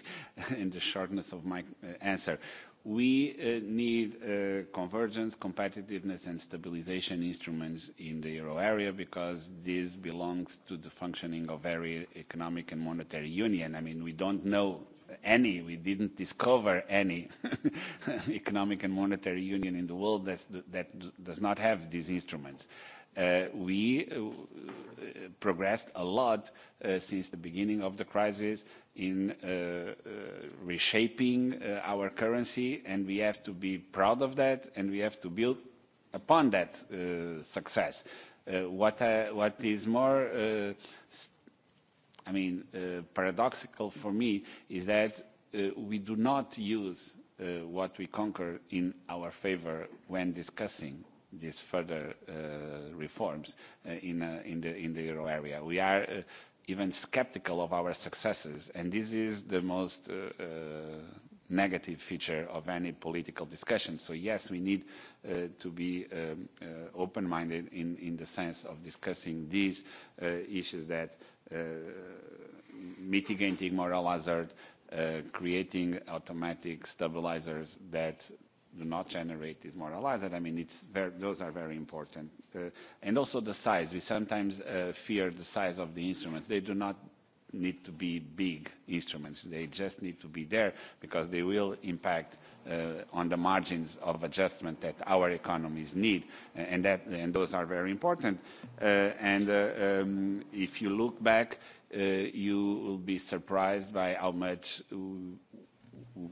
and the shortness of my uh, answer we uh, need uh, convergence, competitiveness and stabilization instruments in the euro area because this belongs to the functioning of every economic and monetary union. I mean, we don't know any, we didn't discover any economic and monetary union in the world that's, that does not have these instruments. Uh, we uh, progressed a lot uh, since the beginning of the crisis in uh, uh, reshaping uh, our currency, and we have to be proud of that, and we have to build upon that success. What, is more I mean, paradoxical for me is that we do not use what we conquer in our favor when discussing these further reforms in the euro area. We are even sceptical of our successes, and this is the most uh, uh, negative feature of any political discussion. So yes, we need uh, to be um, uh, open-minded in, in the sense of discussing these uh, issues that uh, mitigating moral hazard, uh, creating automatic stabilizers that do not generate this moral hazard. I mean, it's very, those are very important Uh, and also the size. We sometimes uh, fear the size of the instruments. They do not need to be big instruments. They just need to be there because they will impact uh, on the margins of adjustment that our economies need, and, that, and those are very important. Uh, and uh, um, if you look back, uh, you will be surprised by how much uh,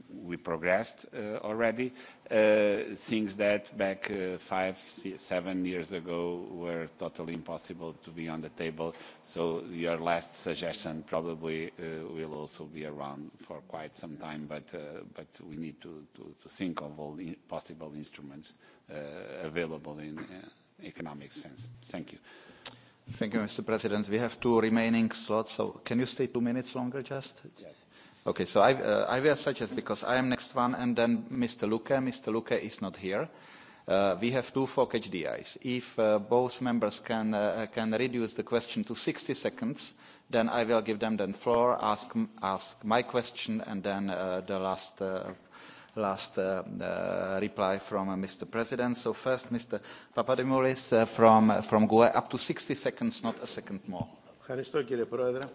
we progressed uh, already. Uh, things that back uh, five, six, seven years ago were totally impossible to be on the table. So your last suggestion probably uh, will also be around for quite some time, but, uh, but we need to, to, to think of all the possible instruments uh, available in economic sense. Thank you. Thank you, Mr. President. We have two remaining slots, so can you stay two minutes longer just? Yes. Okay, so I, uh, I will suggest, because I am next one, and then Mr. Luque. Mr. Luque is not here. Uh, we have two for HDIs. If uh, both members can, uh, can reduce the question to 60 seconds, then I will give them the floor, ask, ask my question, and then uh, the last, uh, last uh, uh, reply from uh, Mr. President. So first, Mr. Papadimoulis uh, from, from GUE, up to 60 seconds, not a second more. Thank you, Mr. President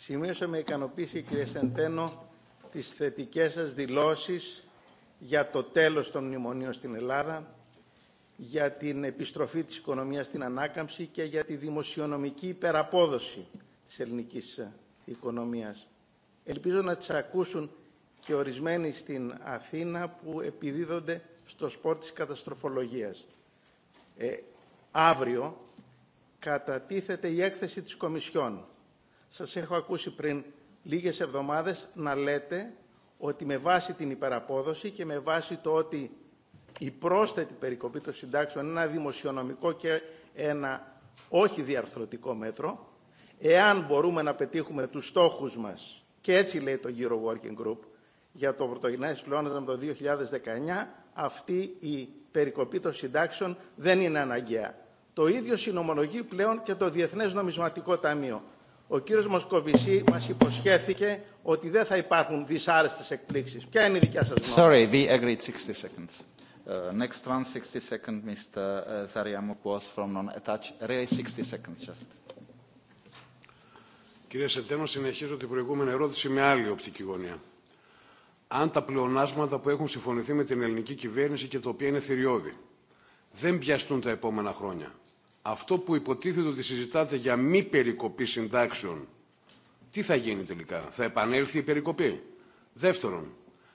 σημείωσα με ικανοποίηση, κύριε Σεντένο, τις θετικές σας δηλώσεις για το τέλος των μνημονίων στην Ελλάδα, για την επιστροφή της οικονομίας στην ανάκαμψη και για τη δημοσιονομική υπεραπόδοση της ελληνικής οικονομίας. Ελπίζω να τις ακούσουν και ορισμένοι στην Αθήνα που επιδίδονται στο σπορ της καταστροφολογίας. Ε, αύριο κατατίθεται η έκθεση της Κομισιόν Σας έχω ακούσει πριν λίγες εβδομάδες να λέτε ότι με βάση την υπεραπόδοση και με βάση το ότι η πρόσθετη περικοπή των συντάξεων είναι ένα δημοσιονομικό και ένα όχι διαρθρωτικό μέτρο, εάν μπορούμε να πετύχουμε τους στόχους μας, και έτσι λέει το Euro Working Group, για το πρωτογενές πλεόνασμα το 2019, αυτή η περικοπή των συντάξεων δεν είναι αναγκαία. Το ίδιο συνομολογεί πλέον και το Διεθνές Νομισματικό Ταμείο. Ο κύριος Μοσκοβισή μας υποσχέθηκε ότι δεν θα υπάρχουν δυσάρεστες εκπλήξεις. Ποια είναι η δικιά σας γνώμη. Sorry, we agreed 60 seconds. Uh, next one, 60 seconds, Mr. Zariamopoulos from non attach Really, 60 seconds just. Κύριε Σεντένο, συνεχίζω την προηγούμενη ερώτηση με άλλη οπτική γωνία. Αν τα πλεονάσματα που έχουν συμφωνηθεί με την ελληνική κυβέρνηση και τα οποία είναι θηριώδη δεν πιαστούν τα επόμενα χρόνια, αυτό που υποτίθεται ότι συζητάτε για μη περικοπή συντάξεων, τι θα γίνει τελικά, θα επανέλθει η περικοπή. Δεύτερον,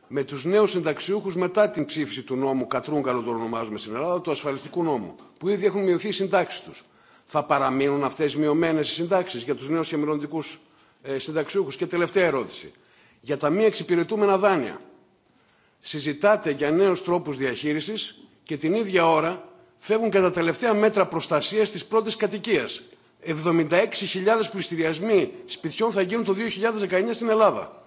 με του νέου συνταξιούχου μετά την ψήφιση του νόμου, κατρούγκαλο το ονομάζουμε στην Ελλάδα, του ασφαλιστικού νόμου, που ήδη έχουν μειωθεί οι συντάξει του, Θα παραμείνουν αυτέ μειωμένε οι συντάξει για του νέου και μελλοντικού ε, συνταξιούχους. Και τελευταία ερώτηση. Για τα μη εξυπηρετούμενα δάνεια. Συζητάτε για νέου τρόπου διαχείριση και την ίδια ώρα φεύγουν και τα τελευταία μέτρα προστασίας της πρώτης κατοικίας. 76.000 πληστηριασμοί σπιτιών θα γίνουν το 2019 στην Ελλάδα.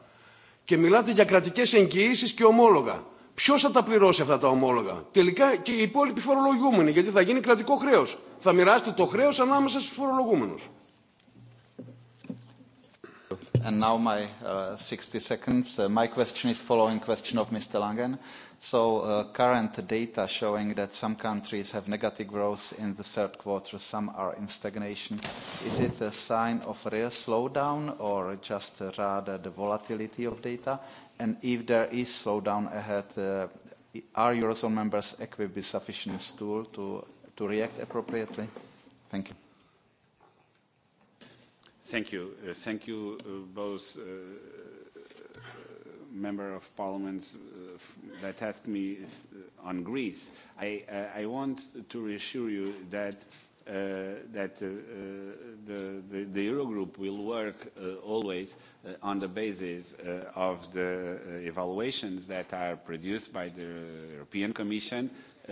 Και μιλάτε για κρατικές εγγυήσεις και ομόλογα. Ποιο θα τα πληρώσει αυτά τα ομόλογα. Τελικά και οι υπόλοιποι φορολογούμενοι, γιατί θα γίνει κρατικό χρέο. Θα μοιράσετε το χρέο ανάμεσα στου φορολογούμενου. And now my uh, 60 seconds. Uh, my question is following question of Mr. Langen. So uh, current data showing that some countries have negative growth in the third quarter, some are in stagnation. Is it a sign of real slowdown or just rather the volatility of data? And if there is slowdown ahead, uh, are Eurozone members equipped with sufficient tools to, to react appropriately? Thank you. Thank you. Uh, thank you both member of parliament uh, that asked me uh, on Greece. I, uh, I want to reassure you that uh, that uh, uh, the, the, the Eurogroup will work uh, always uh, on the basis uh, of the uh, evaluations that are produced by the European Commission, uh,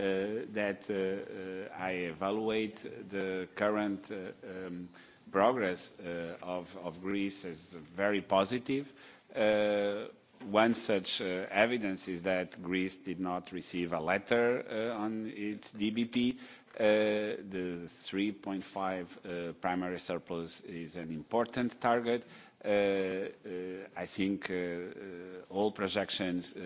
that uh, uh, I evaluate the current uh, um, progress uh, of, of Greece as very positive. Uh, one such uh, evidence is that Greece did not receive a letter uh, on its DBP. Uh, the 3.5 uh, primary surplus is an important target. Uh, uh, I think uh, uh, all projections uh,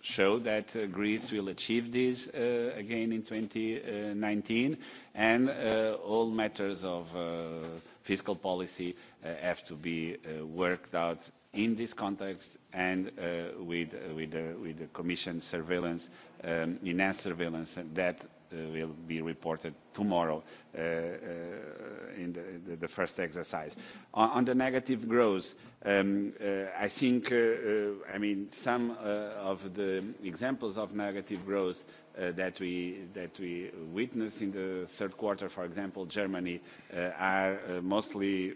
show that uh, Greece will achieve this uh, again in 2019, and uh, all matters of uh, fiscal policy uh, have to be uh, worked out in this context and uh, with, uh, with, uh, with the Commission surveillance, um, enhanced surveillance that Uh, will be reported tomorrow uh, uh, in the, the, the first exercise. On, on the negative growth, um, I think, I mean, some of the examples of negative growth Uh, that we that we witness in the third quarter, for example, Germany, uh, are uh, mostly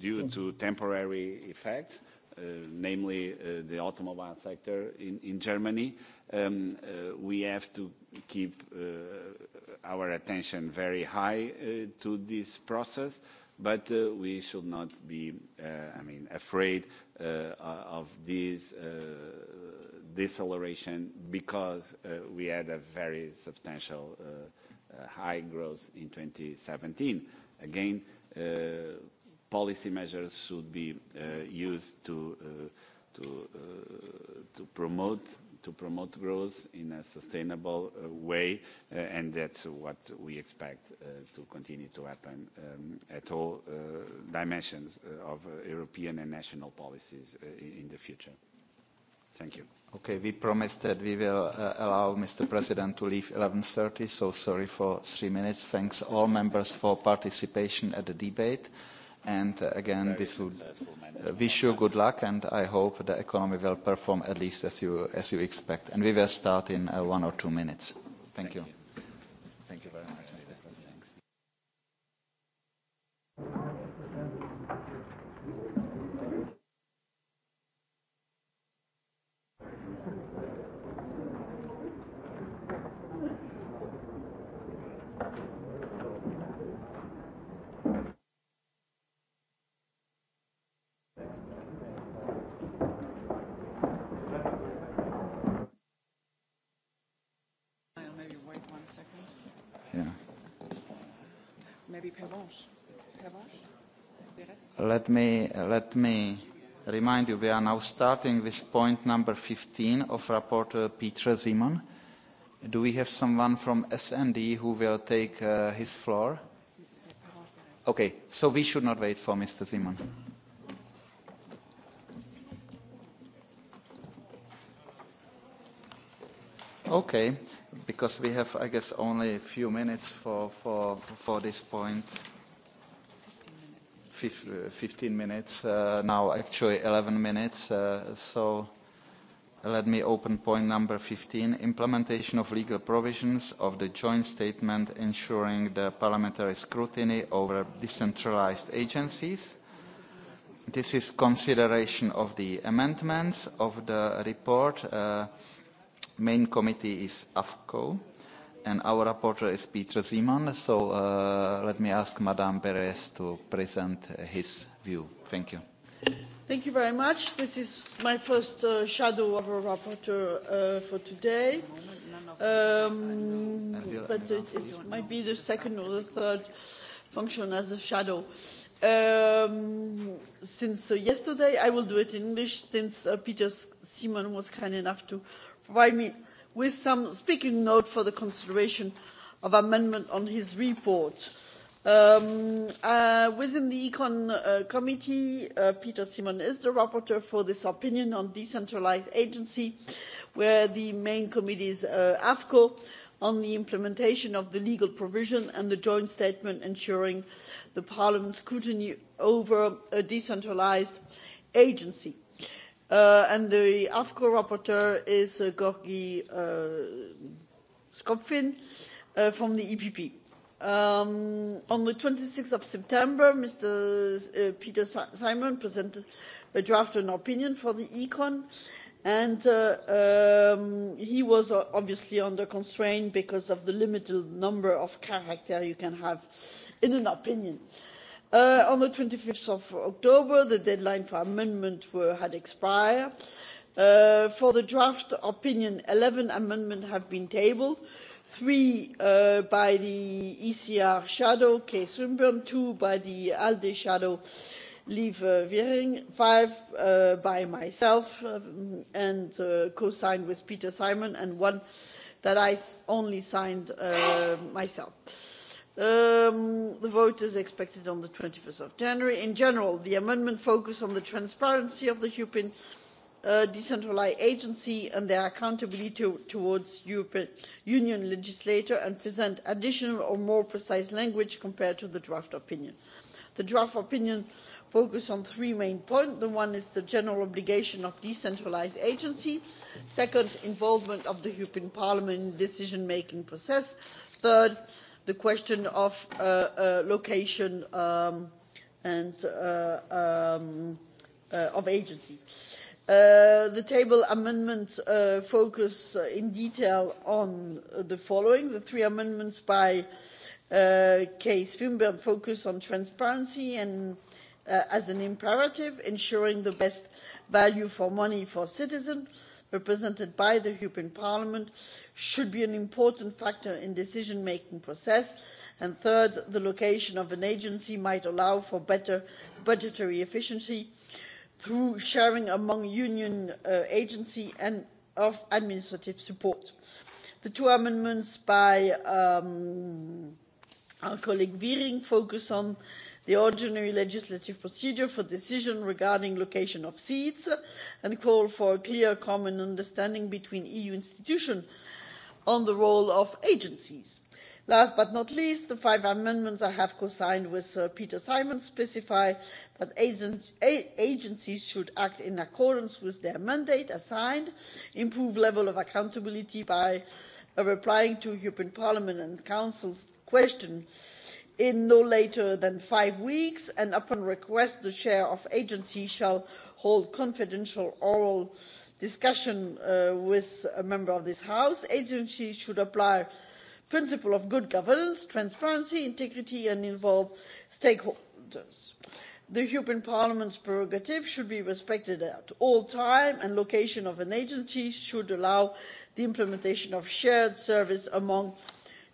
due to temporary effects Uh, namely uh, the automobile sector in, in Germany, um, uh, we have to keep our attention very high to this process but uh, we should not be, uh, I mean, afraid uh, of this deceleration because we had a very substantial high growth in 2017. Again, policy measures should be uh, used to uh, to uh, to promote to promote growth in a sustainable uh, way, uh, and that's what we expect uh, to continue to happen um, at all uh, dimensions uh, of uh, European and national policies uh, in the future. Thank you. Okay, we promised that we will uh, allow Mr. President to leave 11.30, so sorry for three minutes. Thanks all members for participation at the debate. And uh, again, this will uh, wish you good luck, and I hope the economy will perform at least as you, as you expect. And we will start in uh, one or two minutes. Thank, Thank you. you. Let me, let me remind you, we are now starting with point number 15 of Rapporteur Peter Simon. Do we have someone from SND who will take uh, his floor? Okay, so we should not wait for Mr. Simon. Okay, because we have, I guess, only a few minutes for, for, for this point. 15 minutes, uh, now actually 11 minutes. Uh, so let me open point number 15, implementation of legal provisions of the joint statement ensuring the parliamentary scrutiny over decentralized agencies. This is consideration of the amendments of the report. Uh, main committee is AFCO and our rapporteur is Peter Zeman, so uh, let me ask Madame Perez to present his view. Thank you. Thank you very much. This is my first uh, shadow of a rapporteur uh, for today, um, but it, it might be the second or the third function as a shadow. Um, since uh, yesterday, I will do it in English, since uh, Peter Simon was kind enough to provide me with some speaking note for the consideration of amendment on his report. Um, uh, within the Econ uh, Committee, uh, Peter Simon is the rapporteur for this opinion on decentralised agency, where the main committee is uh, AFCO on the implementation of the legal provision and the joint statement ensuring the Parliament's scrutiny over a decentralised agency Uh, and the AFCO rapporteur is uh, Gorgi uh, Skopfin uh, from the EPP. Um, on the 26th of September, Mr. Uh, Peter Simon presented a draft an opinion for the Econ, and uh, um, he was uh, obviously under constraint because of the limited number of characters you can have in an opinion. Uh, Uh, on the 25th of October, the deadline for amendments had expired. Uh, for the draft opinion, 11 amendments have been tabled, three uh, by the ECR shadow, Kay Swinburne, two by the ALDE shadow, Liv Wiering, five by myself um, and co-signed with Peter Simon, and one that I only signed myself. Um, the vote is expected on the one of January. In general, the amendment focuses on the transparency of the European uh, decentralised agency and their accountability towards towards European Union legislator and present additional or more precise language compared to the draft opinion. The draft opinion focuses on three main points. The one is the general obligation of decentralised agency. Second, involvement of the European Parliament in decision-making process. Third, the question of uh, uh, location um, and uh, um, of agency. the table amendments focus in detail on the following. The three amendments by Case Fimbern focus on transparency and uh, as an imperative, ensuring the best value for money for citizens represented by the European Parliament should be an important factor in the decision-making process. And third, the location of an agency might allow for better budgetary efficiency through sharing among union agencies uh, agency and of administrative support. The two amendments by um, our colleague Viering focus on the ordinary legislative procedure for decision regarding location of seats and call for a clear common understanding between eu institutions on the role of agencies. last but not least the five amendments i have co signed with sir peter simon specify that agencies should act in accordance with their mandate assigned improve level of accountability by replying to european parliament and council's questions in no later than five weeks and upon request the chair of the agency shall hold confidential oral discussions uh, with a member of this house. agencies should apply the principle of good governance transparency integrity and involve stakeholders. the european parliament's prerogative should be respected at all times and the location of an agency should allow the implementation of shared services among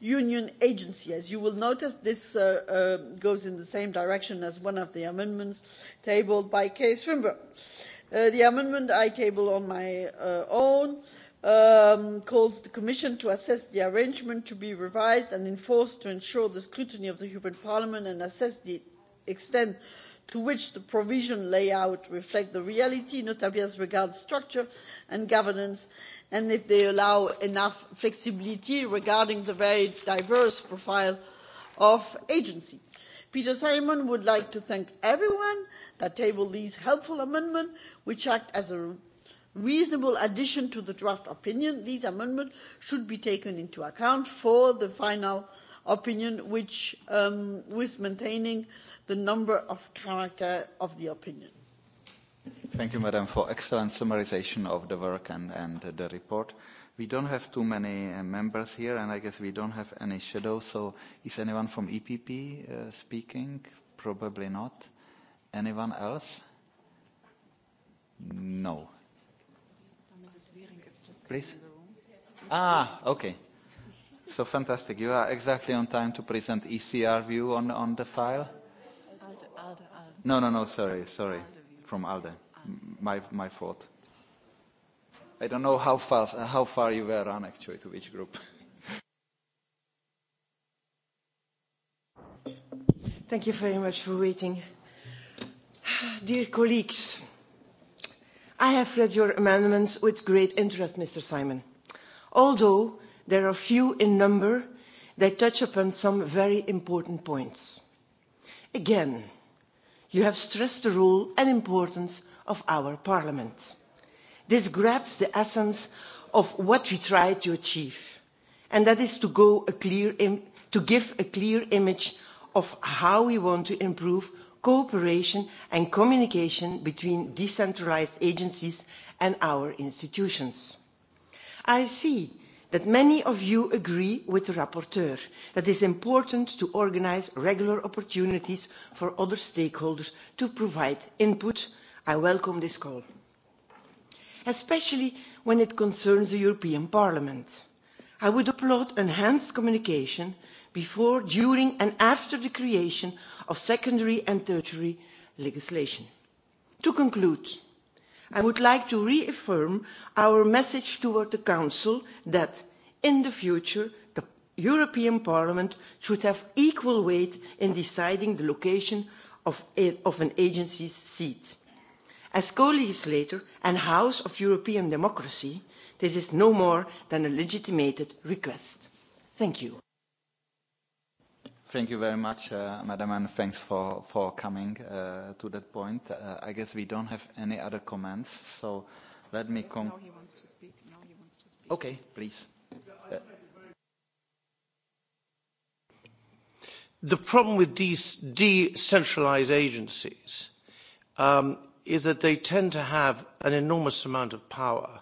union agency. As you will notice, this uh, uh, goes in the same direction as one of the amendments tabled by Kay Swinburne. Uh, the amendment I tabled on my uh, own um, calls the Commission to assess the arrangement to be revised and enforced to ensure the scrutiny of the European Parliament and assess the extent to which the provision layout reflect the reality, notably as regards structure and governance, and if they allow enough flexibility regarding the very diverse profile of agency. Peter Simon would like to thank everyone that tabled these helpful amendments, which act as a reasonable addition to the draft opinion. These amendments should be taken into account for the final opinion, which um, with maintaining the number of character of the opinion. Thank you, Madam, for excellent summarization of the work and, and the report. We don't have too many uh, members here, and I guess we don't have any shadow. So is anyone from EPP uh, speaking? Probably not. Anyone else? No. Please. Ah, okay. So fantastic. You are exactly on time to present ECR view on, on the file. No, no, no, sorry, sorry from ALDE. My, my fault. I don't know how, fast, how far you were on actually to which group. Thank you very much for waiting. Dear colleagues, I have read your amendments with great interest, Mr. Simon. Although there are few in number, they touch upon some very important points. Again, you have stressed the role and importance of our parliament. This grabs the essence of what we try to achieve, and that is to, go a clear to give a clear image of how we want to improve cooperation and communication between decentralised agencies and our institutions. I see that many of you agree with the rapporteur that it is important to organise regular opportunities for other stakeholders to provide input. I welcome this call, especially when it concerns the European Parliament. I would applaud enhanced communication before, during and after the creation of secondary and tertiary legislation. To conclude, I would like to reaffirm our message toward the Council that, in the future, the European Parliament should have equal weight in deciding the location of, of an agency's seat. As co-legislator and House of European Democracy, this is no more than a legitimated request. Thank you. Thank you very much, uh, Madam, and thanks for, for coming uh, to that point. Uh, I guess we don't have any other comments, so let me... Yes, now he wants to speak. Now he wants to speak. Okay, please. Uh, the problem with de- decentralized agencies um, is that they tend to have an enormous amount of power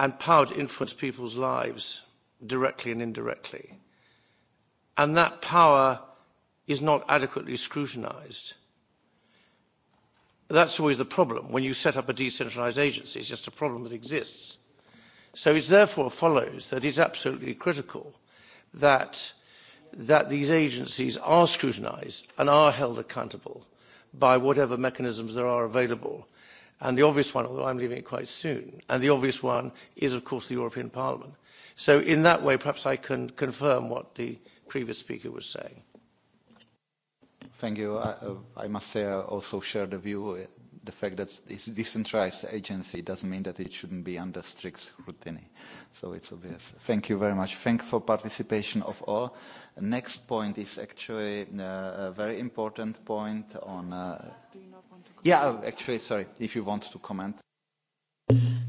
and power to influence people's lives directly and indirectly and that power is not adequately scrutinised. That's always the problem when you set up a decentralised agency. It's just a problem that exists. So it therefore follows that it's absolutely critical that, that these agencies are scrutinised and are held accountable by whatever mechanisms there are available. And the obvious one, although I'm leaving it quite soon, and the obvious one is, of course, the European Parliament. So in that way, perhaps I can confirm what the previous speaker was saying. Thank you. I, uh, I must say I also share the view uh, the fact that it's a decentralized agency doesn't mean that it shouldn't be under strict scrutiny. So it's obvious. Thank you very much. Thank for participation of all. Next point is actually uh, a very important point on... Uh, yeah, uh, actually, sorry, if you want to comment.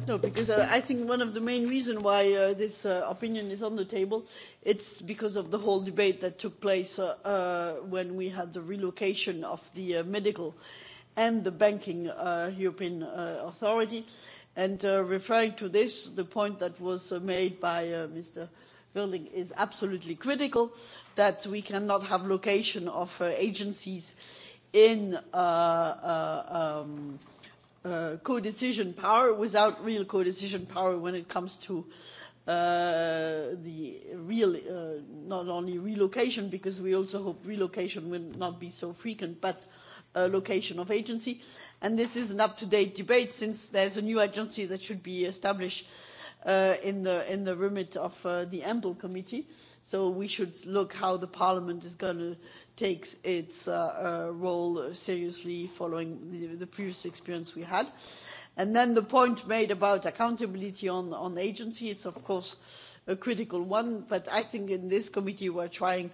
No, because uh, I think one of the main reasons why uh, this uh, opinion is on the table, it's because of the whole debate that took place uh, uh, when we had the relocation of the uh, medical and the banking uh, European uh, authority. And uh, referring to this, the point that was uh, made by uh, Mr. Willing is absolutely critical, that we cannot have location of uh, agencies in uh, uh, um, – uh, co-decision power without real co-decision power when it comes to uh, the real, uh, not only relocation, because we also hope relocation will not be so frequent, but uh, location of agency. And this is an up-to-date debate since there's a new agency that should be established uh, in, the, in the remit of uh, the ample committee. So we should look how the parliament is going to takes its uh, uh, role seriously following the, the previous experience we had. And then the point made about accountability on, on agency, it's of course a critical one, but I think in this committee we're trying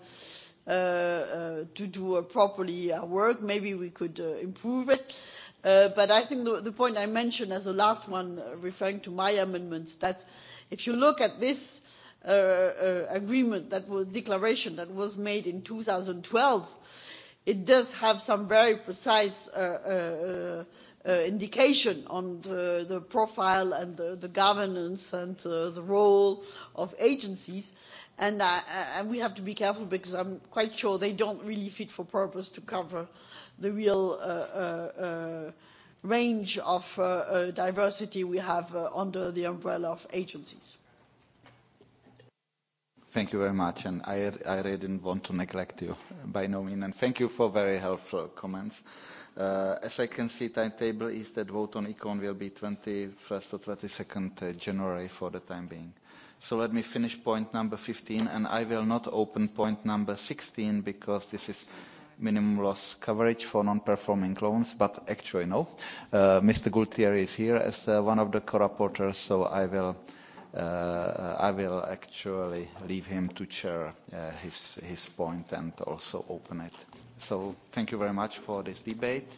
uh, uh, to do a properly our uh, work. Maybe we could uh, improve it. Uh, but I think the, the point I mentioned as the last one, uh, referring to my amendments, that if you look at this Uh, uh, agreement that was declaration that was made in 2012 it does have some very precise uh, uh, indication on the, the profile and the, the governance and the role of agencies. And, and we have to be careful because I'm quite sure they don't really fit for purpose to cover the real range of diversity we have under the umbrella of agencies. Thank you very much, and I, I really didn't want to neglect you by no means. And thank you for very helpful comments. Uh, as I can see, timetable is that vote on econ will be 21st to 22nd uh, January for the time being. So let me finish point number 15, and I will not open point number 16 because this is minimum loss coverage for non-performing loans, but actually no. Uh, Mr. Gultieri is here as uh, one of the co-rapporteurs, so I will uh, I will actually leave him to chair uh, his, his point and also open it. So thank you very much for this debate,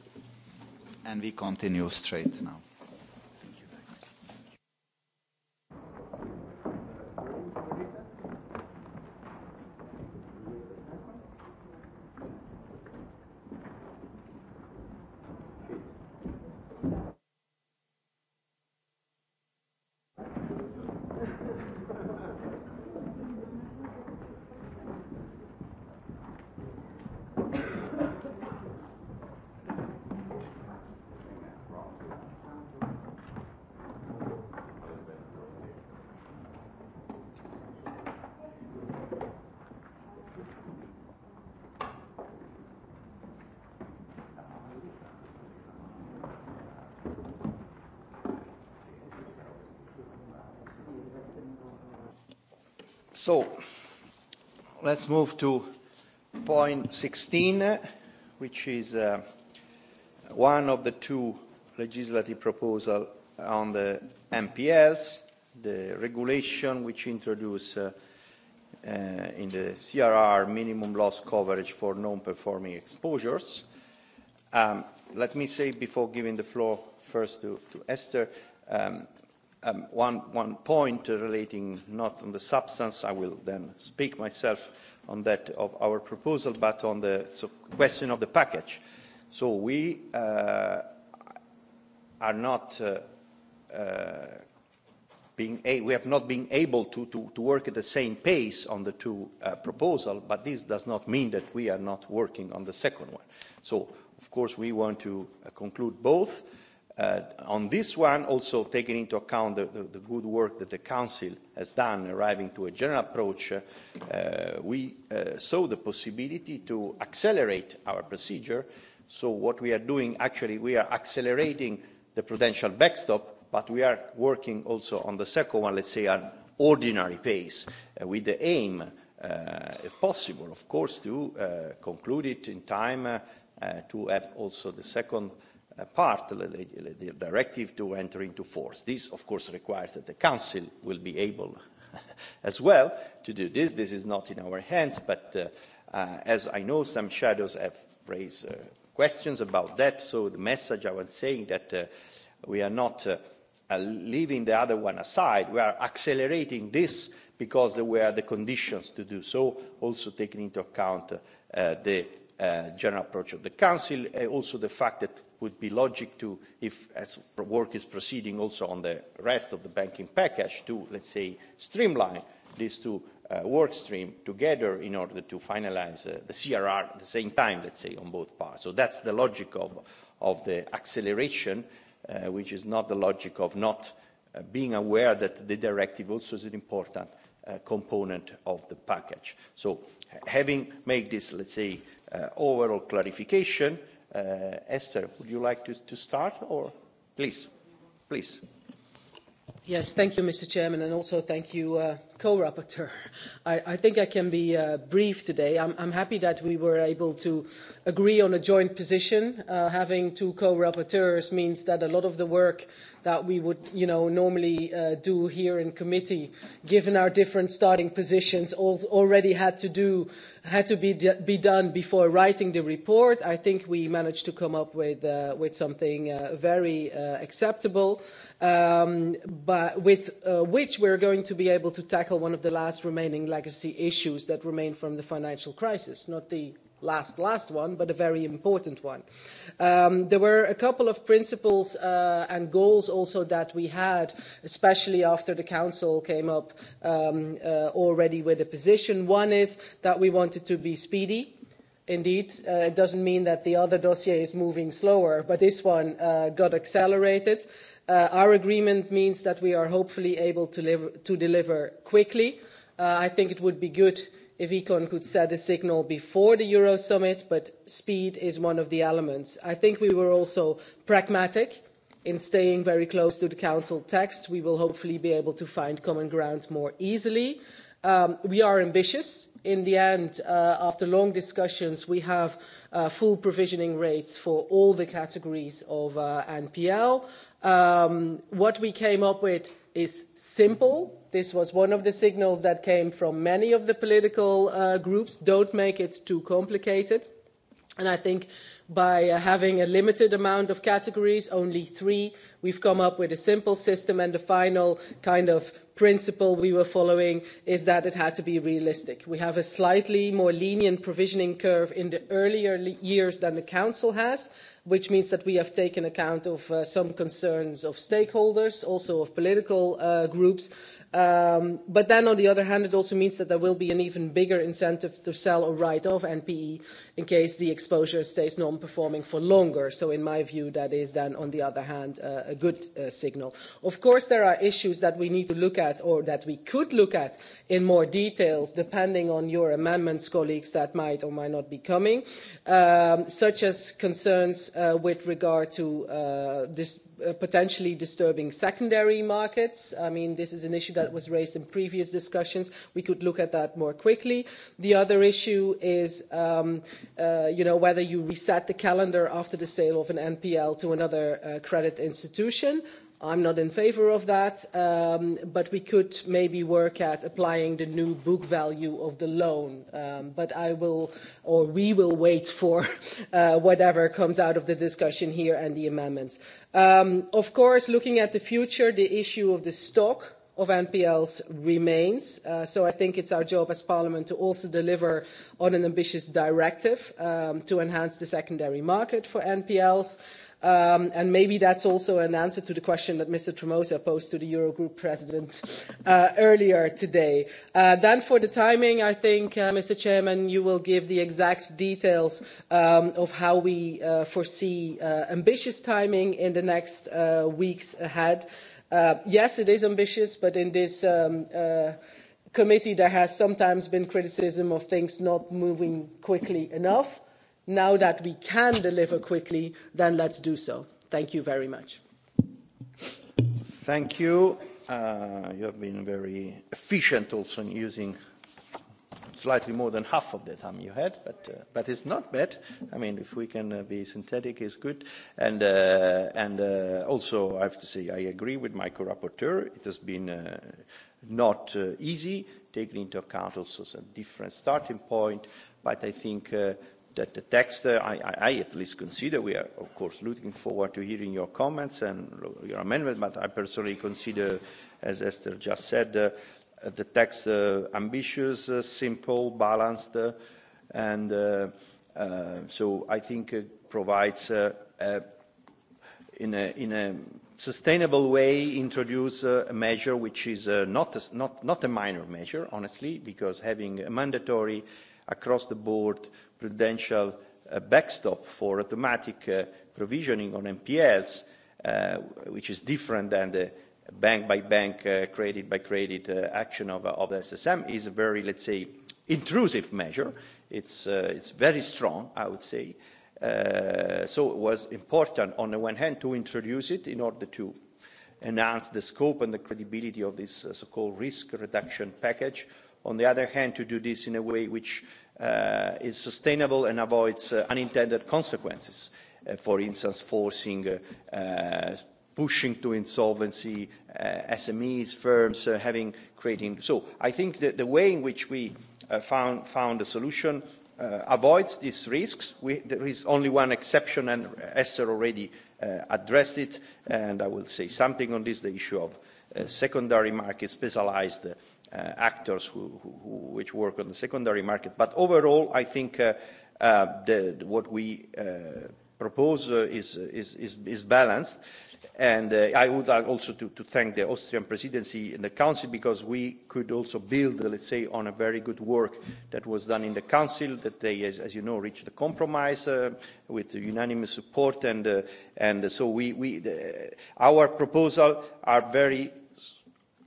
and we continue straight now. So, let's move to point 16, which is uh, one of the two legislative proposals on the MPLs, the regulation which introduces uh, uh, in the CRR minimum loss coverage for non-performing exposures. Um, let me say before giving the floor first to, to Esther, um, Um, one, one point relating not on the substance, I will then speak myself on that of our proposal, but on the so question of the package. So we uh, are not uh, uh, being a we have not been able to, to, to work at the same pace on the two uh, proposals, but this does not mean that we are not working on the second one. So, of course, we want to uh, conclude both. Uh, Uh, on this one, also taking into account the, the, the good work that the Council has done arriving to a general approach, uh, we uh, saw the possibility to accelerate our procedure. So what we are doing, actually, we are accelerating the prudential backstop, but we are working also on the second one, let's say, an ordinary pace, uh, with the aim, uh, if possible, of course, to uh, conclude it in time uh, uh, to have also the second uh, part, the directive to enter into force. This, of course, requires that the Council will be able as well to do this. This is not in our hands, but uh, uh, as I know, some shadows have raised uh, questions about that. So the message I was saying that uh, we are not uh, uh, leaving the other one aside. We are accelerating this because there were the conditions to do so, also taking into account uh, the uh, general approach of the Council, uh, also the fact that would be logic to, if as work is proceeding also on the rest of the banking package, to, let's say, streamline these two uh, work stream together in order to finalize uh, the CRR at the same time, let's say, on both parts. So that's the logic of, of the acceleration, uh, which is not the logic of not uh, being aware that the directive also is an important uh, component of the package. So having made this, let's say, uh, overall clarification, uh, Uh, Esther, would you like to, to start or please, please. Yes, thank you, Mr. Chairman, and also thank you, uh, co-rapporteur. I, I think I can be uh, brief today. I'm, I'm happy that we were able to agree on a joint position. Uh, having two co-rapporteurs means that a lot of the work that we would, you know, normally uh, do here in committee, given our different starting positions, already had to do had to be be done before writing the report. I think we managed to come up with uh, with something uh, very uh, acceptable um, but with uh, which we're going to be able to tackle one of the last remaining legacy issues that remain from the financial crisis, not the last, last one, but a very important one. Um, there were a couple of principles uh, and goals also that we had, especially after the Council came up um, uh, already with a position. One is that we wanted to be speedy. Indeed, uh, it doesn't mean that the other dossier is moving slower, but this one uh, got accelerated. Uh, our agreement means that we are hopefully able to, live, to deliver quickly. Uh, I think it would be good if Econ could set a signal before the Euro summit, but speed is one of the elements. I think we were also pragmatic in staying very close to the Council text. We will hopefully be able to find common ground more easily. Um, we are ambitious. In the end, uh, after long discussions, we have uh, full provisioning rates for all the categories of uh, NPL. Um, what we came up with is simple. This was one of the signals that came from many of the political uh, groups. Don't make it too complicated. And I think by uh, having a limited amount of categories, only three, we've come up with a simple system. And the final kind of principle we were following is that it had to be realistic. We have a slightly more lenient provisioning curve in the earlier years than the Council has which means that we have taken account of uh, some concerns of stakeholders, also of political uh, groups, Um, but then, on the other hand, it also means that there will be an even bigger incentive to sell or write off NPE in case the exposure stays non-performing for longer. So in my view, that is then, on the other hand, uh, a good uh, signal. Of course, there are issues that we need to look at or that we could look at in more details, depending on your amendments, colleagues, that might or might not be coming, um, such as concerns uh, with regard to uh, this Uh, potentially disturbing secondary markets. I mean, this is an issue that was raised in previous discussions. We could look at that more quickly. The other issue is, um, uh, you know, whether you reset the calendar after the sale of an NPL to another uh, credit institution. I'm not in favour of that, um, but we could maybe work at applying the new book value of the loan. Um, but I will, or we will wait for uh, whatever comes out of the discussion here and the amendments. Um, of course, looking at the future, the issue of the stock of NPLs remains. Uh, so I think it's our job as Parliament to also deliver on an ambitious directive um, to enhance the secondary market for NPLs. Um, and maybe that's also an answer to the question that Mr. Tremosa posed to the Eurogroup president uh, earlier today. Uh, then for the timing, I think, uh, Mr. Chairman, you will give the exact details um, of how we uh, foresee uh, ambitious timing in the next uh, weeks ahead. yes, it is ambitious, but in this um, committee there has sometimes been criticism of things not moving quickly enough now that we can deliver quickly, then let's do so. Thank you very much. Thank you. Uh, you have been very efficient also in using slightly more than half of the time you had, but uh, but it's not bad. I mean, if we can uh, be synthetic, it's good. And uh, and uh, also, I have to say, I agree with my co-rapporteur. It has been uh, not uh, easy, taking into account also some different starting point. But I think. Uh, that the text, uh, I, I, I at least consider, we are of course looking forward to hearing your comments and your amendments, but I personally consider, as Esther just said, uh, the text uh, ambitious, uh, simple, balanced, uh, and uh, uh, so I think it provides, uh, uh, in, a, in a sustainable way, introduce uh, a measure which is uh, not, a, not, not a minor measure, honestly, because having a mandatory uh, across the board prudential uh, backstop for automatic uh, provisioning on NPLs, uh, which is different than the bank by bank, uh, credit by credit uh, action of, of the SSM, is a very, let's say, intrusive measure. It's, uh, it's very strong, I would say. Uh, so it was important, on the one hand, to introduce it in order to enhance the scope and the credibility of this uh, so-called risk reduction package, on the other hand, to do this in a way which uh, is sustainable and avoids uh, unintended consequences. Uh, for instance, forcing, uh, uh, pushing to insolvency uh, SMEs, firms, having creating. So I think that the way in which we found, found a solution avoids these risks. We, there is only one exception, and Esther already addressed it, and I will say something on this, the issue of secondary market, specialized Uh, actors who, who, who, which work on the secondary market. But overall, I think uh, uh, the, what we propose is, is, is, is balanced. And uh, I would like also to, to thank the Austrian presidency and the Council because we could also build, let's say, on a very good work that was done in the Council, that they, as, as you know, reached a compromise uh, with unanimous support. And, uh, and so we, we the, our proposal are very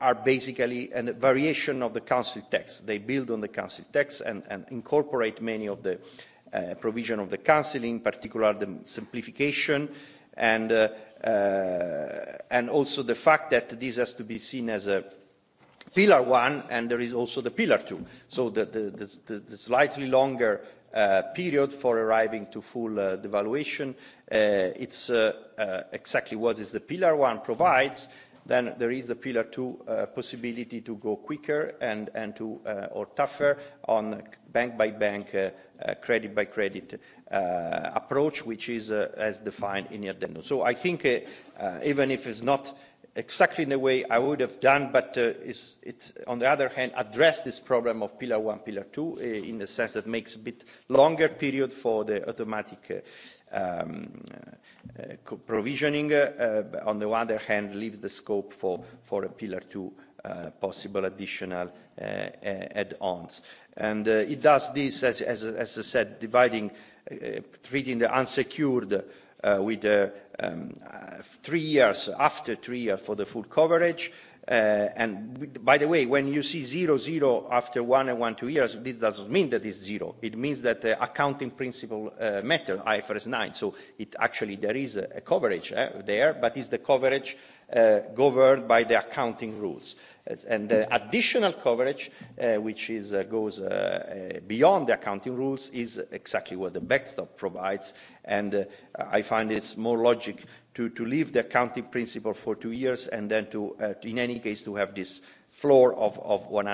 are basically a variation of the Council text. They build on the Council text and, and incorporate many of the uh, provision of the Council, in particular the simplification and, uh, uh, and also the fact that this has to be seen as a pillar one and there is also the pillar two. So the, the, the, the, the slightly longer uh, period for arriving to full uh, devaluation, uh, it's uh, uh, exactly what is the pillar one provides. Mm -hmm Then there is the Pillar Two uh, possibility to go quicker and, and to, uh, or tougher on bank by bank, uh, uh, credit by credit uh, approach, which is uh, as defined in the addendum. So I think uh, uh, even if it's not exactly in the way I would have done, but uh, it's, it's, on the other hand, address this problem of Pillar One, Pillar Two uh, in the sense that makes a bit longer period for the automatic uh, um, uh, provisioning, uh, on the other hand, leaves the scope for, for a Pillar 2 uh, possible additional uh, add-ons. And uh, it does this, as, as, as I said, dividing, uh, treating the unsecured uh, with uh, um, uh, three years, after three years for the full coverage, uh, Uh, and by the way, when you see zero, zero after one and one, two years, this doesn't mean that it's zero. It means that the uh, accounting principle uh, matter, IFRS 9. So it actually, there is a, a coverage eh, there, but it's the coverage uh, governed by the accounting rules. And the additional coverage, uh, which is, uh, goes uh, uh, beyond the accounting rules, is exactly what the backstop provides. And uh, I find it's more logic to, to leave the accounting principle for two years and then to, uh, in any case, to have this floor of, of 100%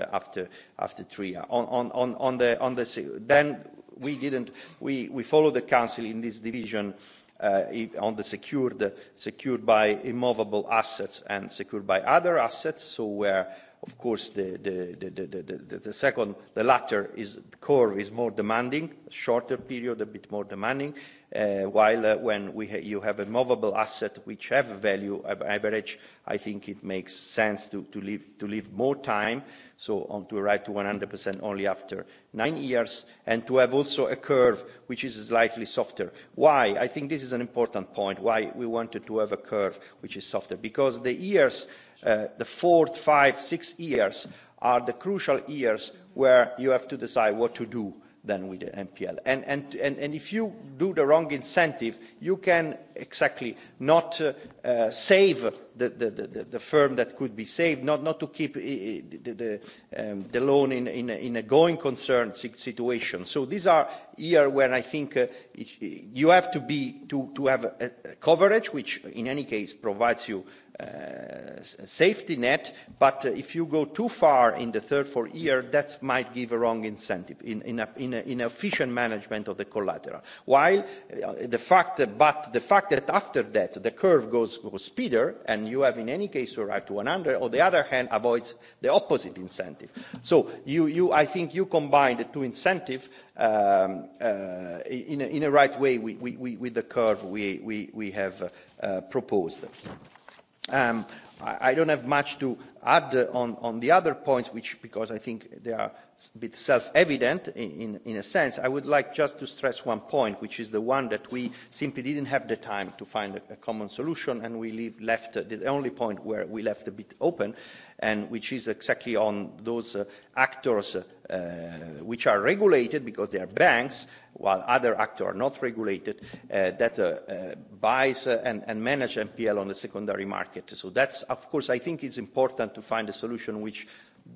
uh, after, after three years. On, on, on the, on the, then we didn't, we, we followed the council in this division uh, on the secured, secured by immovable assets and secured by other assets, so where Of course, the, the, the, the second, the latter is, curve is more demanding, shorter period, a bit more demanding, uh, while uh, when we ha you have a movable asset which have value average, I think it makes sense to, to, leave, to leave more time, so on to arrive to 100% only after nine years, and to have also a curve which is slightly softer. Why? I think this is an important point, why we wanted to have a curve which is softer, because the years – Uh, the fourth, five, six years are the crucial years where you have to decide what to do Then with the NPL. And, and, and, and if you do the wrong incentive, you can exactly not uh, uh, save the, the, the, the firm that could be saved, not, not to keep uh, the, the, um, the loan in, in, in a going concern situation. So these are here where I think uh, it, you have to, be, to, to have a, a coverage, which in any case provides you uh, Uh, safety net, but uh, if you go too far in the third, fourth year, that might give a wrong incentive in, in, a, in, a, in efficient management of the collateral. While uh, the fact, that, but the fact that after that the curve goes, goes speeder and you have in any case to arrive to 100, on the other hand, avoids the opposite incentive. So you, you, I think you combine the two incentives um, uh, in, a, in a right way with, with, with the curve we, we, we have uh, proposed. Um, I, don't have much to add uh, on, on the other points, which because I think they are bit self-evident in, in a sense, I would like just to stress one point, which is the one that we simply didn't have the time to find a, a common solution, and we leave, left uh, the only point where we left a bit open, and which is exactly on those uh, actors uh, uh, which are regulated because they are banks, while other actors are not regulated, uh, that uh, uh, buys uh, and, and manage MPL on the secondary market. So that's, of course, I think it's important to find a solution which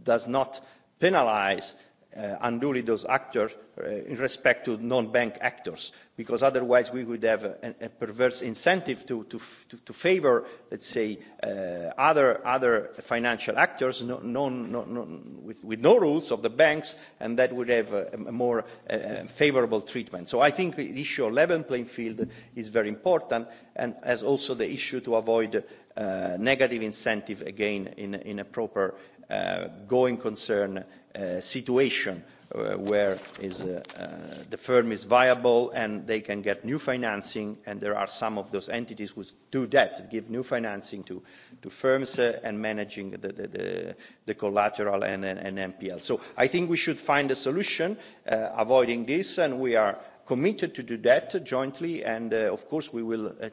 does not – penalise uh, unduly those actors uh, in respect to non-bank actors, because otherwise we would have a, a perverse incentive to, to, to, to favour, let's say, uh, other, other financial actors with, with no rules of the banks, and that would have a, a more uh, favourable treatment. So I think the issue of level playing field is very important, and as also the issue to avoid uh, negative incentive again in, in a proper Uh, going concern uh, situation Uh, where is, uh, uh, the firm is viable and they can get new financing and there are some of those entities which do that, give new financing to, to firms uh, and managing the, the, the, the collateral and, and, and NPL. So I think we should find a solution avoiding this and we are committed to do that jointly, and uh, of course we will uh,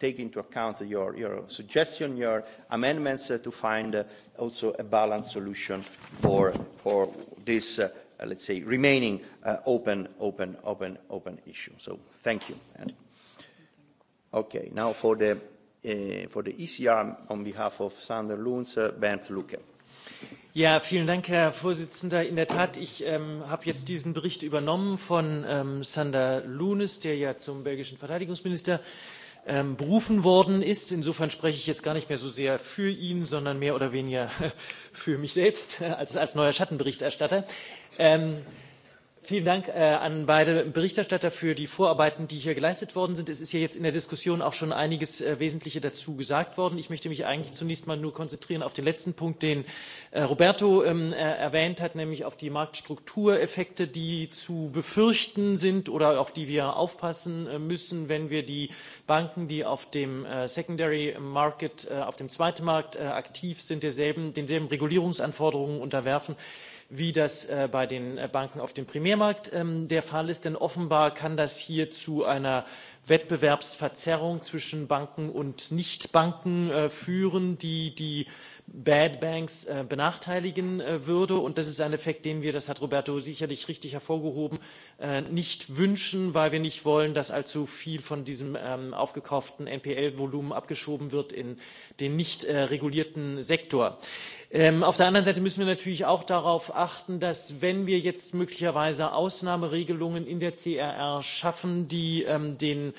take into account your, your suggestion, your amendments uh, to find uh, also a balanced solution for, for this, uh, let's say, remaining uh, open, open, open, open issue. So thank you. And, okay, now for the, uh, for the ECR on behalf of Sander Luns, uh, Bernd Lucke vielen Dank, Herr Vorsitzender. In der Tat, ich ähm, habe jetzt diesen Bericht übernommen von ähm, Sander Lunes, der ja zum belgischen Verteidigungsminister ähm, berufen worden ist. Insofern spreche ich jetzt gar nicht mehr so sehr für ihn, sondern mehr oder weniger für mich selbst äh, als, als neuer Schattenberichterstatter. Ähm, Vielen Dank äh, an beide Berichterstatter für die Vorarbeiten, die hier geleistet worden sind. Es ist ja jetzt in der Diskussion auch schon einiges äh, Wesentliche dazu gesagt worden. Ich möchte mich eigentlich zunächst mal nur konzentrieren auf den letzten Punkt, den äh, Roberto ähm, erwähnt hat, nämlich auf die Marktstruktureffekte, die zu befürchten sind oder auf die wir aufpassen müssen, wenn wir die Banken, die auf dem Secondary Market, auf dem Zweitmarkt aktiv sind, denselben Regulierungsanforderungen unterwerfen wie das äh, bei den äh, Banken auf dem Primärmarkt ähm, der Fall ist. Denn offenbar kann das hier zu einer Wettbewerbsverzerrung zwischen Banken und Nichtbanken äh, führen, die die Bad Banks äh, benachteiligen äh, würde. Und das ist ein Effekt, den wir, das hat Roberto sicherlich richtig hervorgehoben, äh, nicht wünschen, weil wir nicht wollen, dass allzu viel von diesem ähm, aufgekauften NPL-Volumen abgeschoben wird in den nicht äh, regulierten Sektor. Ähm, auf der anderen Seite müssen wir natürlich auch darauf achten, dass wenn wir jetzt möglicherweise Ausnahmeregelungen in der CRR schaffen, die ähm, den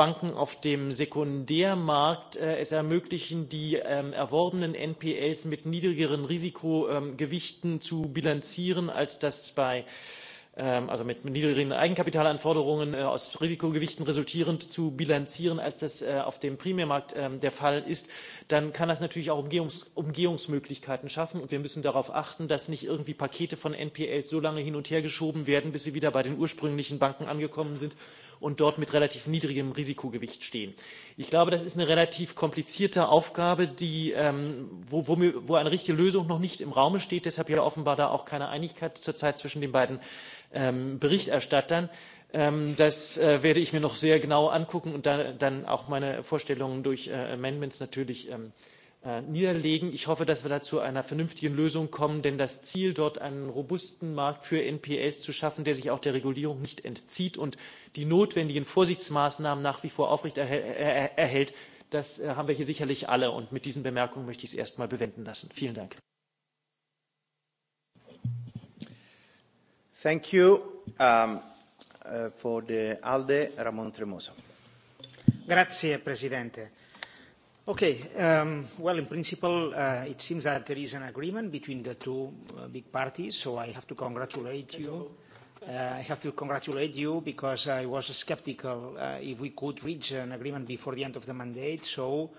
Banken auf dem Sekundärmarkt äh, es ermöglichen, die ähm, erworbenen NPLs mit niedrigeren Risikogewichten ähm, zu bilanzieren, als das bei ähm, also mit niedrigeren Eigenkapitalanforderungen äh, aus Risikogewichten resultierend zu bilanzieren, als das äh, auf dem Primärmarkt ähm, der Fall ist dann kann das natürlich auch Umgehungs Umgehungsmöglichkeiten schaffen. Und wir müssen darauf achten, dass nicht irgendwie Pakete von NPLs so lange hin und her geschoben werden, bis sie wieder bei den ursprünglichen Banken angekommen sind und dort mit relativ niedrigem Risikogewicht stehen. Ich glaube, das ist eine relativ komplizierte Aufgabe, die, ähm, wo, wo, mir, wo eine richtige Lösung noch nicht im Raume steht. Deshalb ja offenbar da auch keine Einigkeit zurzeit zwischen den beiden ähm, Berichterstattern. Ähm, das äh, werde ich mir noch sehr genau angucken und dann auch meine Vorstellungen durch äh, Amendments natürlich ähm, äh, niederlegen. Ich hoffe, dass wir da zu einer vernünftigen Lösung kommen, denn das Ziel, dort einen robusten Markt für NPLs zu schaffen, der sich auch der Regulierung nicht entzieht und die notwendigen Vorsichtsmaßnahmen nach wie vor aufrechterhält, das haben wir hier sicherlich alle. Und mit diesen Bemerkungen möchte ich es erstmal bewenden lassen. Vielen Dank. Thank you. Um, Eh, for the ALDE, Ramon Tremosa. Grazie, Presidente. Okay, um, well, in principle, uh, it seems that there is an agreement between the two uh, big parties, so I have to congratulate you. Uh, I have to congratulate you because I was skeptical uh, if we could reach an agreement before the end of the mandate. So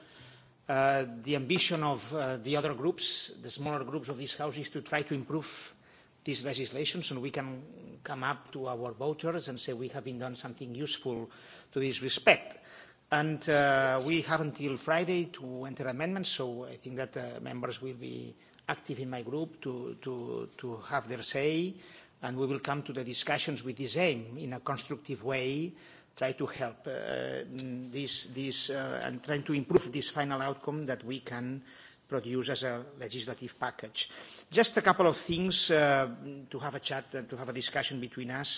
uh, the ambition of uh, the other groups, the smaller groups of this House, is to try to improve this legislation and we can come up to our voters and say we have been done something useful to this respect. And uh, we have until Friday to enter amendments, so I think that uh, members will be active in my group to, to, to have their say, and we will come to the discussions with this aim in a constructive way, try to help uh, this, this uh, and trying to improve this final outcome that we can uh, produce as a legislative package. Just a couple of things uh, to have a chat and uh, to have a discussion between us.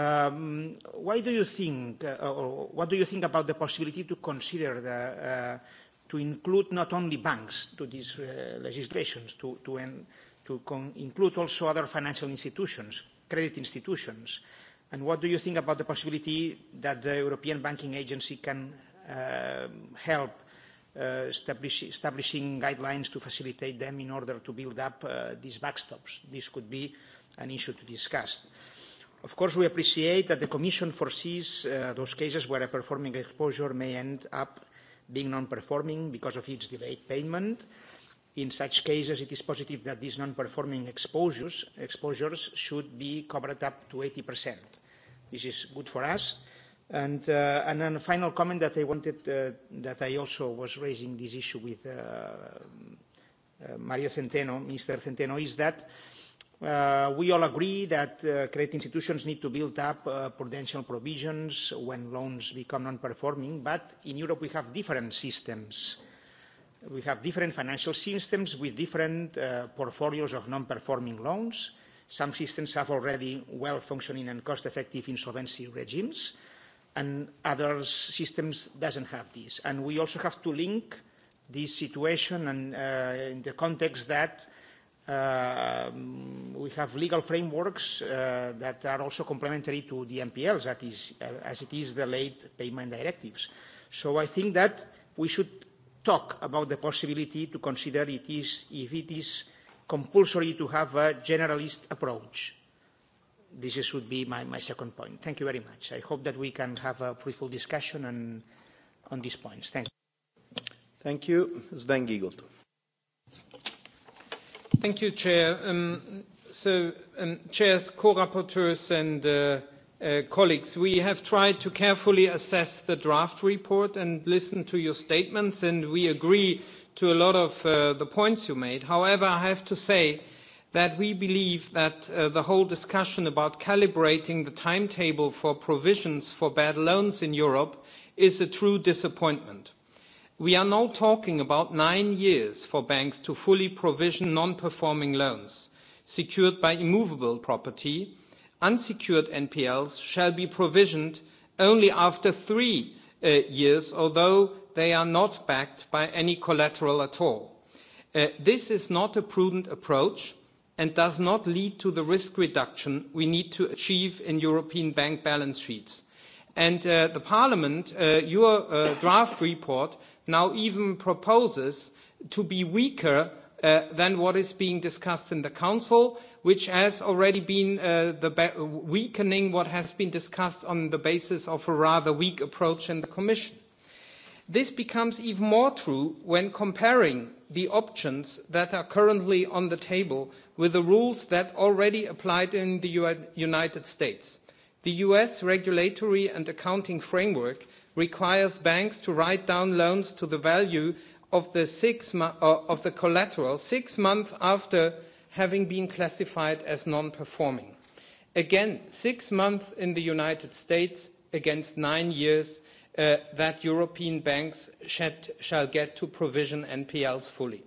Um, why do you think, uh, or what do you think about the possibility to consider the, uh, to include not only banks to these uh, legislations, to, to, en, to con include also other financial institutions, credit institutions? And what do you think about the possibility that the European Banking Agency can uh, help Uh, establish, establishing guidelines to facilitate them in order to build up uh, these backstops. This could be an issue to discuss. Of course, we appreciate that the Commission foresees uh, those cases where a performing exposure may end up being non-performing because of its delayed payment. In such cases, it is positive that these non-performing exposures, exposures should be covered up to 80%. This is good for us And, uh, and then a final comment that I wanted, uh, that I also was raising this issue with uh, uh, Mario Centeno, Mr. Centeno, is that uh, we all agree that uh, credit institutions need to build up uh, prudential provisions when loans become non-performing, but in Europe we have different systems. We have different financial systems with different uh, portfolios of non-performing loans. Some systems have already well-functioning and cost-effective insolvency regimes and other systems doesn't have this. And we also have to link this situation and uh, in the context that uh, we have legal frameworks uh, that are also complementary to the MPLs, that is, uh, as it is the late payment directives. So I think that we should talk about the possibility to consider it is, if it is compulsory to have a generalist approach this should be my, my second point. Thank you very much. I hope that we can have a fruitful discussion on, on these points. Thank you. Thank you. Sven Giegold. Thank you, Chair. Um, so, um, Chairs, co-rapporteurs and uh, Uh, colleagues, we have tried to carefully assess the draft report and listen to your statements, and we agree to a lot of uh, the points you made. However, I have to say that we believe that uh, the whole discussion about calibrating the timetable for provisions for bad loans in Europe is a true disappointment. We are now talking about nine years for banks to fully provision non-performing loans secured by immovable property. Unsecured NPLs shall be provisioned only after three uh, years, although they are not backed by any collateral at all. Uh, this is not a prudent approach and does not lead to the risk reduction we need to achieve in European bank balance sheets. And uh, the Parliament, uh, your uh, draft report now even proposes to be weaker uh, than what is being discussed in the Council, which has already been uh, the weakening what has been discussed on the basis of a rather weak approach in the Commission. This becomes even more true when comparing the options that are currently on the table with the rules that already applied in the United States. The US regulatory and accounting framework requires banks to write down loans to the value of the, six uh, of the collateral six months after having been classified as non-performing. Again, six months in the United States against nine years Uh, that European banks shed, shall get to provision NPLs fully.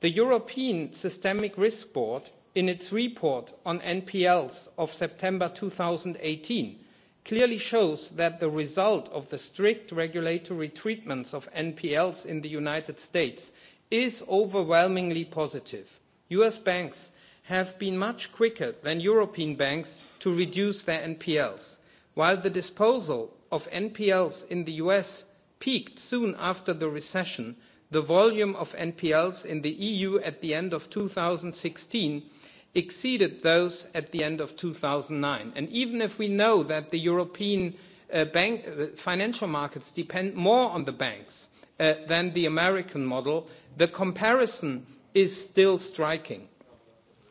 The European Systemic Risk Board, in its report on NPLs of September 2018, clearly shows that the result of the strict regulatory treatments of NPLs in the United States is overwhelmingly positive. US banks have been much quicker than European banks to reduce their NPLs, while the disposal of NPLs in the US peaked soon after the recession, the volume of NPLs in the EU at the end of 2016 exceeded those at the end of 2009. And even if we know that the European uh, bank, uh, financial markets depend more on the banks uh, than the American model, the comparison is still striking.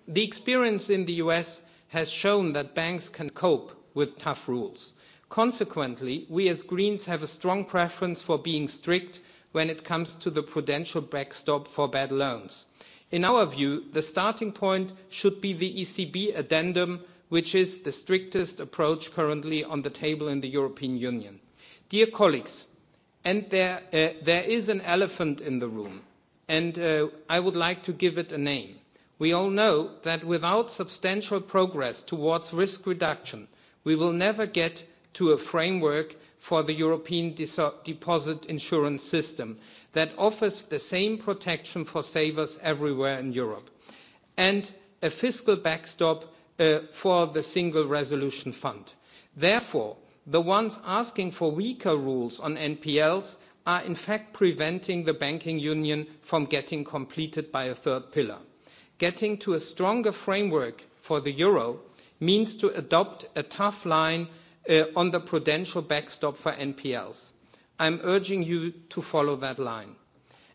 The experience in the US has shown that banks can cope with tough rules. Consequently, we as Greens have a strong preference for being strict when it comes to the prudential backstop for bad loans. In our view, the starting point should be the ECB addendum, which is the strictest approach currently on the table in the European Union. Dear colleagues, uh, there, is an elephant in the room, and uh, I would like to give it a name. We all know that without substantial progress towards risk reduction, we will never get to a framework for the European Deposit Insurance System that offers the same protection for savers everywhere in Europe, and a fiscal backstop uh, for the Single Resolution Fund. Therefore, the ones asking for weaker rules on NPLs are in fact preventing the banking union from getting completed by a third pillar. Getting to a stronger framework for the euro means to adopt a tough line Uh, on the prudential backstop for NPLs. I'm urging you to follow that line.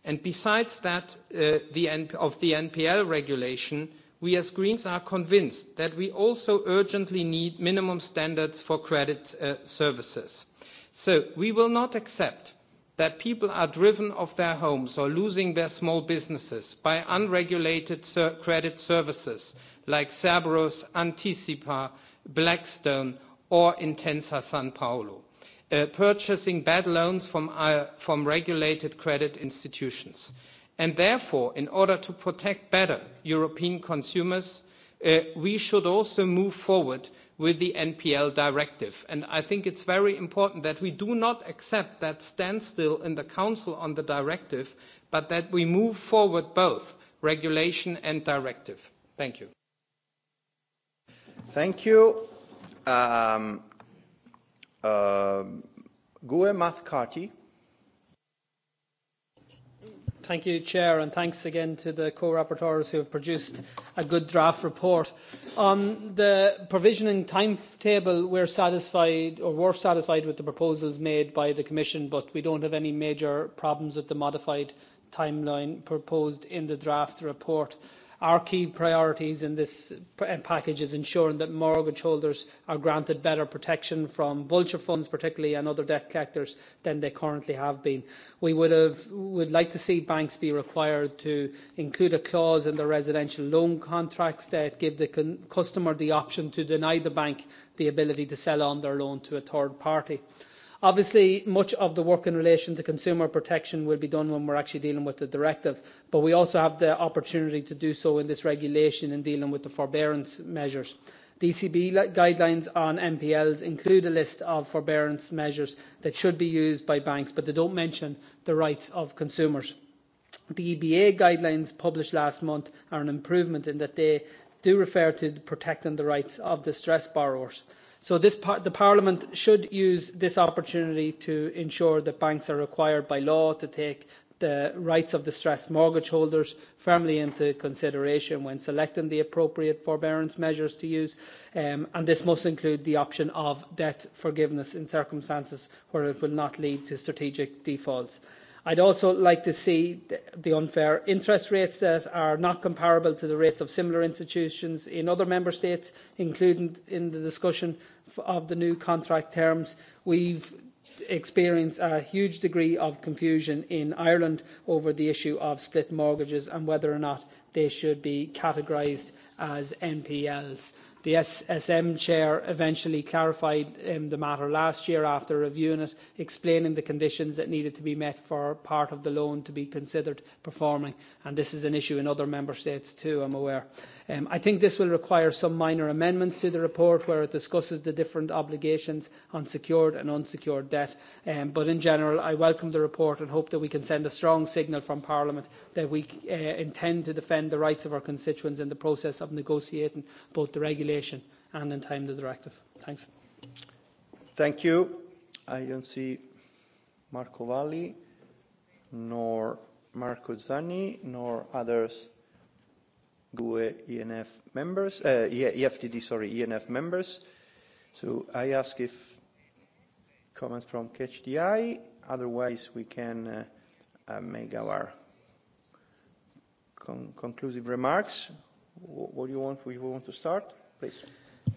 And besides that, uh, of the NPL regulation, we as Greens are convinced that we also urgently need minimum standards for credit uh, services. So we will not accept that people are driven off their homes or losing their small businesses by unregulated credit services like Cerberus, Anticipa, Blackstone, or Intensa Sanpaolo, Paulo, uh, purchasing bad loans uh, from, regulated credit institutions. And therefore, in order to protect better European consumers, uh, we should also move forward with the NPL directive. And I think it's very important that we do not accept that standstill in the Council on the directive, but that we move forward both regulation and directive. Thank you. Thank you. Um, uh, Gue Mathkarti. Thank you, Chair, and thanks again to the co-rapporteurs who have produced a good draft report. On the provisioning timetable, we're satisfied, or were satisfied with the proposals made by the Commission, but we don't have any major problems with the modified timeline proposed in the draft report. Our key priorities in this uh, package is ensuring that mortgage holders are granted better protection from vulture funds, particularly, and other debt collectors than they currently have been. We would, have, would like to see banks be required to include a clause in their residential loan contracts that give the customer the option to deny the bank the ability to sell on their loan to a third party. Obviously, much of the work in relation to consumer protection will be done when we're actually dealing with the directive, but we also have the opportunity to do so in this regulation in dealing with the forbearance measures. The ECB guidelines on MPLs include a list of forbearance measures that should be used by banks, but they don't mention the rights of consumers. The EBA guidelines published last month are an improvement in that they do refer to protecting the rights of distressed borrowers. So this par- the Parliament should use this opportunity to ensure that banks are required by law to take the rights of distressed mortgage holders firmly into consideration when selecting the appropriate forbearance measures to use, um, and this must include the option of debt forgiveness in circumstances where it will not lead to strategic defaults. I'd also like to see the unfair interest rates that are not comparable to the rates of similar institutions in other member states, including in the discussion of the new contract terms, we've experienced a huge degree of confusion in Ireland over the issue of split mortgages and whether or not they should be categorised as NPLs. The SSM chair eventually clarified um, the matter last year after reviewing it, explaining the conditions that needed to be met for part of the loan to be considered performing. And this is an issue in other member states too, I'm aware. Um, I think this will require some minor amendments to the report where it discusses the different obligations on secured and unsecured debt. Um, but in general, I welcome the report and hope that we can send a strong signal from Parliament that we uh, intend to defend the rights of our constituents in the process of negotiating both the regulation innovation and in time the directive. Thanks. Thank you. I don't see Marco Valli, nor Marco Zanni, nor others GUE ENF members, uh, EFTD, e sorry, ENF members. So I ask if comments from KHDI, otherwise we can uh, uh, make our con conclusive remarks. W what do you want? We want to start? please.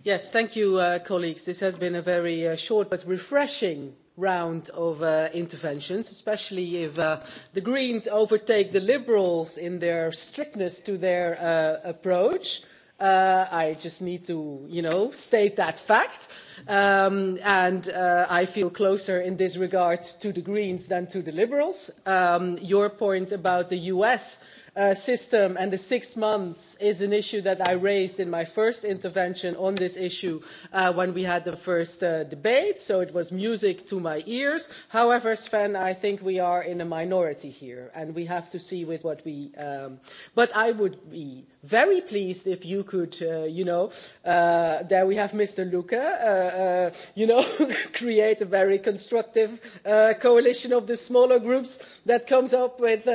Yes, thank you, uh, colleagues. This has been a very uh, short but refreshing round of uh, interventions, especially if uh, the Greens overtake the Liberals in their strictness to their uh, approach. Uh, I just need to, you know, state that fact. Um, and uh, I feel closer in this regard to the Greens than to the Liberals. Um, your point about the US Uh, system and the six months is an issue that I raised in my first intervention on this issue uh, when we had the first uh, debate, so it was music to my ears. However, Sven, I think we are in a minority here, and we have to see with what we... Um, but I would be very pleased if you could, uh, you know, uh, there we have Mr. Luca, uh, uh, you know, create a very constructive uh, coalition of the smaller groups that comes up with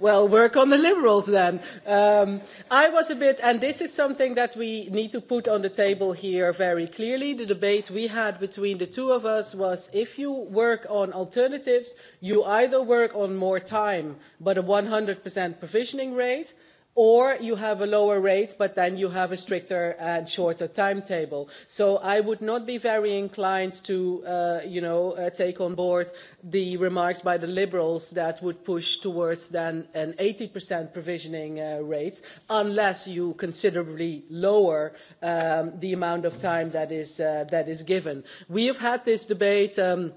Well, work on the Liberals then. Um, I was a bit, and this is something that we need to put on the table here very clearly. The debate we had between the two of us was if you work on alternatives, you either work on more time, but a 100% provisioning rate, or you have a lower rate, but then you have a stricter and shorter timetable. So I would not be very inclined to, uh, you know, uh, take on board the remarks by the Liberals that would push towards then an 80% provisioning uh, rate, unless you considerably lower um, the amount of time that is, uh, that is given. We have had this debate. Um,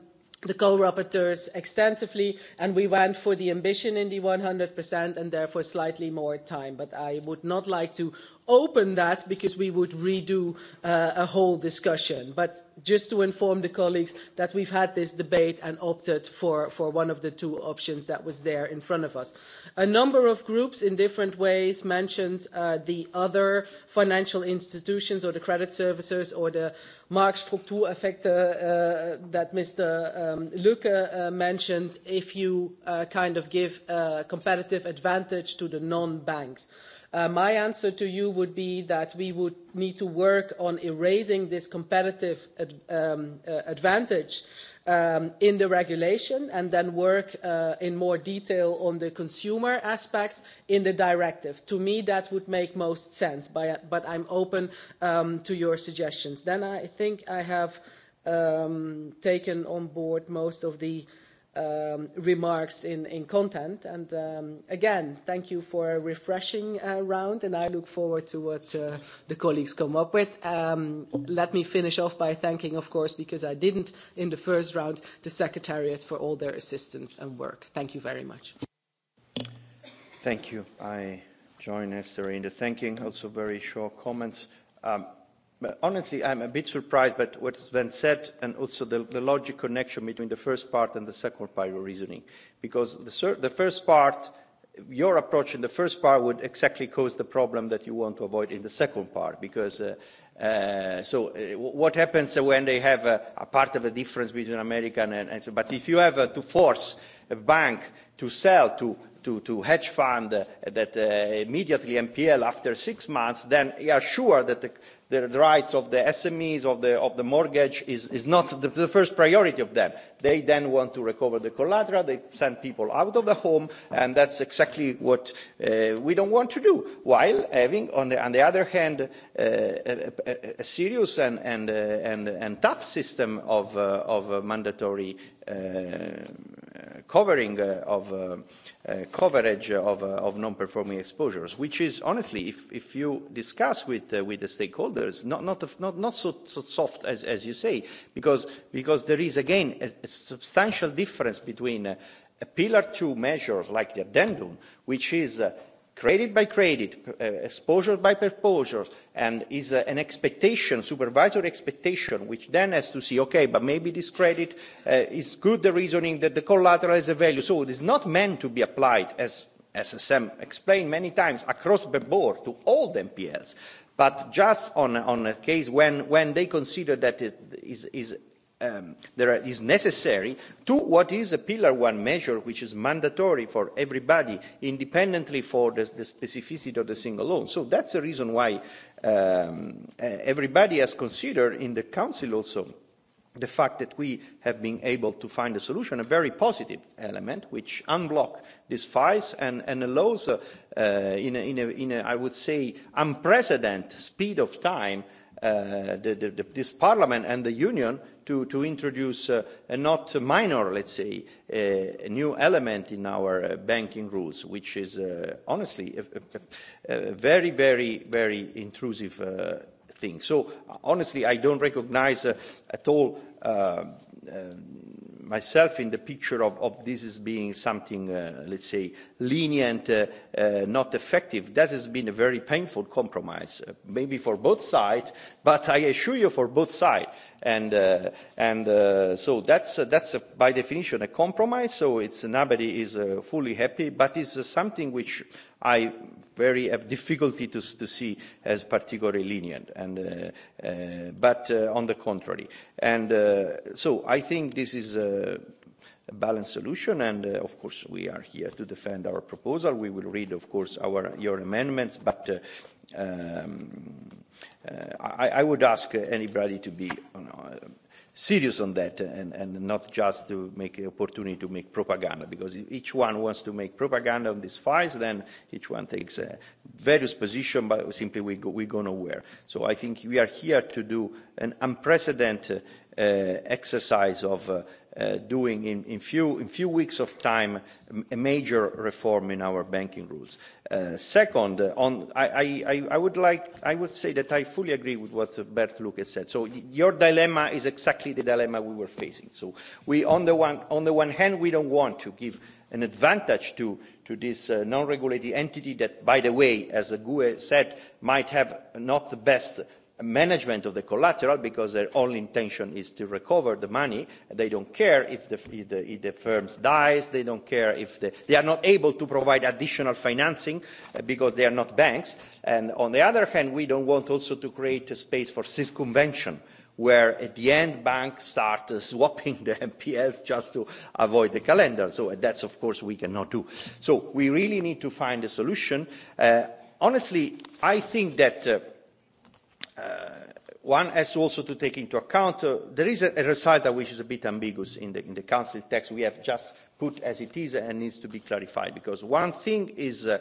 the co-rapporteurs extensively and we went for the ambition in the 100% and therefore slightly more time but i would not like to open that because we would redo uh, a whole discussion. But just to inform the colleagues that we've had this debate and opted for, for one of the two options that was there in front of us. A number of groups in different ways mentioned uh, the other financial institutions or the credit services or the Marktstruktureffekte uh, that Mr. Um, Lucke uh, mentioned if you uh, kind of give a competitive advantage to the non-banks. Uh, my answer to you would be that we would need to work on erasing this competitive ad, um, uh, advantage um, in the regulation and then work uh, in more detail on the consumer aspects in the directive. To me, that would make most sense, by, but I'm open um, to your suggestions. Then I think I have um, taken on board most of the uh, um, remarks in, in content. And um, again, thank you for a refreshing uh, round, and I look forward to what uh, the colleagues come up with. Um, let me finish off by thanking, of course, because I didn't in the first round, the Secretariat for all their assistance and work. Thank you very much. Thank you. I join Esther in the thanking. Also, very short comments. Um, honestly, I'm a bit surprised by what Sven said and also the, logical connection between the first part and the second part of your reasoning. Because the, first part, your approach in the first part would exactly cause the problem that you want to avoid in the second part. Because uh, uh, so uh, what happens when they have a, a part of a difference between American and, and so, but if you have uh, to force a bank to sell to to, to hedge fund uh, that uh, immediately MPL after six months, then you are sure that the, the rights of the SMEs, of the, of the mortgage, is, is not the, first priority of them. They then want to recover the collateral, they send people out of the home, and that's exactly what uh, we don't want to do, while having, on the, other hand, uh, a, serious uh, and, tough system of, uh, mandatory covering of coverage of, non-performing exposures, which is honestly, if, you discuss with, with the stakeholders, others, not, not, not, not so, so soft as, as you say, because, because there is, again, a, a substantial difference between a, a Pillar 2 measures like the addendum, which is uh, credit by credit, uh, exposure by exposure, and is uh, an expectation, supervisory expectation, which then has to see, okay, but maybe this credit uh, is good, the reasoning that the collateral has a value. So it is not meant to be applied, as SSM explained many times, across the board to all the MPLs. But just on, on a case when, they consider that it is, um, there is necessary to what is a pillar one measure which is mandatory for everybody independently for the, specificity of the single loan. So that's the reason why um, everybody has considered in the council also the fact that we have been able to find a solution, a very positive element, which unblocks these files and, and allows, uh, uh, in, a, in, a, in a, I would say, unprecedented speed of time, uh, the, the, the, this Parliament and the Union to, to introduce uh, a not minor, let's say, a, uh, a new element in our uh, banking rules, which is uh, honestly a, a, a very, very, very intrusive uh, thing. So honestly, I don't recognize uh, at all uh, um, myself in the picture of, of this as being something, uh, let's say, lenient, uh, uh, not effective. That has been a very painful compromise, uh, maybe for both sides, but I assure you for both sides. And, uh, and uh, so that's, uh, that's a, by definition a compromise, so it's nobody is uh, fully happy, but it's uh, something which I very have difficulty to, to see as particularly lenient, and, uh, uh, but uh, on the contrary. And uh, so I think this is a, a balanced solution, and uh, of course we are here to defend our proposal. We will read, of course, our, your amendments, but uh, um, uh, I, I would ask anybody to be you know, serious on that and, and not just to make an opportunity to make propaganda because if each one wants to make propaganda on these files then each one takes a uh, various position but simply we go, we go nowhere. So I think we are here to do an unprecedented uh, exercise of uh, uh, doing in, in, few, in few weeks of time a major reform in our banking rules. Uh, second, uh, on, I, I, I, would like, I would say that I fully agree with what Bert Lucas said. So your dilemma is exactly the dilemma we were facing. So we, on the one, on the one hand, we don't want to give an advantage to, to this uh, non-regulated entity that, by the way, as Gue said, might have not the best management of the collateral because their only intention is to recover the money. They don't care if the, if the, if the firm dies. They don't care if the, they are not able to provide additional financing uh, because they are not banks. And on the other hand, we don't want also to create a space for circumvention where at the end banks start uh, swapping the MPLs just to avoid the calendar. So that's of course we cannot do. So we really need to find a solution. Uh, honestly, I think that uh, one has also to take into account uh, there is a, a recital which is a bit ambiguous in the, in the council text. We have just put as it is and needs to be clarified because one thing is uh,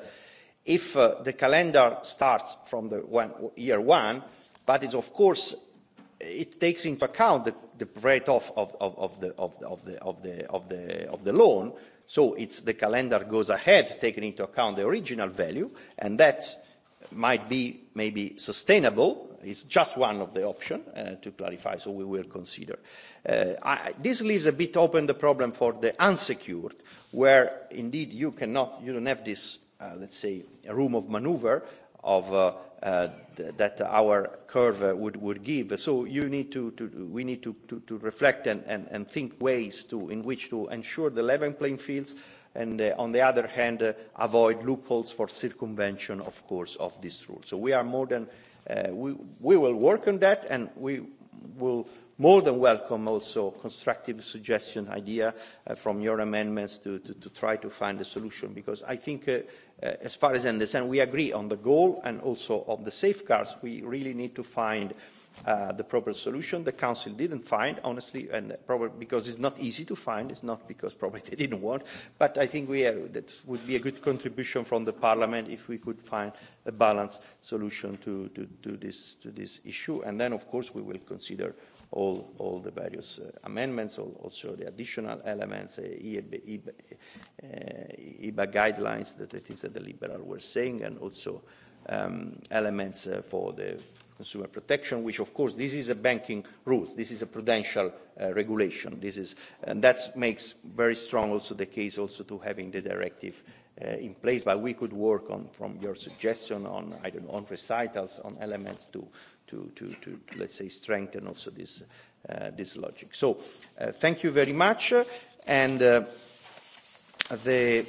if uh, the calendar starts from the one, year one, but it of course it takes into account the, the rate of, of, of, the, of, the, of, the, of, the, of, the, of the loan. So it's the calendar goes ahead, taking into account the original value, and that might be maybe sustainable is just one of the options uh, to clarify, so we will consider. Uh, I, this leaves a bit open the problem for the unsecured, where indeed you cannot, you don't have this, uh, let's say, room of maneuver of uh, uh, th that our curve uh, would, would give. So you need to, to we need to, to, to reflect and, and, and think ways to, in which to ensure the level playing fields, and uh, on the other hand uh, avoid loopholes for circumvention of course of this rule. So we are more than uh, we, we will work on that and we will more than welcome also constructive suggestion idea uh, from your amendments to, to, to try to find a solution because I think uh, uh, as far as I understand we agree on the goal and also on the safeguards we really need to find uh, uh, the proper solution. The Council didn't find, honestly, and probably because it's not easy to find, it's not because probably they didn't want, but I think we have, that would be a good contribution from the Parliament if we could find a balanced solution to, to, to, this, to this issue. And then, of course, we will consider all, all the various uh, amendments, all, also the additional elements, uh, EBA, EBA, uh, EBA guidelines that the things that the Liberal were saying, and also um, elements uh, for the consumer protection, which of course this is a banking rule, this is a prudential uh, regulation. This is, and that makes very strong also the case also to having the directive uh, in place, but we could work on from your suggestion on, I don't know, on recitals, on elements to, to, to, to, to let's say, strengthen also this, uh, this logic. So uh, thank you very much, and uh, the,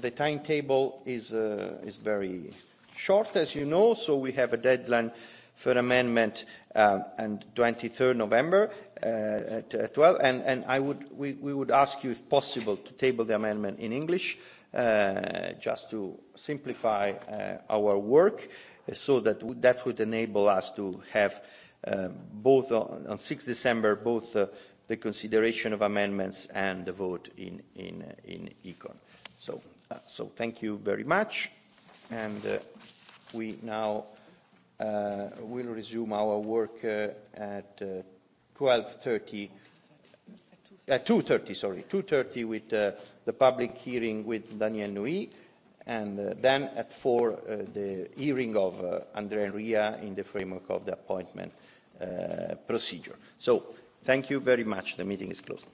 the timetable is, uh, is very short, as you know, so we have a deadline uh, for amendment um, and 23rd November uh, at 12. And, and I would, we, we would ask you, if possible, to table the amendment in English uh, just to simplify uh, our work uh, so that that would enable us to have uh, both on, on 6 December both uh, the consideration of amendments and the vote in, in, uh, in ECON. So, uh, so thank you very much. And uh, we now uh, we'll resume our work uh, at uh, 12.30, uh, 2.30, sorry, 2.30 with uh, the public hearing with Daniel Nui, and uh, then at 4, uh, the hearing of uh, Andrea Ria in the framework of the appointment uh, procedure. So thank you very much. The meeting is closed.